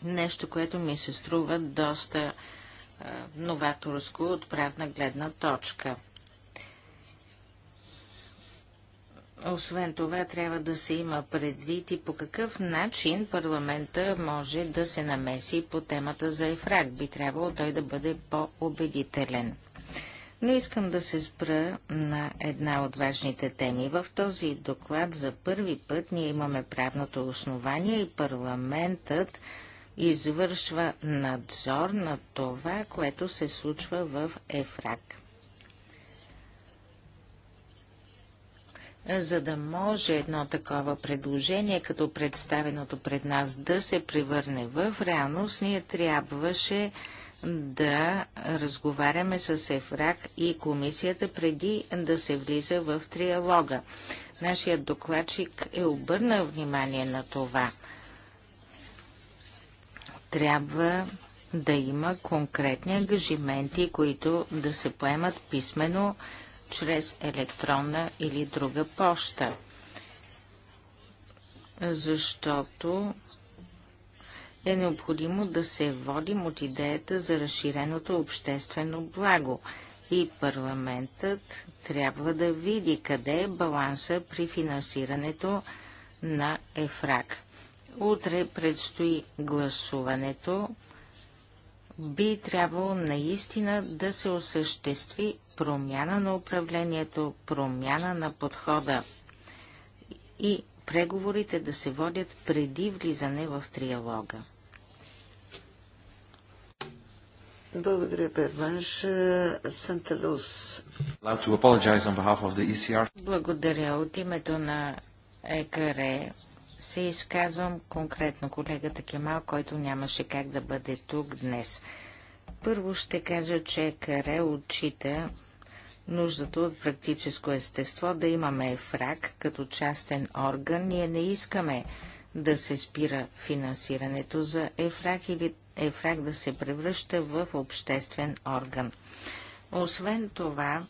Нещо, което ми се струва доста новаторско от правна гледна точка – Освен това, трябва да се има предвид и по какъв начин парламента може да се намеси по темата за Ефрак. Би трябвало той да бъде по-убедителен. Но искам да се спра на една от важните теми. В този доклад за първи път ние имаме правното основание и парламентът извършва надзор на това, което се случва в Ефрак. за да може едно такова предложение, като представеното пред нас, да се превърне в реалност, ние трябваше да разговаряме с ЕФРАК и комисията преди да се влиза в триалога. Нашият докладчик е обърнал внимание на това. Трябва да има конкретни ангажименти, които да се поемат писменно чрез електронна или друга поща. Защото е необходимо да се водим от идеята за разширеното обществено благо и парламентът трябва да види къде е баланса при финансирането на ЕФРАК. Утре предстои гласуването. Би трябвало наистина да се осъществи промяна на управлението, промяна на подхода и преговорите да се водят преди влизане в триалога. Благодаря, Перванш. Санталус. E Благодаря. От името на ЕКР се изказвам конкретно колегата Кемал, който нямаше как да бъде тук днес. Първо ще кажа, че ЕКР отчита нуждата от практическо естество да имаме ефрак като частен орган. Ние не искаме да се спира финансирането за ефрак или ефрак да се превръща в обществен орган. Освен това,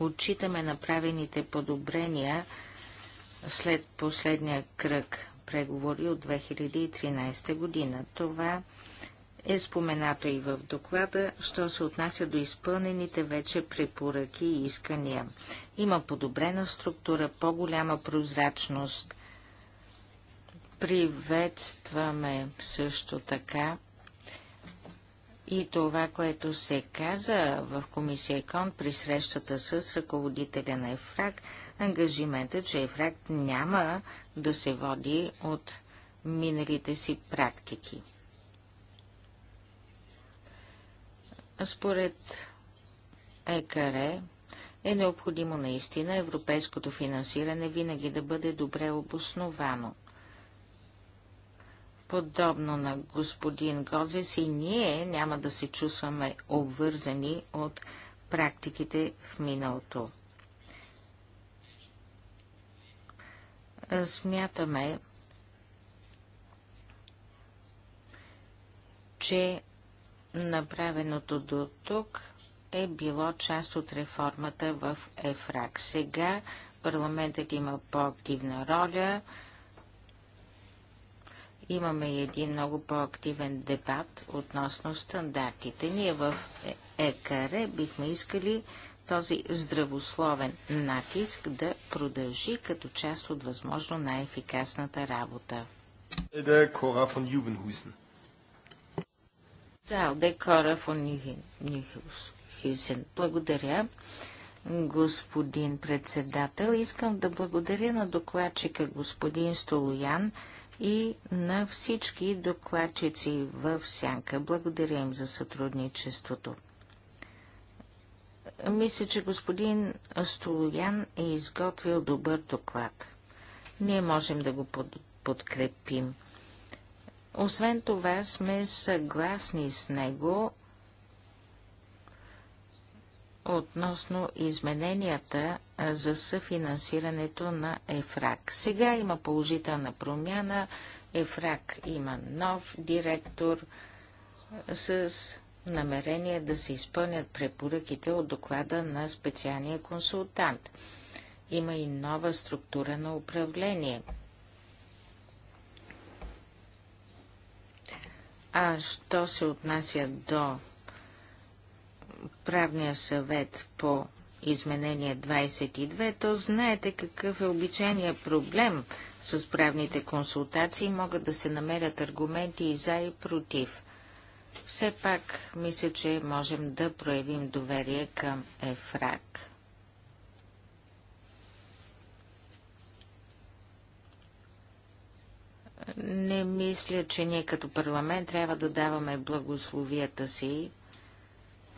отчитаме направените подобрения след последния кръг преговори от 2013 година. Това е споменато и в доклада, що се отнася до изпълнените вече препоръки и искания. Има подобрена структура, по-голяма прозрачност. Приветстваме също така и това, което се каза в комисия ЕКОН при срещата с ръководителя на ЕФРАК, ангажимента, че ЕФРАК няма да се води от миналите си практики. Според ЕКР е необходимо наистина европейското финансиране винаги да бъде добре обосновано. Подобно на господин Гозес и ние няма да се чувстваме обвързани от практиките в миналото. Смятаме, че Направеното до тук е било част от реформата в ЕФРАК. Сега парламентът има по-активна роля. Имаме и един много по-активен дебат относно стандартите. Ние в ЕКР бихме искали този здравословен натиск да продължи като част от възможно най-ефикасната работа. Е, Кора фон Ювенхуйсен. Алде Кора фон Нихилсен. Благодаря, господин председател. Искам да благодаря на докладчика господин Столоян и на всички докладчици в Сянка. Благодаря им за сътрудничеството. Мисля, че господин Столоян е изготвил добър доклад. Ние можем да го подкрепим. Освен това сме съгласни с него относно измененията за съфинансирането на ЕФРАК. Сега има положителна промяна. ЕФРАК има нов директор с намерение да се изпълнят препоръките от доклада на специалния консултант. Има и нова структура на управление – А що се отнася до правния съвет по изменение 22, то знаете какъв е обичайният проблем с правните консултации. Могат да се намерят аргументи и за и против. Все пак мисля, че можем да проявим доверие към ЕФРАК. Не мисля, че ние като парламент трябва да даваме благословията си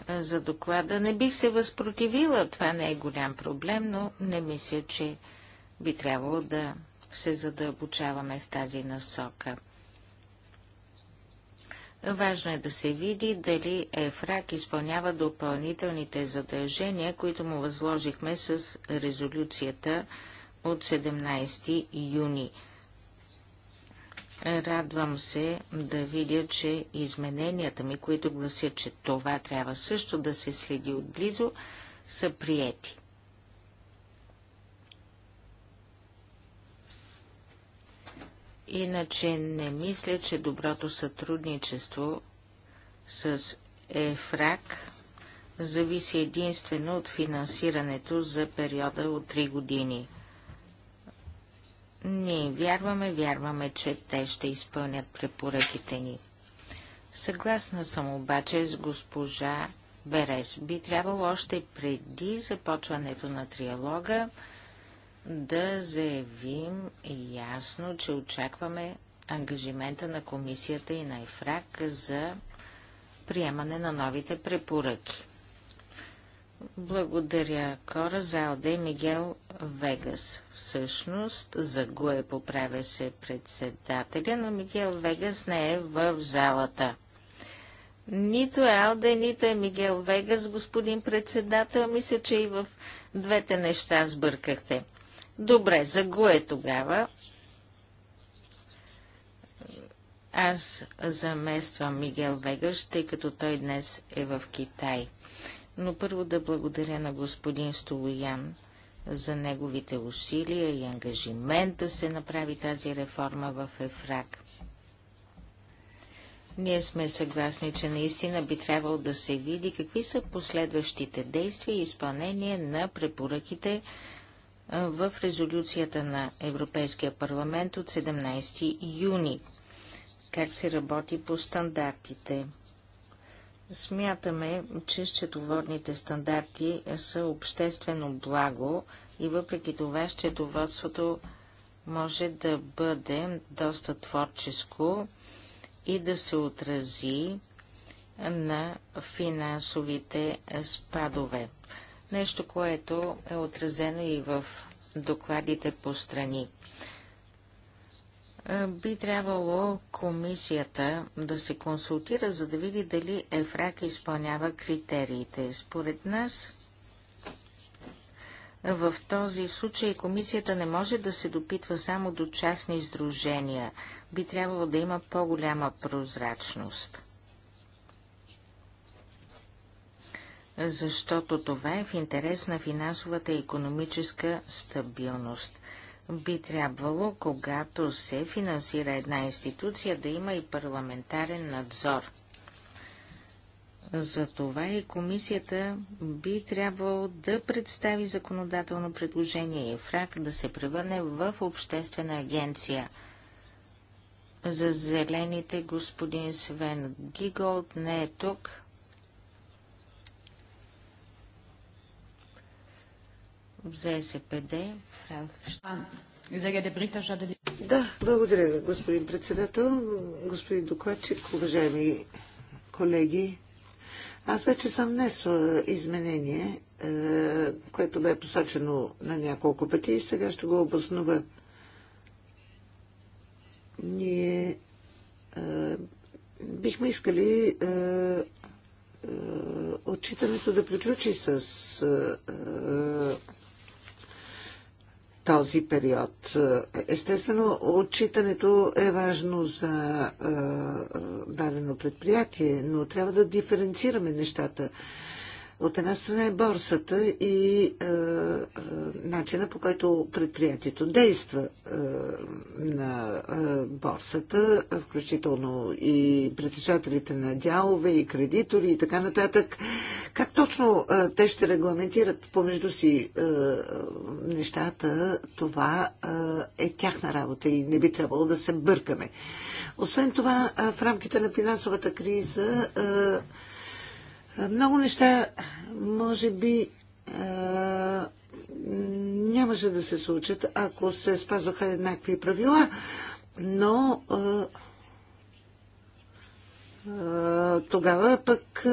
за доклада. Не бих се възпротивила, това не е голям проблем, но не мисля, че би трябвало да се задълбочаваме в тази насока. Важно е да се види дали ЕФРАК изпълнява допълнителните задължения, които му възложихме с резолюцията от 17 юни Радвам се да видя, че измененията ми, които гласят, че това трябва също да се следи отблизо, са приети. Иначе не мисля, че доброто сътрудничество с ЕФРАК зависи единствено от финансирането за периода от 3 години – ние вярваме, вярваме, че те ще изпълнят препоръките ни. Съгласна съм обаче с госпожа Берес. Би трябвало още преди започването на триалога да заявим ясно, че очакваме ангажимента на комисията и на ИФРАК за приемане на новите препоръки. Благодаря, Кора за и е Мигел Вегас. Всъщност, за Гуе поправя се председателя, но Мигел Вегас не е в залата. Нито е Алде, нито е Мигел Вегас, господин председател. Мисля, че и в двете неща сбъркахте. Добре, за Гуе тогава. Аз замествам Мигел Вегас, тъй като той днес е в Китай но първо да благодаря на господин Столоян за неговите усилия и ангажимент да се направи тази реформа в ЕФРАК. Ние сме съгласни, че наистина би трябвало да се види какви са последващите действия и изпълнение на препоръките в резолюцията на Европейския парламент от 17 юни. Как се работи по стандартите? Смятаме, че счетоводните стандарти са обществено благо и въпреки това счетоводството може да бъде доста творческо и да се отрази на финансовите спадове. Нещо, което е отразено и в докладите по страни. Е, би трябвало комисията да се консултира, за да види дали Ефрак изпълнява критериите. Според нас, в този случай комисията не може да се допитва само до частни издружения. Би трябвало да има по-голяма прозрачност. Защото това е в интерес на финансовата и економическа стабилност би трябвало, когато се финансира една институция, да има и парламентарен надзор. Затова и комисията би трябвало да представи законодателно предложение и ФРАК да се превърне в обществена агенция. За зелените господин Свен Гиголд не е тук. за СПД. Да, благодаря, господин председател, господин докладчик, уважаеми колеги. Аз вече съм внесла изменение, е, което бе посочено на няколко пъти и сега ще го обоснова. Ние е, бихме искали е, отчитането да приключи с този период. Естествено, отчитането е важно за е, е, дадено предприятие, но трябва да диференцираме нещата. От една страна е борсата и е, е, начина по който предприятието действа е, на е, борсата, включително и притежателите на дялове, и кредитори и така нататък. Как точно е, те ще регламентират помежду си е, нещата, това е, е тяхна работа и не би трябвало да се бъркаме. Освен това, е, в рамките на финансовата криза. Е, много неща, може би, е, нямаше да се случат, ако се спазваха еднакви правила, но е, е, тогава пък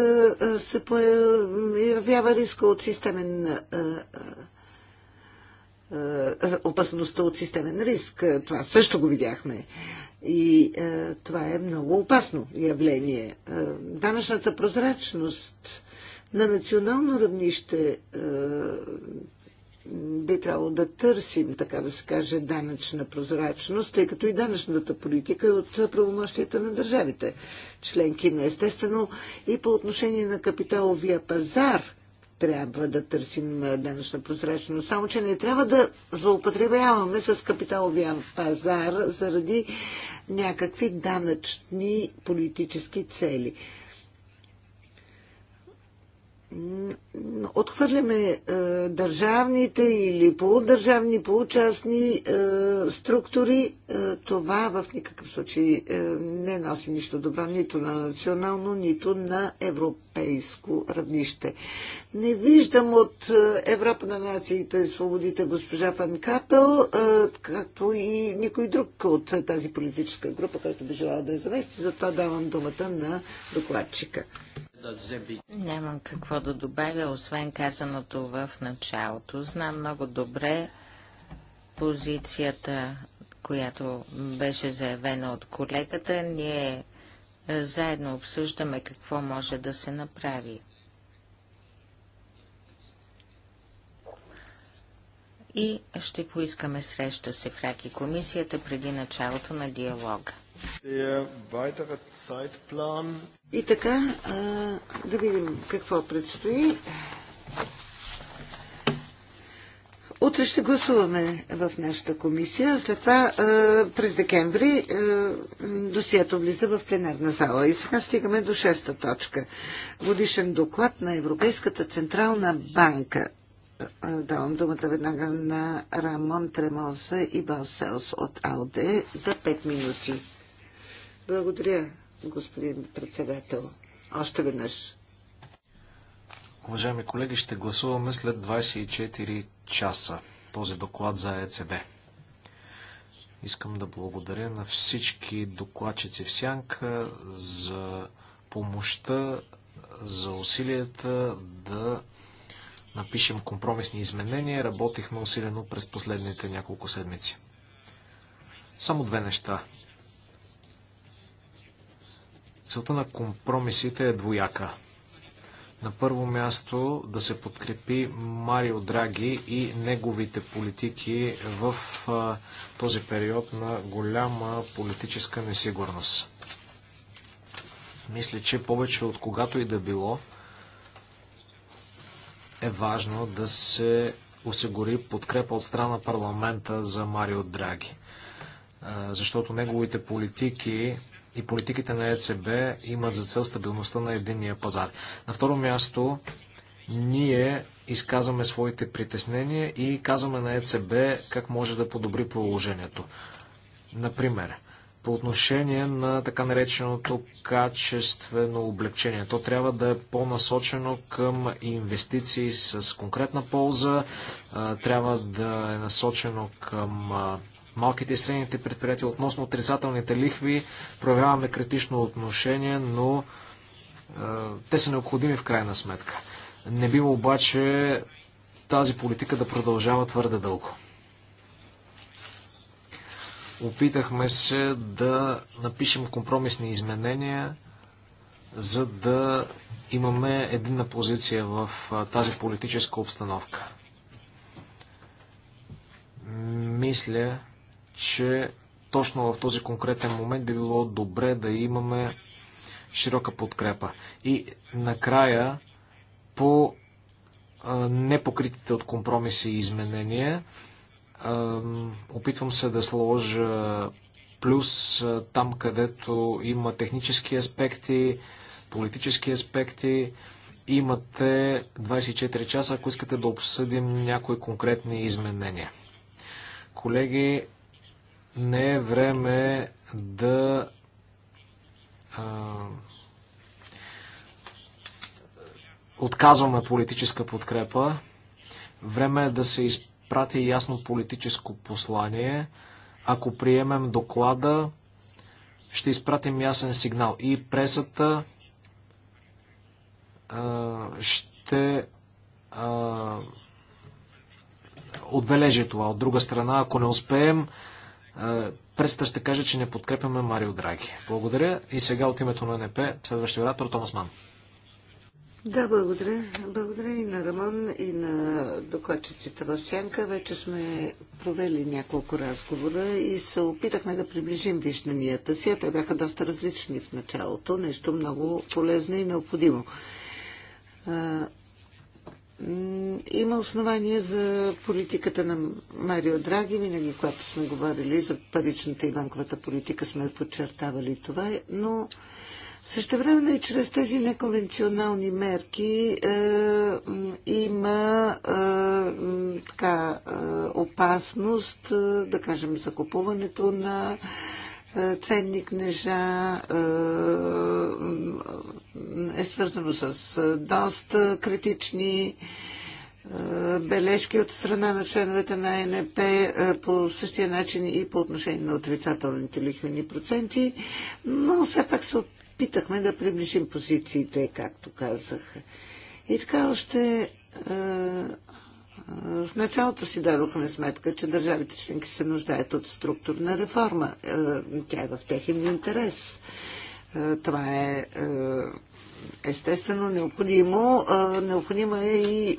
се появява риска от системен опасността от системен риск. Това също го видяхме. И е, това е много опасно явление. Е, данъчната прозрачност на национално равнище е, би трябвало да търсим, така да се каже, данъчна прозрачност, тъй като и данъчната политика е от правомощията на държавите членки на естествено и по отношение на капиталовия пазар трябва да търсим денежна прозрачност. Само, че не трябва да злоупотребяваме с капиталовия пазар заради някакви данъчни политически цели отхвърляме е, държавните или полудържавни, получастни е, структури, е, това в никакъв случай е, не носи нищо добро нито на национално, нито на европейско равнище. Не виждам от е, Европа на нациите и свободите госпожа Фан Капел, е, както и никой друг от тази политическа група, който би желал да я замести, затова давам думата на докладчика. Нямам какво да добавя, освен казаното в началото. Знам много добре позицията, която беше заявена от колегата. Ние заедно обсъждаме какво може да се направи. И ще поискаме среща с Ефрак и комисията преди началото на диалога. И така, да видим какво предстои. Утре ще гласуваме в нашата комисия, след това през декември досието влиза в пленарна зала. И сега стигаме до шеста точка. Годишен доклад на Европейската централна банка. Давам думата веднага на Рамон Тремоза и Балселс от АЛДЕ за 5 минути. Благодаря, господин председател. Още веднъж. Уважаеми колеги, ще гласуваме след 24 часа този доклад за ЕЦБ. Искам да благодаря на всички докладчици в Сянка за помощта, за усилията да напишем компромисни изменения. Работихме усилено през последните няколко седмици. Само две неща Целта на компромисите е двояка. На първо място да се подкрепи Марио Драги и неговите политики в а, този период на голяма политическа несигурност. Мисля, че повече от когато и да било е важно да се осигури подкрепа от страна парламента за Марио Драги. А, защото неговите политики и политиките на ЕЦБ имат за цел стабилността на единния пазар. На второ място, ние изказваме своите притеснения и казваме на ЕЦБ как може да подобри положението. Например, по отношение на така нареченото качествено облегчение. То трябва да е по-насочено към инвестиции с конкретна полза, трябва да е насочено към малките и средните предприятия относно отрицателните лихви. Проявяваме критично отношение, но е, те са необходими в крайна сметка. Не бива обаче тази политика да продължава твърде дълго. Опитахме се да напишем компромисни изменения, за да имаме единна позиция в тази политическа обстановка. Мисля, че точно в този конкретен момент би било добре да имаме широка подкрепа. И накрая, по непокритите от компромиси и изменения, опитвам се да сложа плюс там, където има технически аспекти, политически аспекти. Имате 24 часа, ако искате да обсъдим някои конкретни изменения. Колеги, не е време да а, отказваме политическа подкрепа. Време е да се изпрати ясно политическо послание. Ако приемем доклада, ще изпратим ясен сигнал. И пресата а, ще а, отбележи това. От друга страна, ако не успеем, Пресата ще каже, че не подкрепяме Марио Драги. Благодаря. И сега от името на НП следващия оратор Томас Ман. Да, благодаря. Благодаря и на Рамон, и на докладчиците в Сянка. Вече сме провели няколко разговора и се опитахме да приближим вижданията си, те бяха доста различни в началото. Нещо много полезно и необходимо има основания за политиката на Марио Драги. Винаги, когато сме говорили за паричната и банковата политика, сме подчертавали това, но също време и чрез тези неконвенционални мерки е, има е, така, е, опасност, е, да кажем, закупуването на е, ценни книжа е, е свързано с е, доста критични бележки от страна на членовете на ЕНП по същия начин и по отношение на отрицателните лихвени проценти, но все пак се опитахме да приближим позициите, както казах. И така още в началото си дадохме сметка, че държавите членки се нуждаят от структурна реформа. Е, тя е в техен интерес. Е, това е, е естествено необходимо. Необходима е и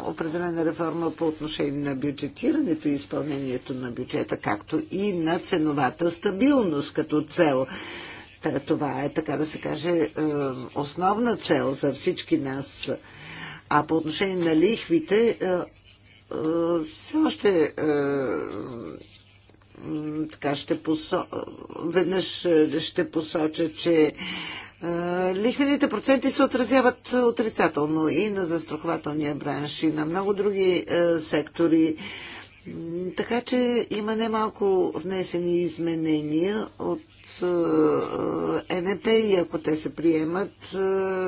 определена реформа по отношение на бюджетирането и изпълнението на бюджета, както и на ценовата стабилност като цел. Това е, така да се каже, основна цел за всички нас – а по отношение на лихвите, е, е, все още е, така ще посо... веднъж ще посоча, че лихвените проценти се отразяват отрицателно и на застрахователния бранш, и на много други сектори. Така че има немалко внесени изменения от е, е, ЕНП и ако те се приемат, е,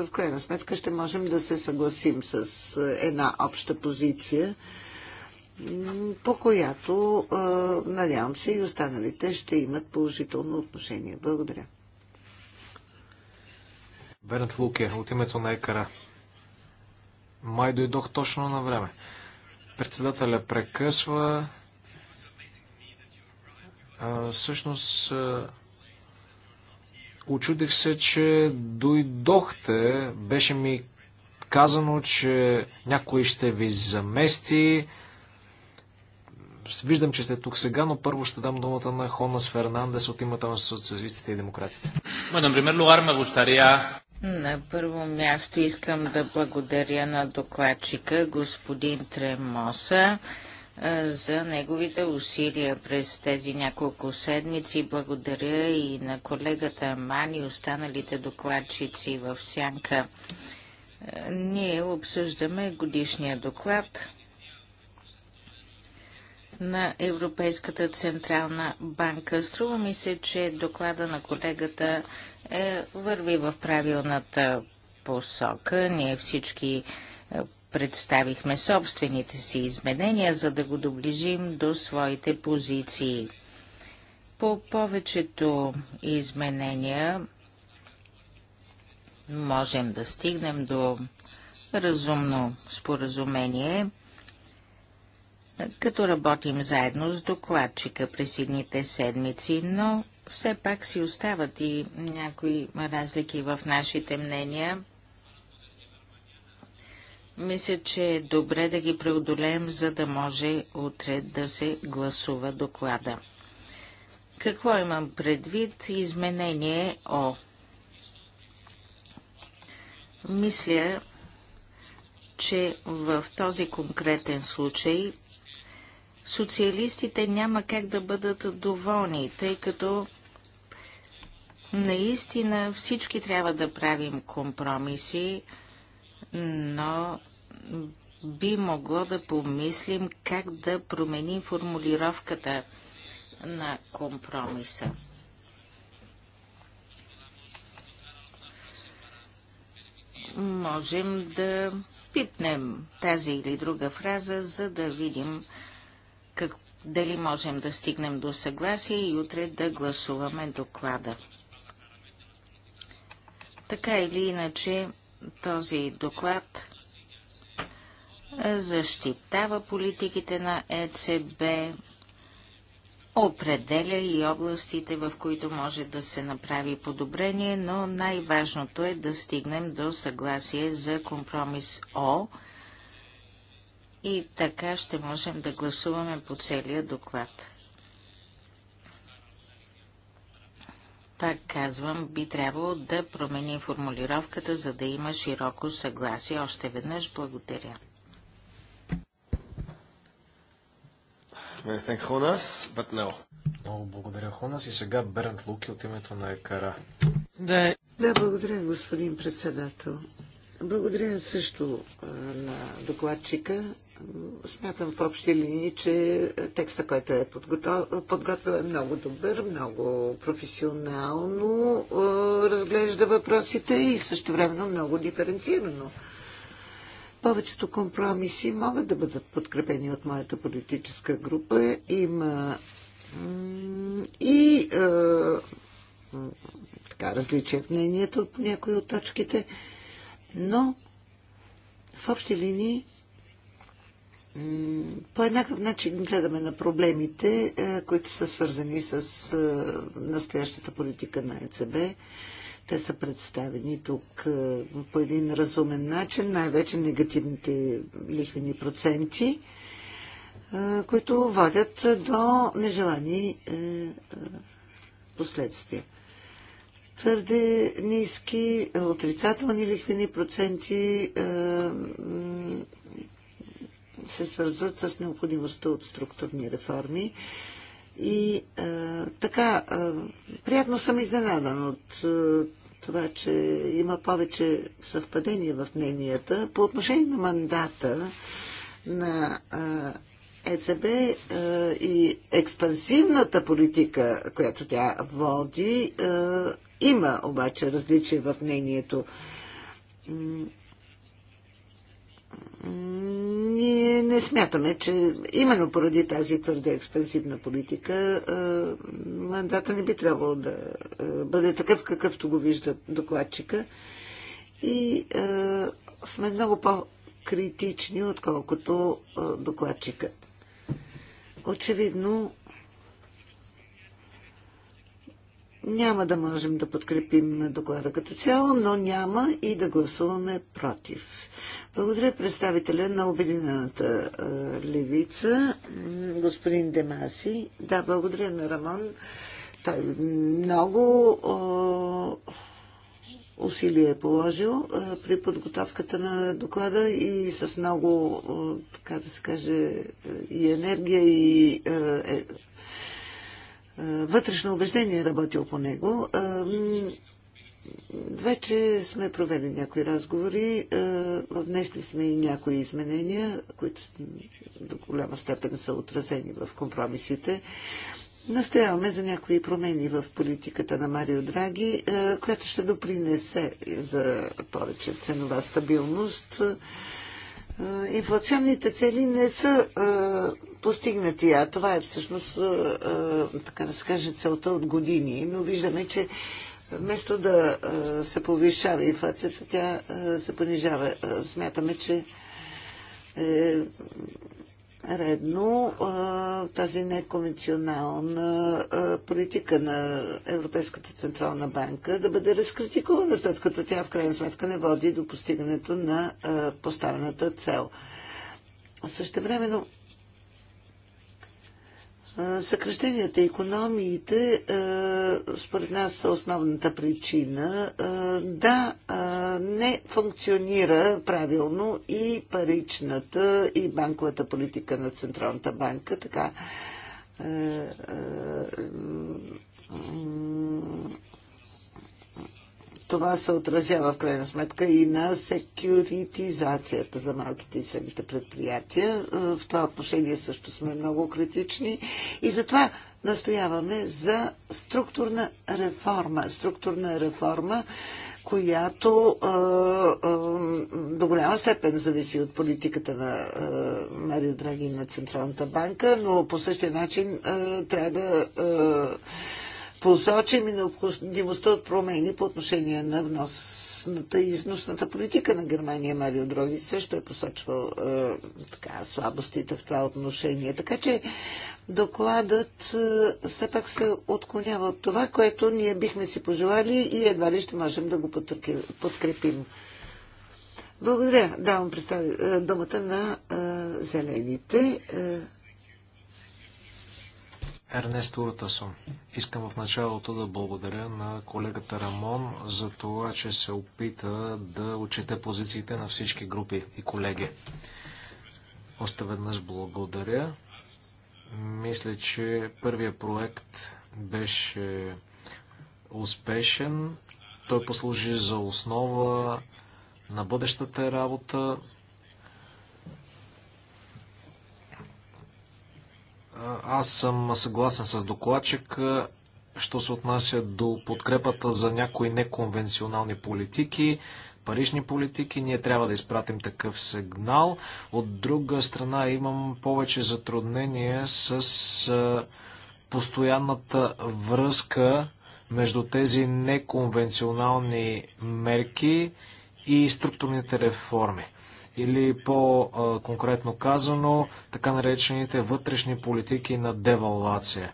в крайна сметка ще можем да се съгласим с една обща позиция, по която, надявам се, и останалите ще имат положително отношение. Благодаря. Бернат Луке, от името на Екара. Май дойдох точно на време. Председателя прекъсва. А, всъщност, а, Очудих се, че дойдохте. Беше ми казано, че някой ще ви замести. Виждам, че сте тук сега, но първо ще дам думата на Хонас Фернандес от името на социалистите и демократите. На първо място искам да благодаря на докладчика господин Тремоса за неговите усилия през тези няколко седмици. Благодаря и на колегата Мани, останалите докладчици в Сянка. Ние обсъждаме годишния доклад на Европейската Централна банка. Струва ми се, че доклада на колегата е, върви в правилната посока. Ние всички представихме собствените си изменения, за да го доближим до своите позиции. По повечето изменения можем да стигнем до разумно споразумение, като работим заедно с докладчика през едните седмици, но все пак си остават и някои разлики в нашите мнения – мисля, че е добре да ги преодолеем, за да може утре да се гласува доклада. Какво имам предвид? Изменение О. Мисля, че в този конкретен случай социалистите няма как да бъдат доволни, тъй като наистина всички трябва да правим компромиси, но би могло да помислим как да променим формулировката на компромиса. Можем да пипнем тази или друга фраза, за да видим как, дали можем да стигнем до съгласие и утре да гласуваме доклада. Така или иначе, този доклад защитава политиките на ЕЦБ, определя и областите, в които може да се направи подобрение, но най-важното е да стигнем до съгласие за компромис О и така ще можем да гласуваме по целия доклад. Пак казвам, би трябвало да промени формулировката, за да има широко съгласие. Още веднъж благодаря. Много благодаря, Хонас. И сега Бернт Луки от името на Екара. да, благодаря, господин председател. Благодаря също на докладчика. Смятам в общи линии, че текста, който е подготвил е много добър, много професионално разглежда въпросите и също времено много диференцирано. Повечето компромиси могат да бъдат подкрепени от моята политическа група. Има и така, различия в мнението по някои от точките но в общи линии по еднакъв начин гледаме на проблемите, е, които са свързани с е, настоящата политика на ЕЦБ. Те са представени тук е, по един разумен начин, най-вече негативните лихвени проценти, които водят до нежелани последствия твърде ниски, отрицателни лихвени проценти е, се свързват с необходимостта от структурни реформи. И е, така, е, приятно съм изненадан от това, че има повече съвпадения в мненията. По отношение на мандата на ЕЦБ е, и експансивната политика, която тя води, е, има обаче различие в мнението. Ние не смятаме, че именно поради тази твърде експансивна политика е, мандата не би трябвало да бъде такъв, какъвто го вижда докладчика. И сме много по-критични, отколкото докладчикът очевидно няма да можем да подкрепим доклада като цяло, но няма и да гласуваме против. Благодаря представителя на Обединената левица, господин Демаси. Да, благодаря на Рамон. Той много усилие е положил при подготовката на доклада и с много, така да се каже, и енергия, и е, вътрешно убеждение е работил по него. Вече сме провели някои разговори, внесли сме и някои изменения, които до голяма степен са отразени в компромисите настояваме за някои промени в политиката на Марио Драги, е, която ще допринесе за повече ценова стабилност. Е, инфлационните цели не са е, постигнати, а това е всъщност, така да се каже, целта от години. Но виждаме, че вместо да се повишава инфлацията, тя се понижава. Смятаме, че редно тази неконвенционална политика на Европейската Централна банка да бъде разкритикувана, след като тя в крайна сметка не води до постигането на поставената цел. времено, Съкръщенията и економиите според нас са основната причина да не функционира правилно и паричната и банковата политика на Централната банка. Така е, е, това се отразява в крайна сметка и на секюритизацията за малките и средните предприятия. Е, в това отношение също сме много критични и затова настояваме за структурна реформа. Структурна реформа, която е, е, до голяма степен зависи от политиката на е, Марио Драги на Централната банка, но по същия начин е, трябва да е, посочим и необходимостта от промени по отношение на вносната и износната политика на Германия. Марио Дрози също е посочвал е, така, слабостите в това отношение. Така че докладът е, все пак се отклонява от това, което ние бихме си пожелали и едва ли ще можем да го подкрепим. Благодаря. Давам представ... Е, думата на е, зелените. Е, Ернест Уртасон. Искам в началото да благодаря на колегата Рамон за това, че се опита да отчете позициите на всички групи и колеги. Още веднъж благодаря. Мисля, че първия проект беше успешен. Той послужи за основа на бъдещата работа. Аз съм съгласен с докладчик, що се отнася до подкрепата за някои неконвенционални политики, парични политики. Ние трябва да изпратим такъв сигнал. От друга страна имам повече затруднение с постоянната връзка между тези неконвенционални мерки и структурните реформи или по-конкретно казано, така наречените вътрешни политики на девалвация.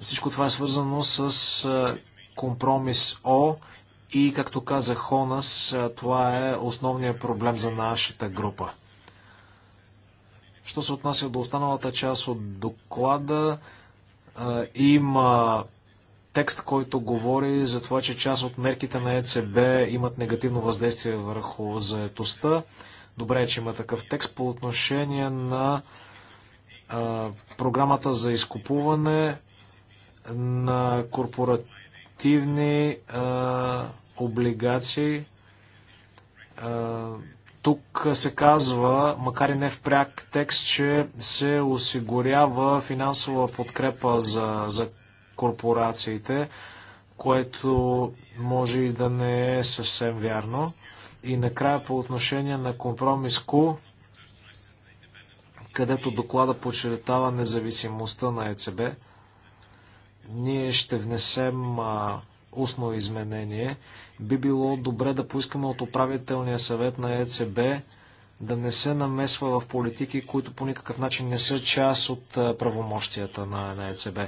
Всичко това е свързано с компромис О и, както каза Хонас, това е основният проблем за нашата група. Що се отнася до останалата част от доклада, има текст, който говори за това, че част от мерките на ЕЦБ имат негативно въздействие върху заетостта. Добре е, че има такъв текст по отношение на а, програмата за изкупуване на корпоративни а, облигации. А, тук се казва, макар и не в пряк текст, че се осигурява финансова подкрепа за, за корпорациите, което може и да не е съвсем вярно. И накрая по отношение на компромис Q, където доклада подчертава независимостта на ЕЦБ, ние ще внесем а, устно изменение. Би било добре да поискаме от управителния съвет на ЕЦБ да не се намесва в политики, които по никакъв начин не са част от правомощията на, на ЕЦБ.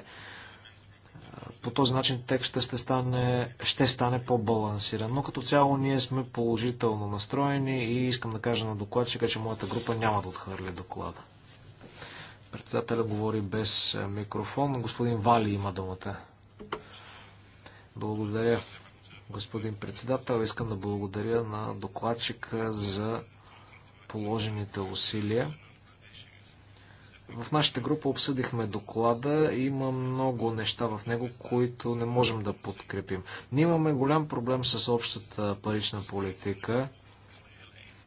По този начин текстът ще стане, ще стане по-балансиран. Но като цяло ние сме положително настроени и искам да кажа на докладчика, че моята група няма да отхвърли доклада. Председателя говори без е, микрофон. Господин Вали има думата. Благодаря, господин председател. Искам да благодаря на докладчика за положените усилия. В нашата група обсъдихме доклада. Има много неща в него, които не можем да подкрепим. Ние имаме голям проблем с общата парична политика.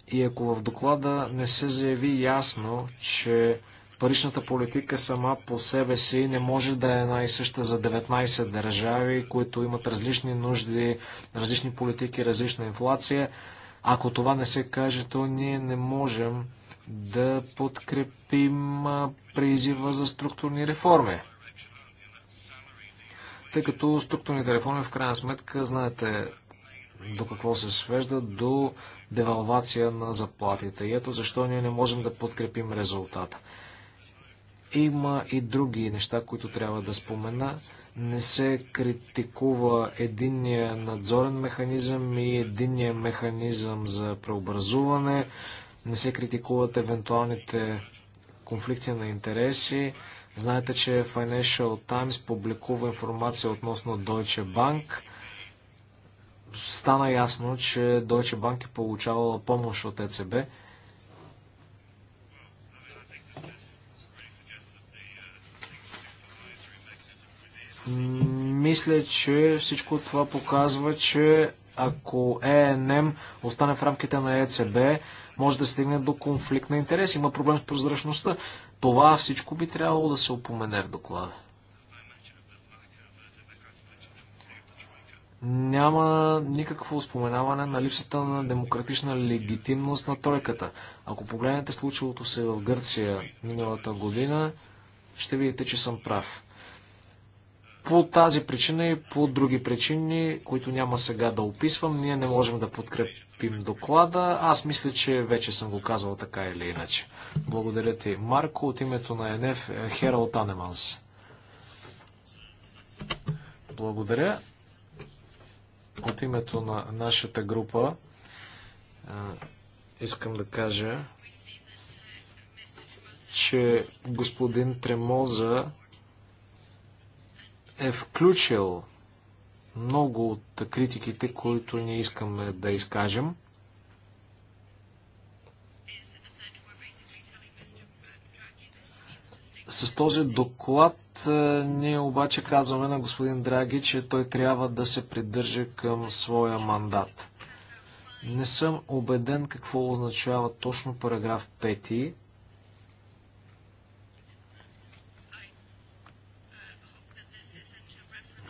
И ако в доклада не се заяви ясно, че паричната политика сама по себе си не може да е една и съща за 19 държави, които имат различни нужди, различни политики, различна инфлация, ако това не се каже, то ние не можем да подкрепим призива за структурни реформи. Тъй като структурните реформи в крайна сметка, знаете до какво се свежда, до девалвация на заплатите. И ето защо ние не можем да подкрепим резултата. Има и други неща, които трябва да спомена не се критикува единния надзорен механизъм и единния механизъм за преобразуване не се критикуват евентуалните конфликти на интереси. Знаете, че Financial Times публикува информация относно Deutsche Bank. Стана ясно, че Deutsche Bank е получавала помощ от ЕЦБ. Мисля, че всичко това показва, че ако ЕНМ остане в рамките на ЕЦБ, може да стигне до конфликт на интерес. Има проблем с прозрачността. Това всичко би трябвало да се упомене в доклада. няма никакво споменаване на липсата на демократична легитимност на тройката. Ако погледнете случилото се в Гърция миналата година, ще видите, че съм прав. По тази причина и по други причини, които няма сега да описвам, ние не можем да подкрепим доклада. Аз мисля, че вече съм го казвал така или иначе. Благодаря ти, Марко. От името на НФ е, Херал Танеманс. Благодаря. От името на нашата група е, искам да кажа, че господин Тремоза е включил много от критиките, които ние искаме да изкажем. С този доклад е, ние обаче казваме на господин Драги, че той трябва да се придържа към своя мандат. Не съм убеден какво означава точно параграф 5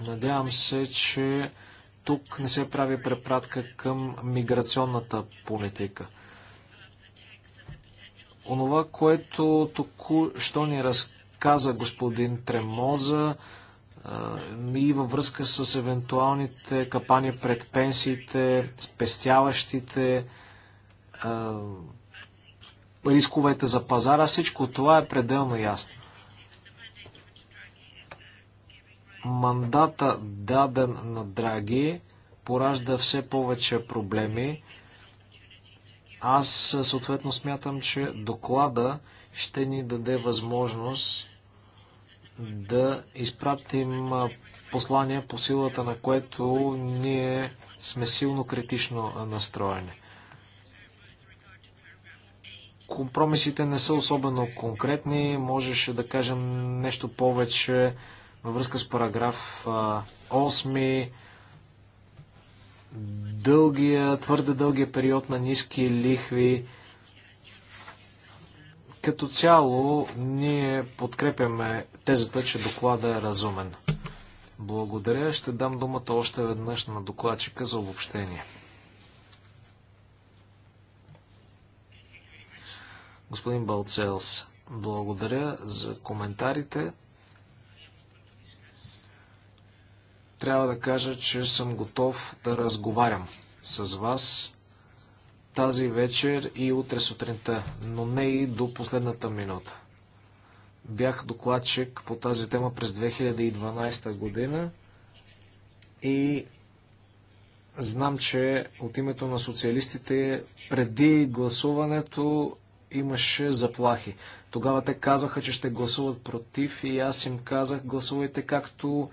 Надявам се, че тук не се прави препратка към миграционната политика. Онова, което току-що ни разказа господин Тремоза и във връзка с евентуалните капани пред пенсиите, спестяващите, рисковете за пазара, всичко това е пределно ясно. Мандата даден на Драги поражда все повече проблеми. Аз съответно смятам, че доклада ще ни даде възможност да изпратим послание по силата на което ние сме силно критично настроени. Компромисите не са особено конкретни, можеше да кажем нещо повече във връзка с параграф 8, дългия, твърде дългия период на ниски лихви. Като цяло, ние подкрепяме тезата, че доклада е разумен. Благодаря. Ще дам думата още веднъж на докладчика за обобщение. Господин Балцелс, благодаря за коментарите. трябва да кажа, че съм готов да разговарям с вас тази вечер и утре сутринта, но не и до последната минута. Бях докладчик по тази тема през 2012 година и знам, че от името на социалистите преди гласуването имаше заплахи. Тогава те казаха, че ще гласуват против и аз им казах, гласувайте както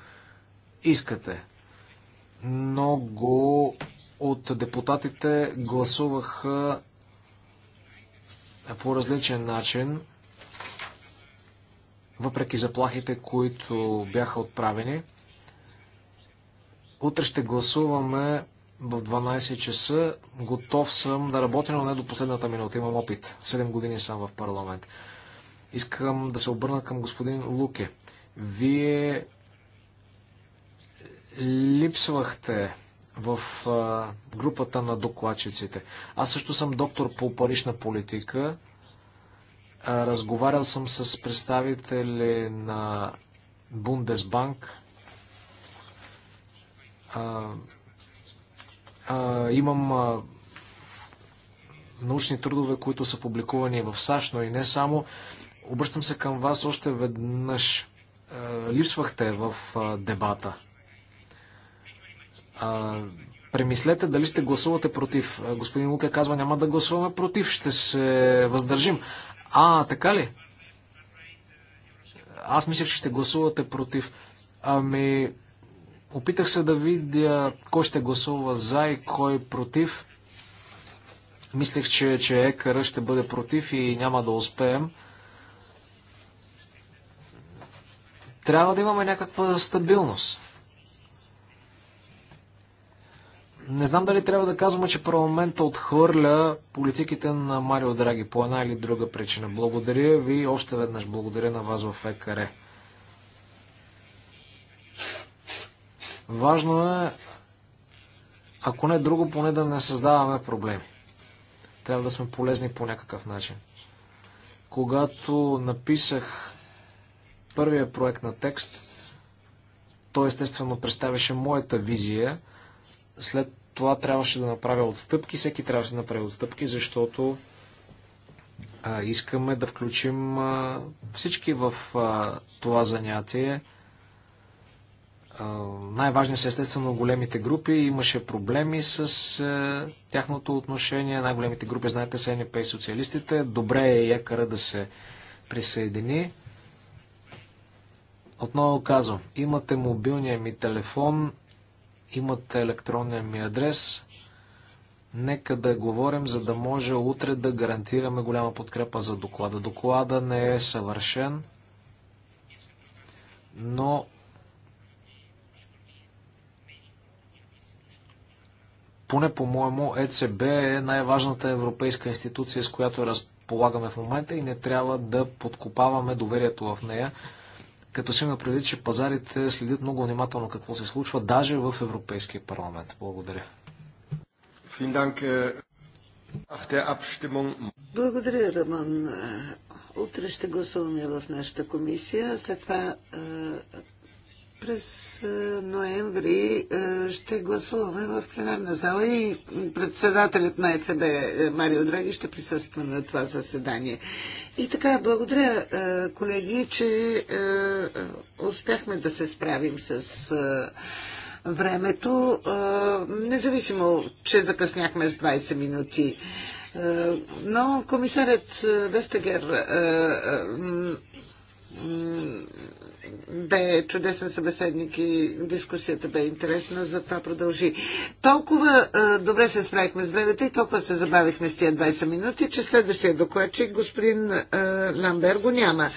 искате. Много от депутатите гласуваха по различен начин, въпреки заплахите, които бяха отправени. Утре ще гласуваме в 12 часа. Готов съм да работя, но не до последната минута. Имам опит. 7 години съм в парламент. Искам да се обърна към господин Луке. Вие липсвахте в а, групата на докладчиците. Аз също съм доктор по парична политика. А, разговарял съм с представители на Бундесбанк. А, а, имам а, научни трудове, които са публикувани в САЩ, но и не само. Обръщам се към вас още веднъж. А, липсвахте в а, дебата. А, премислете дали ще гласувате против. Господин Лука казва, няма да гласуваме против, ще се въздържим. А, така ли? Аз мислех, че ще гласувате против. Ами, опитах се да видя кой ще гласува за и кой против. Мислех, че, че ЕКР ще бъде против и няма да успеем. Трябва да имаме някаква стабилност. Не знам дали трябва да казваме, че парламента отхвърля политиките на Марио Драги по една или друга причина. Благодаря ви още веднъж. Благодаря на вас в ЕКР. Важно е, ако не друго, поне да не създаваме проблеми. Трябва да сме полезни по някакъв начин. Когато написах първия проект на текст, той естествено представяше моята визия след това трябваше да направя отстъпки, всеки трябваше да направи отстъпки, защото а, искаме да включим а, всички в а, това занятие. Най-важни са естествено големите групи. Имаше проблеми с а, тяхното отношение. Най-големите групи, знаете, са НП и социалистите. Добре е якара да се присъедини. Отново казвам, имате мобилния ми телефон, Имате електронния ми адрес. Нека да говорим, за да може утре да гарантираме голяма подкрепа за доклада. Доклада не е съвършен, но поне по-моему ЕЦБ е най-важната европейска институция, с която разполагаме в момента и не трябва да подкопаваме доверието в нея като се направи, че пазарите следят много внимателно какво се случва, даже в Европейския парламент. Благодаря. Äh, Благодаря, Роман. Утре ще гласуваме в нашата комисия. След това през е, ноември е, ще гласуваме в пленарна зала и председателят на ЕЦБ е, Марио Драги ще присъства на това заседание. И така, благодаря, колеги, че успяхме да се справим с времето, независимо, че закъсняхме с 20 минути. Но комисарят Вестегер бе чудесен събеседник и дискусията бе интересна, затова продължи. Толкова а, е, добре се справихме с бебето и толкова се забавихме с тия 20 минути, че следващия докладчик господин а, е, Ламбер го няма.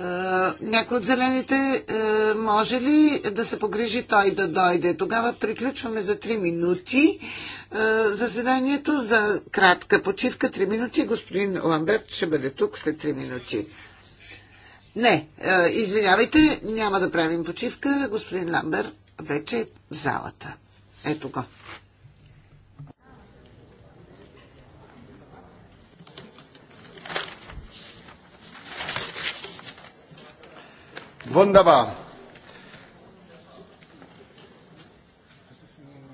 А, е, някой от зелените а, може ли да се погрижи той да дойде? Тогава приключваме за 3 минути а, заседанието за кратка почивка 3 минути. Господин Ламберт ще бъде тук след 3 минути. Не, е, извинявайте, няма да правим почивка. Господин Ламбер вече е в залата. Ето го. Wunderbar.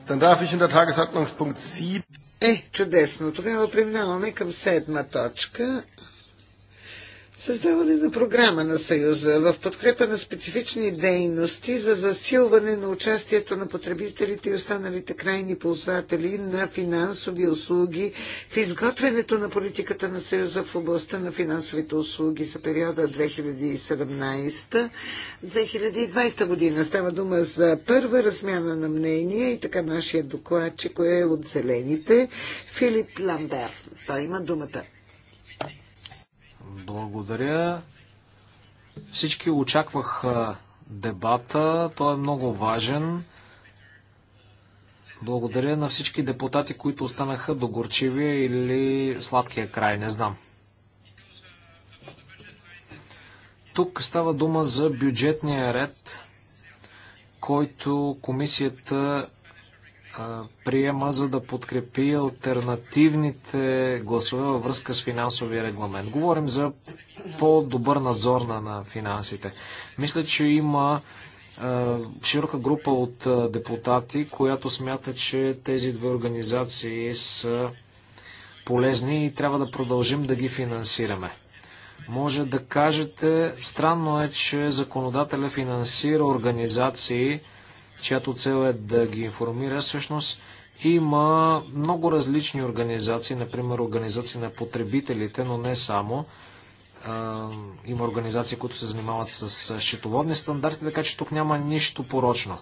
Dann darf ich Tagesordnungspunkt 7. Е, чудесно. Тогава преминаваме към седма точка. Създаване на програма на Съюза в подкрепа на специфични дейности за засилване на участието на потребителите и останалите крайни ползватели на финансови услуги в изготвянето на политиката на Съюза в областта на финансовите услуги за периода 2017-2020 година. Става дума за първа размяна на мнение и така нашия докладчик е от Зелените Филип Ламбер. Той има думата. Благодаря. Всички очакваха дебата. Той е много важен. Благодаря на всички депутати, които останаха до горчивия или сладкия край, не знам. Тук става дума за бюджетния ред, който комисията приема, за да подкрепи альтернативните гласове във връзка с финансовия регламент. Говорим за по-добър надзор на, на финансите. Мисля, че има широка група от депутати, която смята, че тези две организации са полезни и трябва да продължим да ги финансираме. Може да кажете, странно е, че законодателя финансира организации, чиято цел е да ги информира всъщност има много различни организации, например организации на потребителите, но не само. Има организации, които се занимават с счетоводни стандарти, така че тук няма нищо порочно.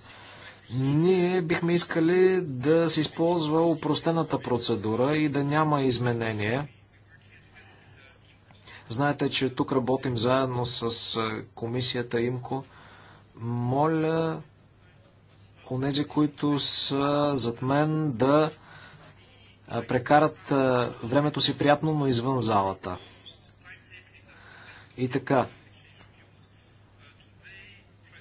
Ние бихме искали да се използва упростената процедура и да няма изменения. Знаете, че тук работим заедно с комисията ИМКО. Моля онези, които са зад мен, да прекарат времето си приятно, но извън залата. И така.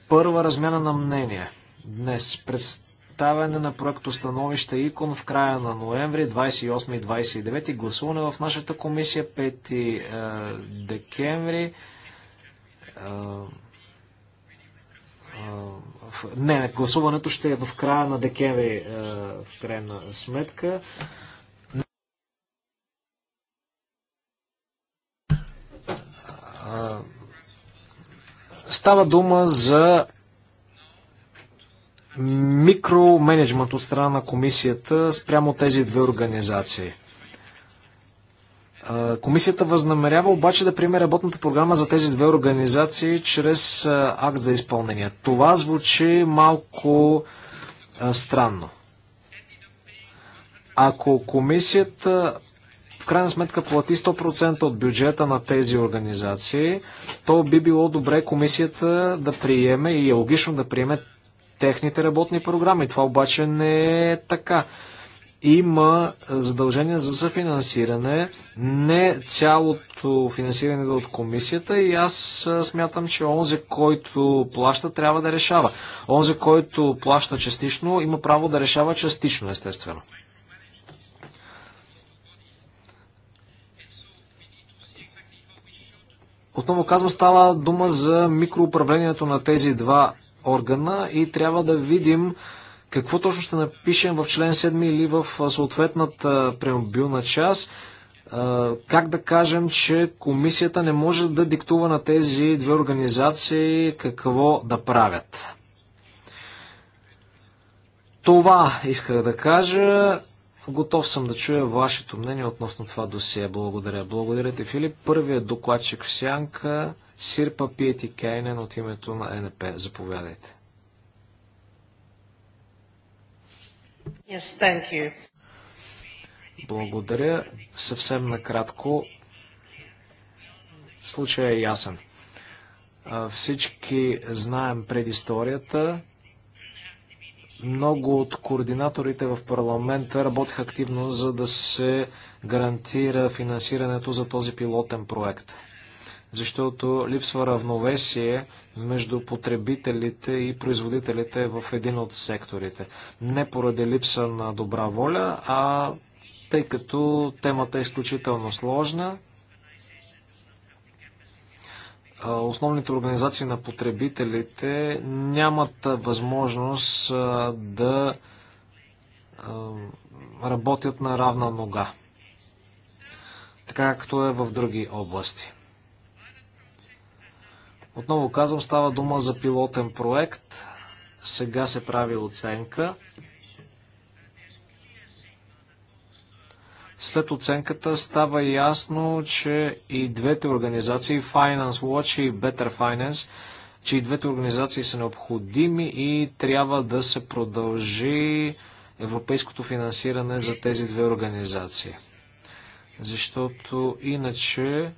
Първа размяна на мнение. Днес представяне на Становище ИКОН в края на ноември 28 и 29 и гласуване в нашата комисия 5 е, декември. Е, е, не, гласуването ще е в края на декември, е, в крайна сметка. Става дума за микроменеджмент от страна на комисията спрямо тези две организации – Комисията възнамерява обаче да приеме работната програма за тези две организации чрез акт за изпълнение. Това звучи малко странно. Ако комисията в крайна сметка плати 100% от бюджета на тези организации, то би било добре комисията да приеме и е логично да приеме техните работни програми. Това обаче не е така има задължение за съфинансиране, не цялото финансиране от комисията и аз смятам, че онзи, който плаща, трябва да решава. Онзи, който плаща частично, има право да решава частично, естествено. Отново казвам, става дума за микроуправлението на тези два органа и трябва да видим какво точно ще напишем в член 7 или в съответната преамбилна част, как да кажем, че комисията не може да диктува на тези две организации какво да правят. Това исках да кажа. Готов съм да чуя вашето мнение относно това досие. Благодаря. Благодаря ти, Филип. Първият докладчик в сянка Сирпа Пиети Кейнен от името на НП. Заповядайте. Yes, thank you. Благодаря. Съвсем накратко. Случая е ясен. Всички знаем предисторията. Много от координаторите в парламента работиха активно, за да се гарантира финансирането за този пилотен проект защото липсва равновесие между потребителите и производителите в един от секторите. Не поради липса на добра воля, а тъй като темата е изключително сложна. Основните организации на потребителите нямат възможност да работят на равна нога, така както е в други области. Отново казвам, става дума за пилотен проект. Сега се прави оценка. След оценката става ясно, че и двете организации, Finance Watch и Better Finance, че и двете организации са необходими и трябва да се продължи европейското финансиране за тези две организации. Защото иначе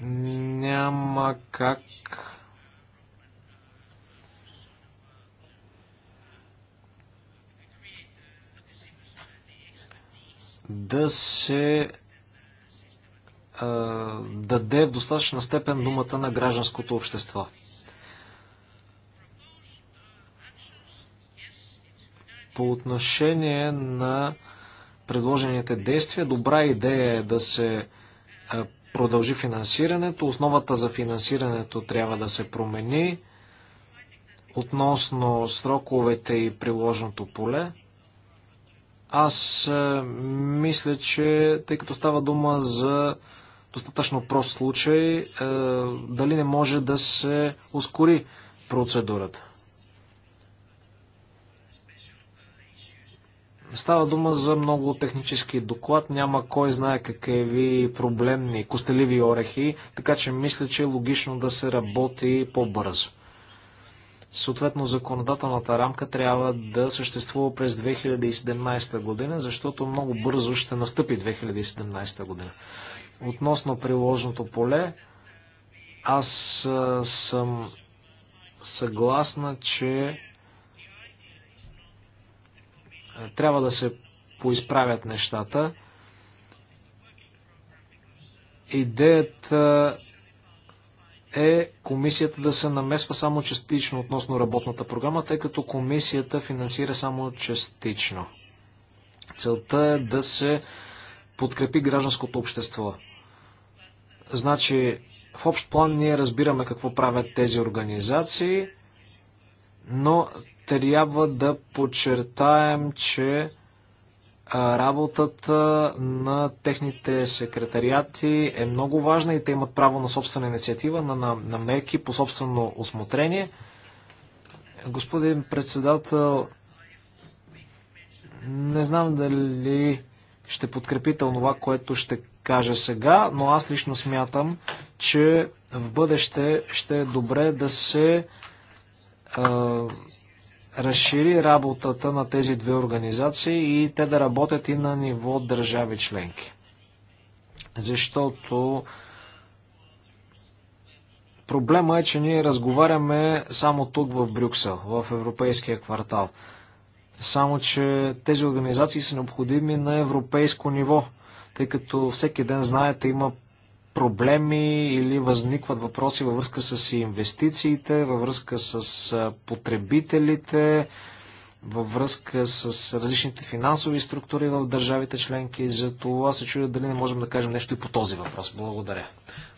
няма как да се а, даде в достатъчна степен думата на гражданското общество. По отношение на предложените действия, добра идея е да се продължи финансирането, основата за финансирането трябва да се промени относно сроковете и приложното поле. Аз е, мисля, че тъй като става дума за достатъчно прост случай, е, дали не може да се ускори процедурата. Става дума за много технически доклад. Няма кой знае какви проблемни, костеливи орехи, така че мисля, че е логично да се работи по-бързо. Съответно, законодателната рамка трябва да съществува през 2017 година, защото много бързо ще настъпи 2017 година. Относно приложното поле, аз съм съгласна, че трябва да се поизправят нещата. Идеята е комисията да се намесва само частично относно работната програма, тъй като комисията финансира само частично. Целта е да се подкрепи гражданското общество. Значи, в общ план ние разбираме какво правят тези организации, но трябва да подчертаем, че работата на техните секретариати е много важна и те имат право на собствена инициатива, на, на, на мерки по собствено осмотрение. Господин председател, не знам дали ще подкрепите онова, което ще кажа сега, но аз лично смятам, че в бъдеще ще е добре да се а, разшири работата на тези две организации и те да работят и на ниво държави членки. Защото проблема е, че ние разговаряме само тук в Брюксел, в европейския квартал. Само, че тези организации са необходими на европейско ниво, тъй като всеки ден, знаете, има проблеми или възникват въпроси във връзка с инвестициите, във връзка с потребителите, във връзка с различните финансови структури в държавите членки. За това се чудя дали не можем да кажем нещо и по този въпрос. Благодаря.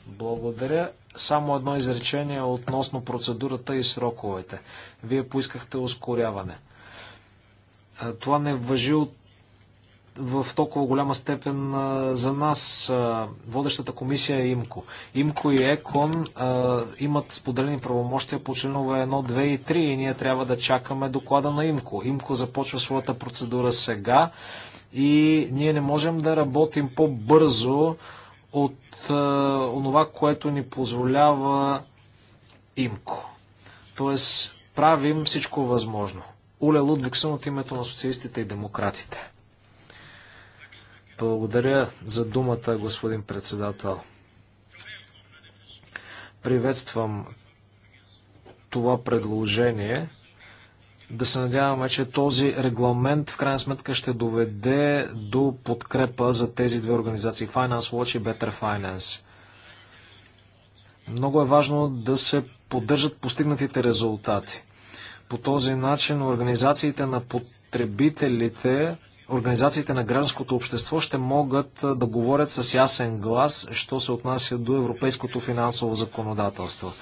Благодаря. Само едно изречение относно процедурата и сроковете. Вие поискахте ускоряване. Това не въжи от в толкова голяма степен за нас водещата комисия е ИМКО. ИМКО и ЕКОН имат споделени правомощия по членове 1, 2 и 3 и ние трябва да чакаме доклада на ИМКО. ИМКО започва своята процедура сега и ние не можем да работим по-бързо от това, което ни позволява ИМКО. Тоест, правим всичко възможно. Уля Лудвиксон от името на социалистите и демократите. Благодаря за думата, господин председател. Приветствам това предложение. Да се надяваме, че този регламент в крайна сметка ще доведе до подкрепа за тези две организации Finance Watch и Better Finance. Много е важно да се поддържат постигнатите резултати. По този начин организациите на потребителите организациите на гражданското общество ще могат да говорят с ясен глас, що се отнася до европейското финансово законодателство.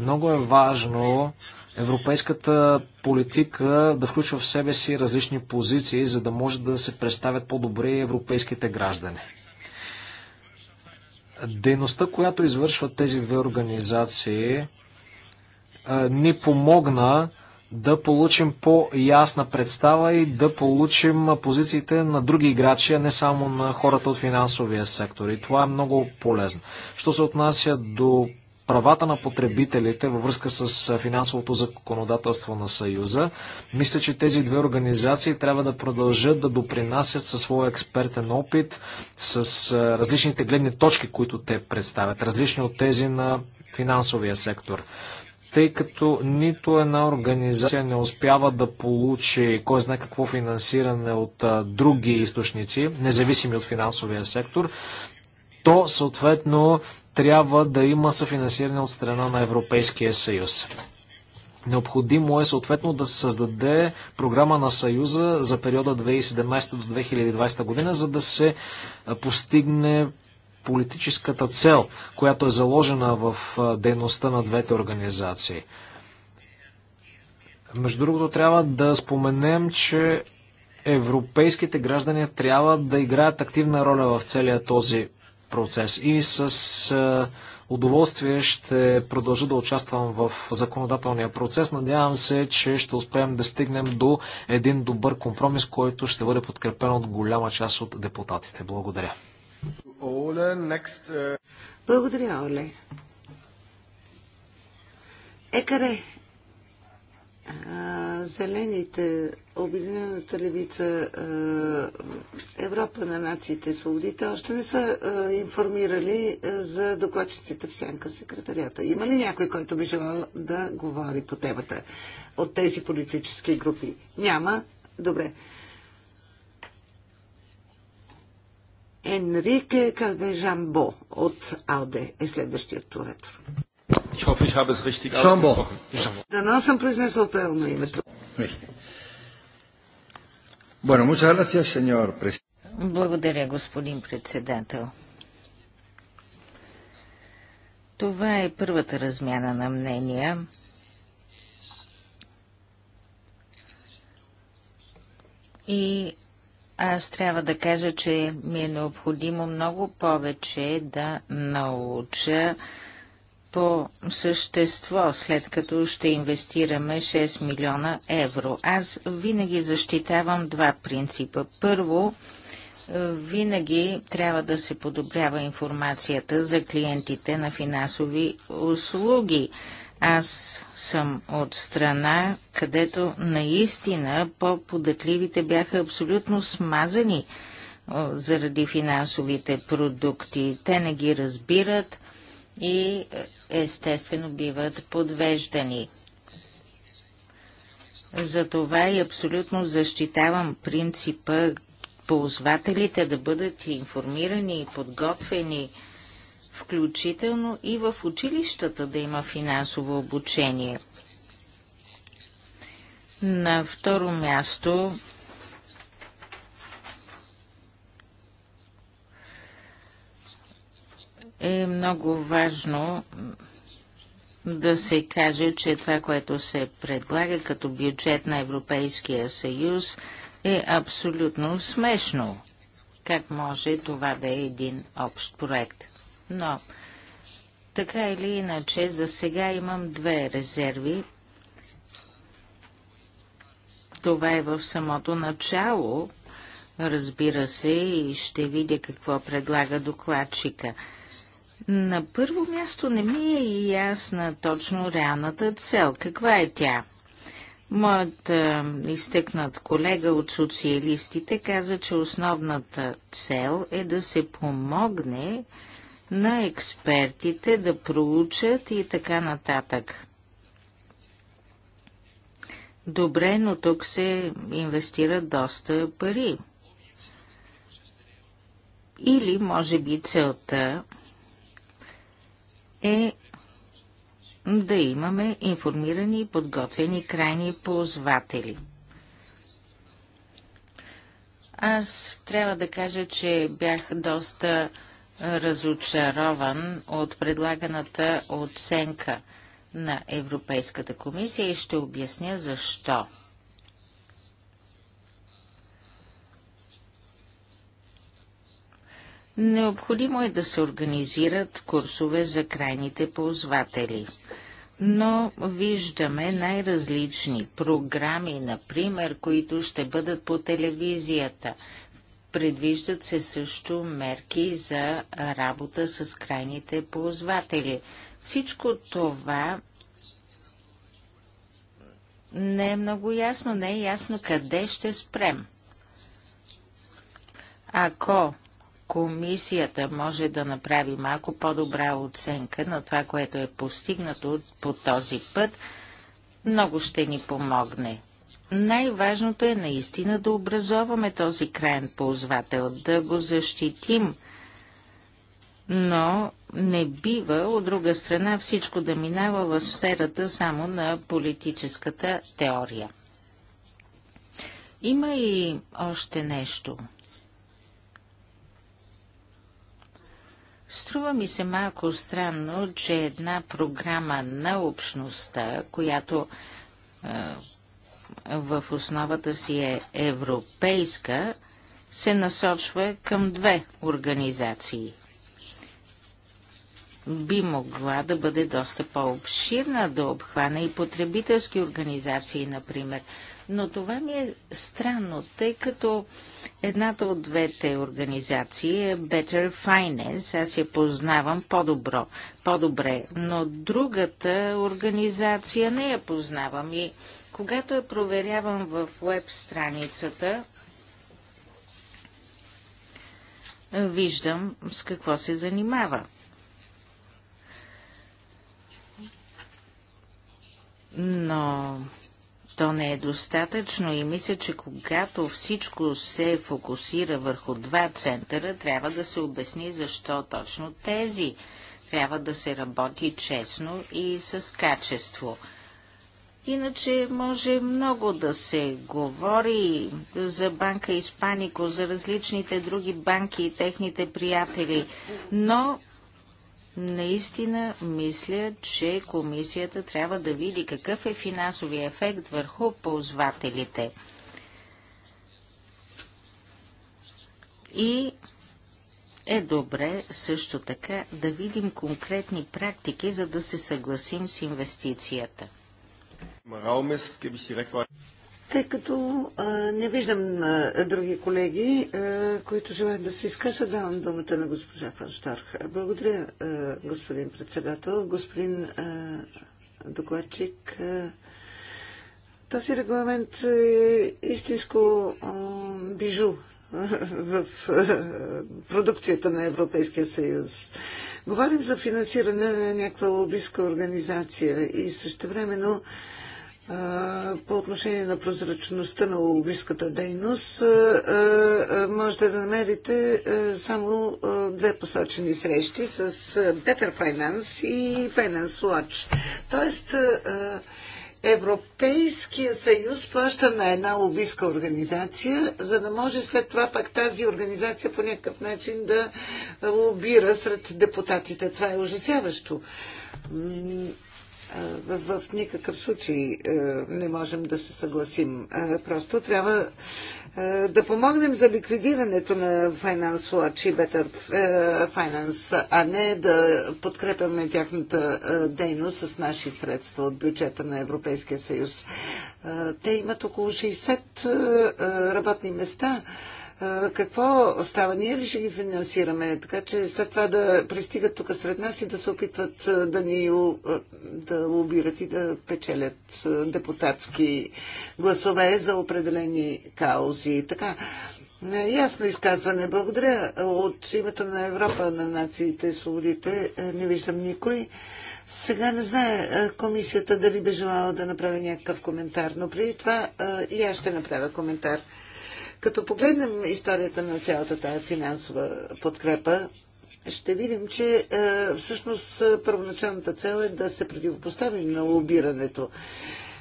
Много е важно европейската политика да включва в себе си различни позиции, за да може да се представят по-добре европейските граждани. Дейността, която извършват тези две организации, ни помогна да получим по-ясна представа и да получим позициите на други играчи, а не само на хората от финансовия сектор. И това е много полезно. Що се отнася до правата на потребителите във връзка с финансовото законодателство на Съюза. Мисля, че тези две организации трябва да продължат да допринасят със своя експертен опит, с различните гледни точки, които те представят, различни от тези на финансовия сектор тъй като нито една организация не успява да получи кой знае какво финансиране от а, други източници, независими от финансовия сектор, то съответно трябва да има съфинансиране от страна на Европейския съюз. Необходимо е съответно да се създаде програма на Съюза за периода 2017 до 2020 година, за да се постигне политическата цел, която е заложена в дейността на двете организации. Между другото, трябва да споменем, че европейските граждани трябва да играят активна роля в целия този процес. И с удоволствие ще продължа да участвам в законодателния процес. Надявам се, че ще успеем да стигнем до един добър компромис, който ще бъде подкрепен от голяма част от депутатите. Благодаря. Оле. Next, е, Благодаря, Оле. Екаре, зелените, Обединената левица, Европа на нациите, свободите още не са информирали за докладчиците в сянка секретарията. Има ли някой, който би желал да говори по темата от тези политически групи? Няма. Добре. Енрике Калвежамбо от АЛДЕ е следващият туретор. Ich hoffe, ich Шамбо. Дано съм произнесъл правилно името. Bueno, muchas gracias, señor Благодаря, господин председател. Това е първата размяна на мнения. И аз трябва да кажа, че ми е необходимо много повече да науча по същество, след като ще инвестираме 6 милиона евро. Аз винаги защитавам два принципа. Първо, винаги трябва да се подобрява информацията за клиентите на финансови услуги. Аз съм от страна, където наистина по-податливите бяха абсолютно смазани заради финансовите продукти. Те не ги разбират и естествено биват подвеждани. Затова и абсолютно защитавам принципа ползвателите да бъдат информирани и подготвени – включително и в училищата да има финансово обучение. На второ място е много важно да се каже, че това, което се предлага като бюджет на Европейския съюз е абсолютно смешно. Как може това да е един общ проект? Но, така или иначе, за сега имам две резерви. Това е в самото начало, разбира се, и ще видя какво предлага докладчика. На първо място не ми е ясна точно реалната цел. Каква е тя? Моят а, изтъкнат колега от социалистите каза, че основната цел е да се помогне а, на експертите да проучат и така нататък. Добре, но тук се инвестират доста пари. Или, може би, целта е да имаме информирани и подготвени крайни ползватели. Аз трябва да кажа, че бях доста разочарован от предлаганата оценка на Европейската комисия и ще обясня защо. Необходимо е да се организират курсове за крайните ползватели. Но виждаме най-различни програми, например, които ще бъдат по телевизията. Предвиждат се също мерки за работа с крайните ползватели. Всичко това не е много ясно, не е ясно къде ще спрем. Ако комисията може да направи малко по-добра оценка на това, което е постигнато по този път, много ще ни помогне. Най-важното е наистина да образоваме този крайен ползвател, да го защитим, но не бива, от друга страна, всичко да минава в сферата само на политическата теория. Има и още нещо. Струва ми се малко странно, че една програма на общността, която в основата си е европейска, се насочва към две организации. Би могла да бъде доста по-обширна, да обхване и потребителски организации, например. Но това ми е странно, тъй като едната от двете организации е Better Finance, аз я познавам по-добро, по-добре, но другата организация не я познавам и когато я проверявам в веб страницата, виждам с какво се занимава. Но то не е достатъчно и мисля, че когато всичко се фокусира върху два центъра, трябва да се обясни защо точно тези. Трябва да се работи честно и с качество. Иначе може много да се говори за банка Испанико, за различните други банки и техните приятели, но наистина мисля, че комисията трябва да види какъв е финансовия ефект върху ползвателите. И е добре също така да видим конкретни практики, за да се съгласим с инвестицията. Тъй като а, не виждам а, други колеги, а, които желаят да се изкажат, давам думата на госпожа Фанштарх. Благодаря, а, господин председател. Господин а, докладчик, а, този регламент е истинско а, бижу в продукцията на Европейския съюз. Говорим за финансиране на някаква лобистка организация и също времено по отношение на прозрачността на лобистката дейност, можете да намерите само две посочени срещи с Better Finance и Finance Watch. Тоест, Европейския съюз плаща на една лобистка организация, за да може след това пак тази организация по някакъв начин да лобира сред депутатите. Това е ужасяващо в, в никакъв случай не можем да се съгласим. Просто трябва да помогнем за ликвидирането на Finance Watch и Better Finance, а не да подкрепяме тяхната дейност с наши средства от бюджета на Европейския съюз. Те имат около 60 работни места какво става? Ние ли ще ги финансираме? Така че след това да пристигат тук сред нас и да се опитват да ни да убират и да печелят депутатски гласове за определени каузи. Така, ясно изказване. Благодаря. От името на Европа на нациите и свободите не виждам никой. Сега не знае комисията дали би желала да направи някакъв коментар, но преди това и аз ще направя коментар. Като погледнем историята на цялата тая финансова подкрепа, ще видим, че е, всъщност първоначалната цел е да се противопоставим на лобирането.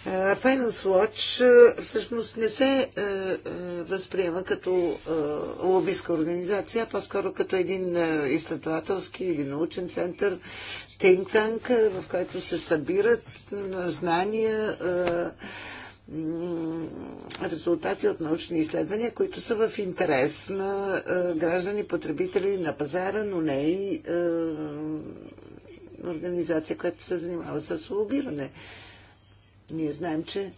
Е, Finance Watch е, всъщност не се е, е, възприема като е, лобистка организация, а по-скоро като един е, изследователски или научен център, think tank, е, в който се събират е, знания. Е, резултати от научни изследвания, които са в интерес на е, граждани, потребители на пазара, но не и е, организация, която се занимава с лобиране. Ние знаем, че е,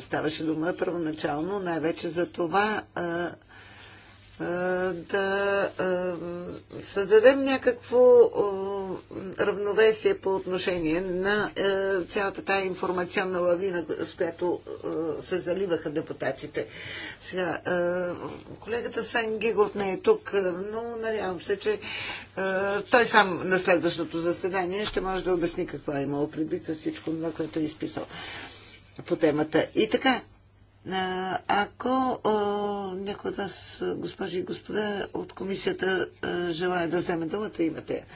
ставаше дума първоначално най-вече за това да създадем някакво равновесие по отношение на цялата тая информационна лавина, с която се заливаха депутатите. Сега, колегата Свен Гигов не е тук, но надявам се, че той сам на следващото заседание ще може да обясни какво е имало предвид за всичко това, което е изписал по темата. И така, ако някой от вас, госпожи и господа от комисията, желая да вземе думата, имате.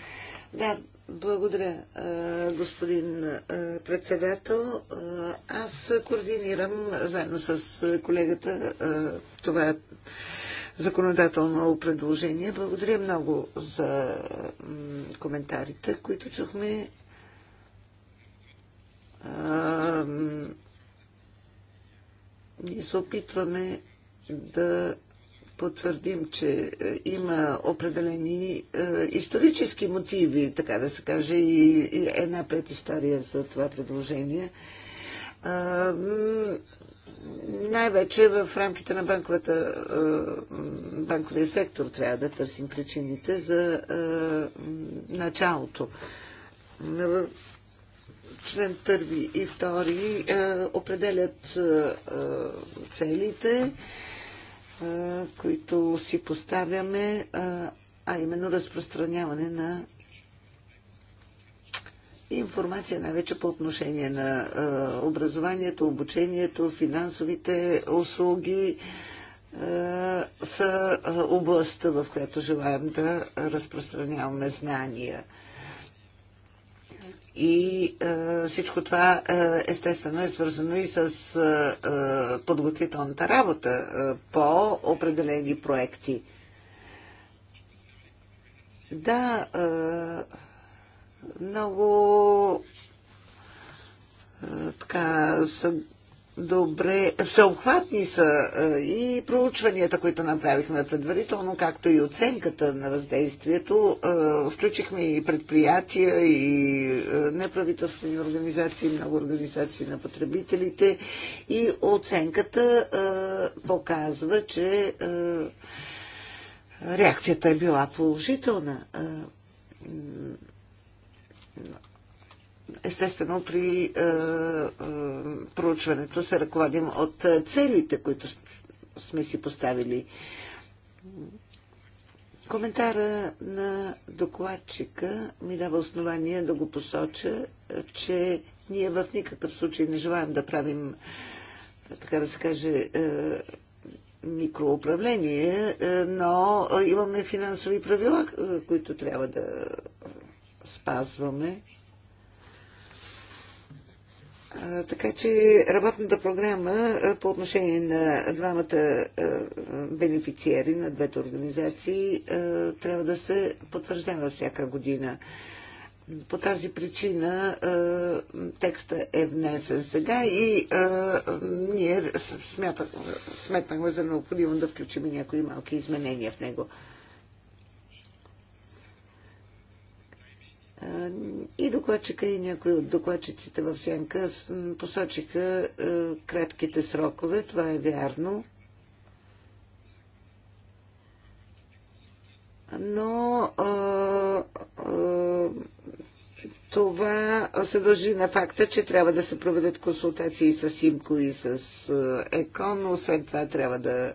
Да, благодаря, господин председател. Аз координирам заедно с колегата това законодателно предложение. Благодаря много за коментарите, които чухме ние се опитваме да потвърдим, че е, има определени е, исторически мотиви, така да се каже, и една предистория за това предложение. Най-вече в рамките на банковата, е, банковия сектор трябва да търсим причините за началото. Член първи и втори е, определят е, е, целите, които си поставяме, а именно разпространяване на информация най-вече по отношение на образованието, обучението, финансовите услуги са областта, в която желаем да разпространяваме знания. И е, всичко това е, естествено е свързано и с е, е, подготвителната работа е, по определени проекти. Да, е, много е, така са добре, всеобхватни са е, и проучванията, които направихме предварително, както и оценката на въздействието. Е, включихме и предприятия, и е, неправителствени организации, много организации на потребителите. И оценката показва, че реакцията е била положителна естествено при е, е, проучването се ръководим от е, целите, които сме си поставили. Коментара на докладчика ми дава основание да го посоча, че ние в никакъв случай не желаем да правим, е, така да се каже, е, микроуправление, е, но имаме финансови правила, които трябва да спазваме. Така че работната програма по отношение на двамата бенефициери на двете организации трябва да се потвърждава всяка година. По тази причина текста е внесен сега и ние сметнахме за необходимо да включим някои малки изменения в него. И докладчика и някои от докладчиците в Сянка посочиха кратките срокове. Това е вярно. Но а, а, това се дължи на факта, че трябва да се проведат консултации с ИМКО и с ЕКОН. Освен това трябва да а,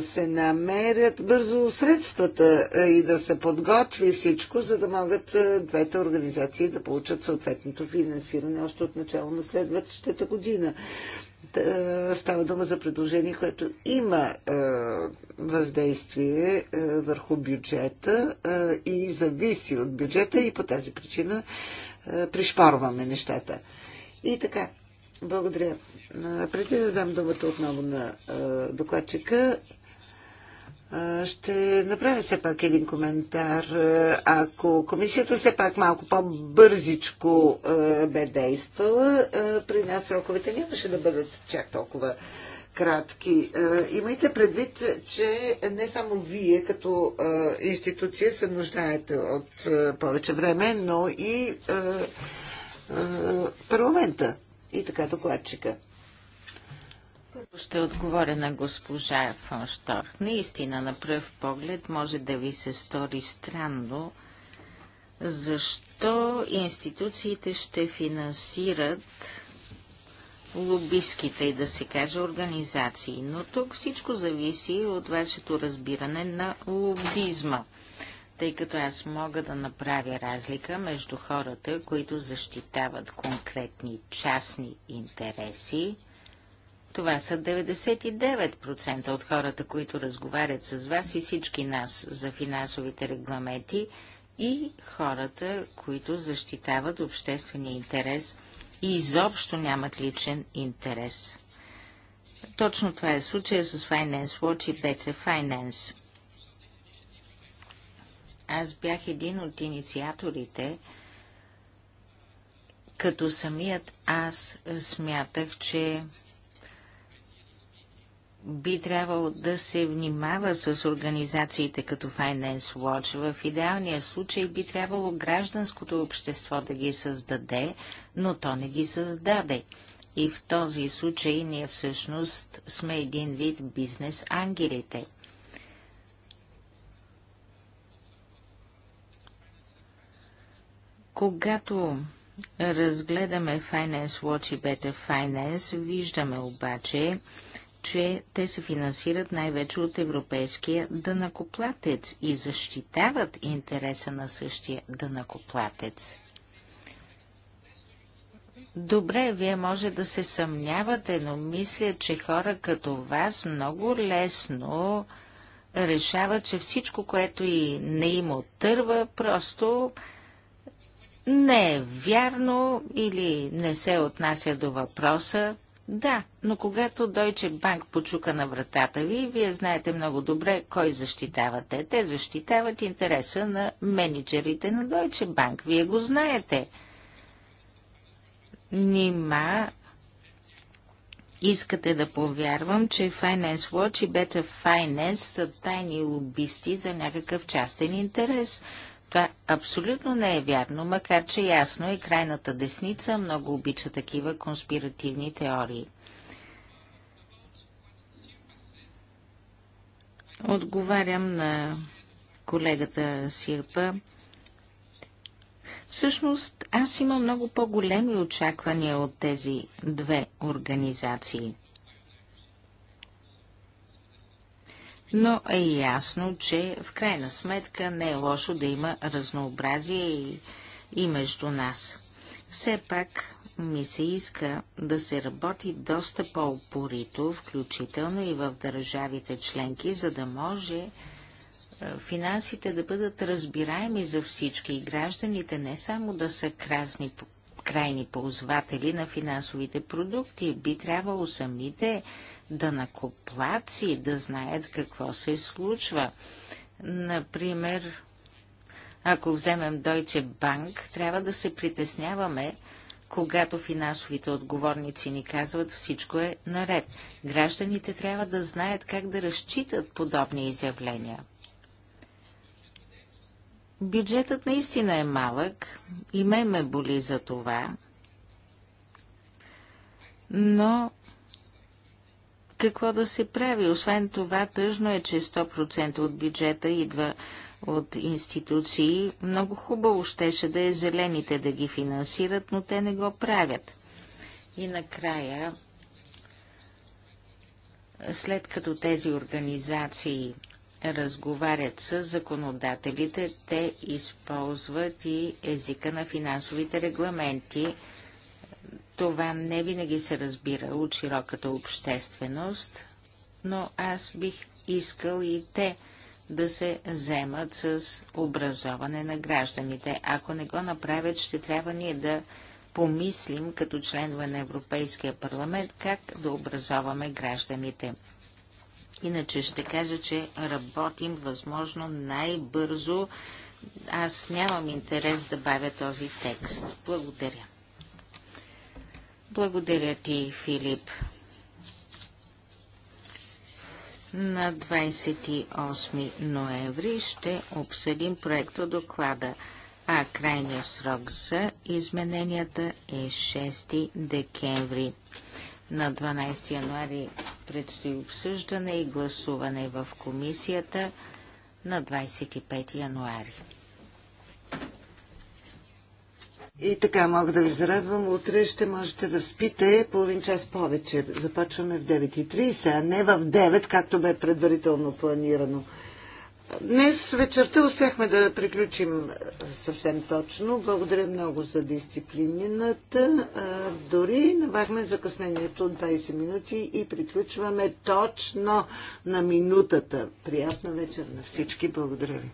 се намерят бързо средствата и да се подготви всичко, за да могат двете организации да получат съответното финансиране още от начало на следващата година. Става дума за предложение, което има въздействие върху бюджета и зависи от бюджета и по тази причина пришпарваме нещата. И така, благодаря. Преди да дам думата отново на докладчика, ще направя все пак един коментар. Ако комисията все пак малко по-бързичко бе действала, при нас сроковете нямаше да бъдат чак толкова кратки. Имайте предвид, че не само вие като институция се нуждаете от повече време, но и парламента и така докладчика. Ще отговоря на госпожа фон Наистина, на пръв поглед може да ви се стори странно, защо институциите ще финансират лобистките и да се каже организации. Но тук всичко зависи от вашето разбиране на лобизма тъй като аз мога да направя разлика между хората, които защитават конкретни частни интереси. Това са 99% от хората, които разговарят с вас и всички нас за финансовите регламенти и хората, които защитават обществения интерес и изобщо нямат личен интерес. Точно това е случая с Finance Watch и BC Finance. Аз бях един от инициаторите, като самият аз смятах, че би трябвало да се внимава с организациите като Finance Watch. В идеалния случай би трябвало гражданското общество да ги създаде, но то не ги създаде. И в този случай ние всъщност сме един вид бизнес ангелите. Когато разгледаме Finance Watch и Better Finance, виждаме обаче, че те се финансират най-вече от европейския дънакоплатец и защитават интереса на същия дънакоплатец. Добре, вие може да се съмнявате, но мисля, че хора като вас много лесно решават, че всичко, което и не им отърва, просто не е вярно или не се отнася до въпроса. Да, но когато Deutsche Bank почука на вратата ви, вие знаете много добре кой защитавате. Те защитават интереса на менеджерите на Deutsche Bank. Вие го знаете. Нима искате да повярвам, че Finance Watch и Better Finance са тайни лобисти за някакъв частен интерес. Това абсолютно не е вярно, макар че ясно и е крайната десница много обича такива конспиративни теории. Отговарям на колегата Сирпа. Всъщност, аз имам много по-големи очаквания от тези две организации. но е ясно, че в крайна сметка не е лошо да има разнообразие и, и между нас. Все пак ми се иска да се работи доста по-упорито, включително и в държавите членки, за да може е, финансите да бъдат разбираеми за всички и гражданите не само да са красни, крайни ползватели на финансовите продукти, би трябвало самите данакоплаци да знаят какво се случва. Например, ако вземем Deutsche Bank, трябва да се притесняваме, когато финансовите отговорници ни казват всичко е наред. Гражданите трябва да знаят как да разчитат подобни изявления. Бюджетът наистина е малък и ме ме боли за това, но какво да се прави. Освен това, тъжно е, че 100% от бюджета идва от институции. Много хубаво щеше да е зелените да ги финансират, но те не го правят. И накрая, след като тези организации разговарят с законодателите, те използват и езика на финансовите регламенти – това не винаги се разбира от широката общественост, но аз бих искал и те да се вземат с образоване на гражданите. Ако не го направят, ще трябва ние да помислим като членове на Европейския парламент как да образоваме гражданите. Иначе ще кажа, че работим възможно най-бързо. Аз нямам интерес да бавя този текст. Благодаря. Благодаря ти, Филип. На 28 ноември ще обсъдим проекто доклада, а крайният срок за измененията е 6 декември. На 12 януари предстои обсъждане и гласуване в комисията на 25 януари. И така, мога да ви зарадвам. Утре ще можете да спите половин час повече. Започваме в 9.30, а не в 9, както бе предварително планирано. Днес вечерта успяхме да приключим съвсем точно. Благодаря много за дисциплината. Дори навахме закъснението от 20 минути и приключваме точно на минутата. Приятна вечер на всички. Благодаря ви.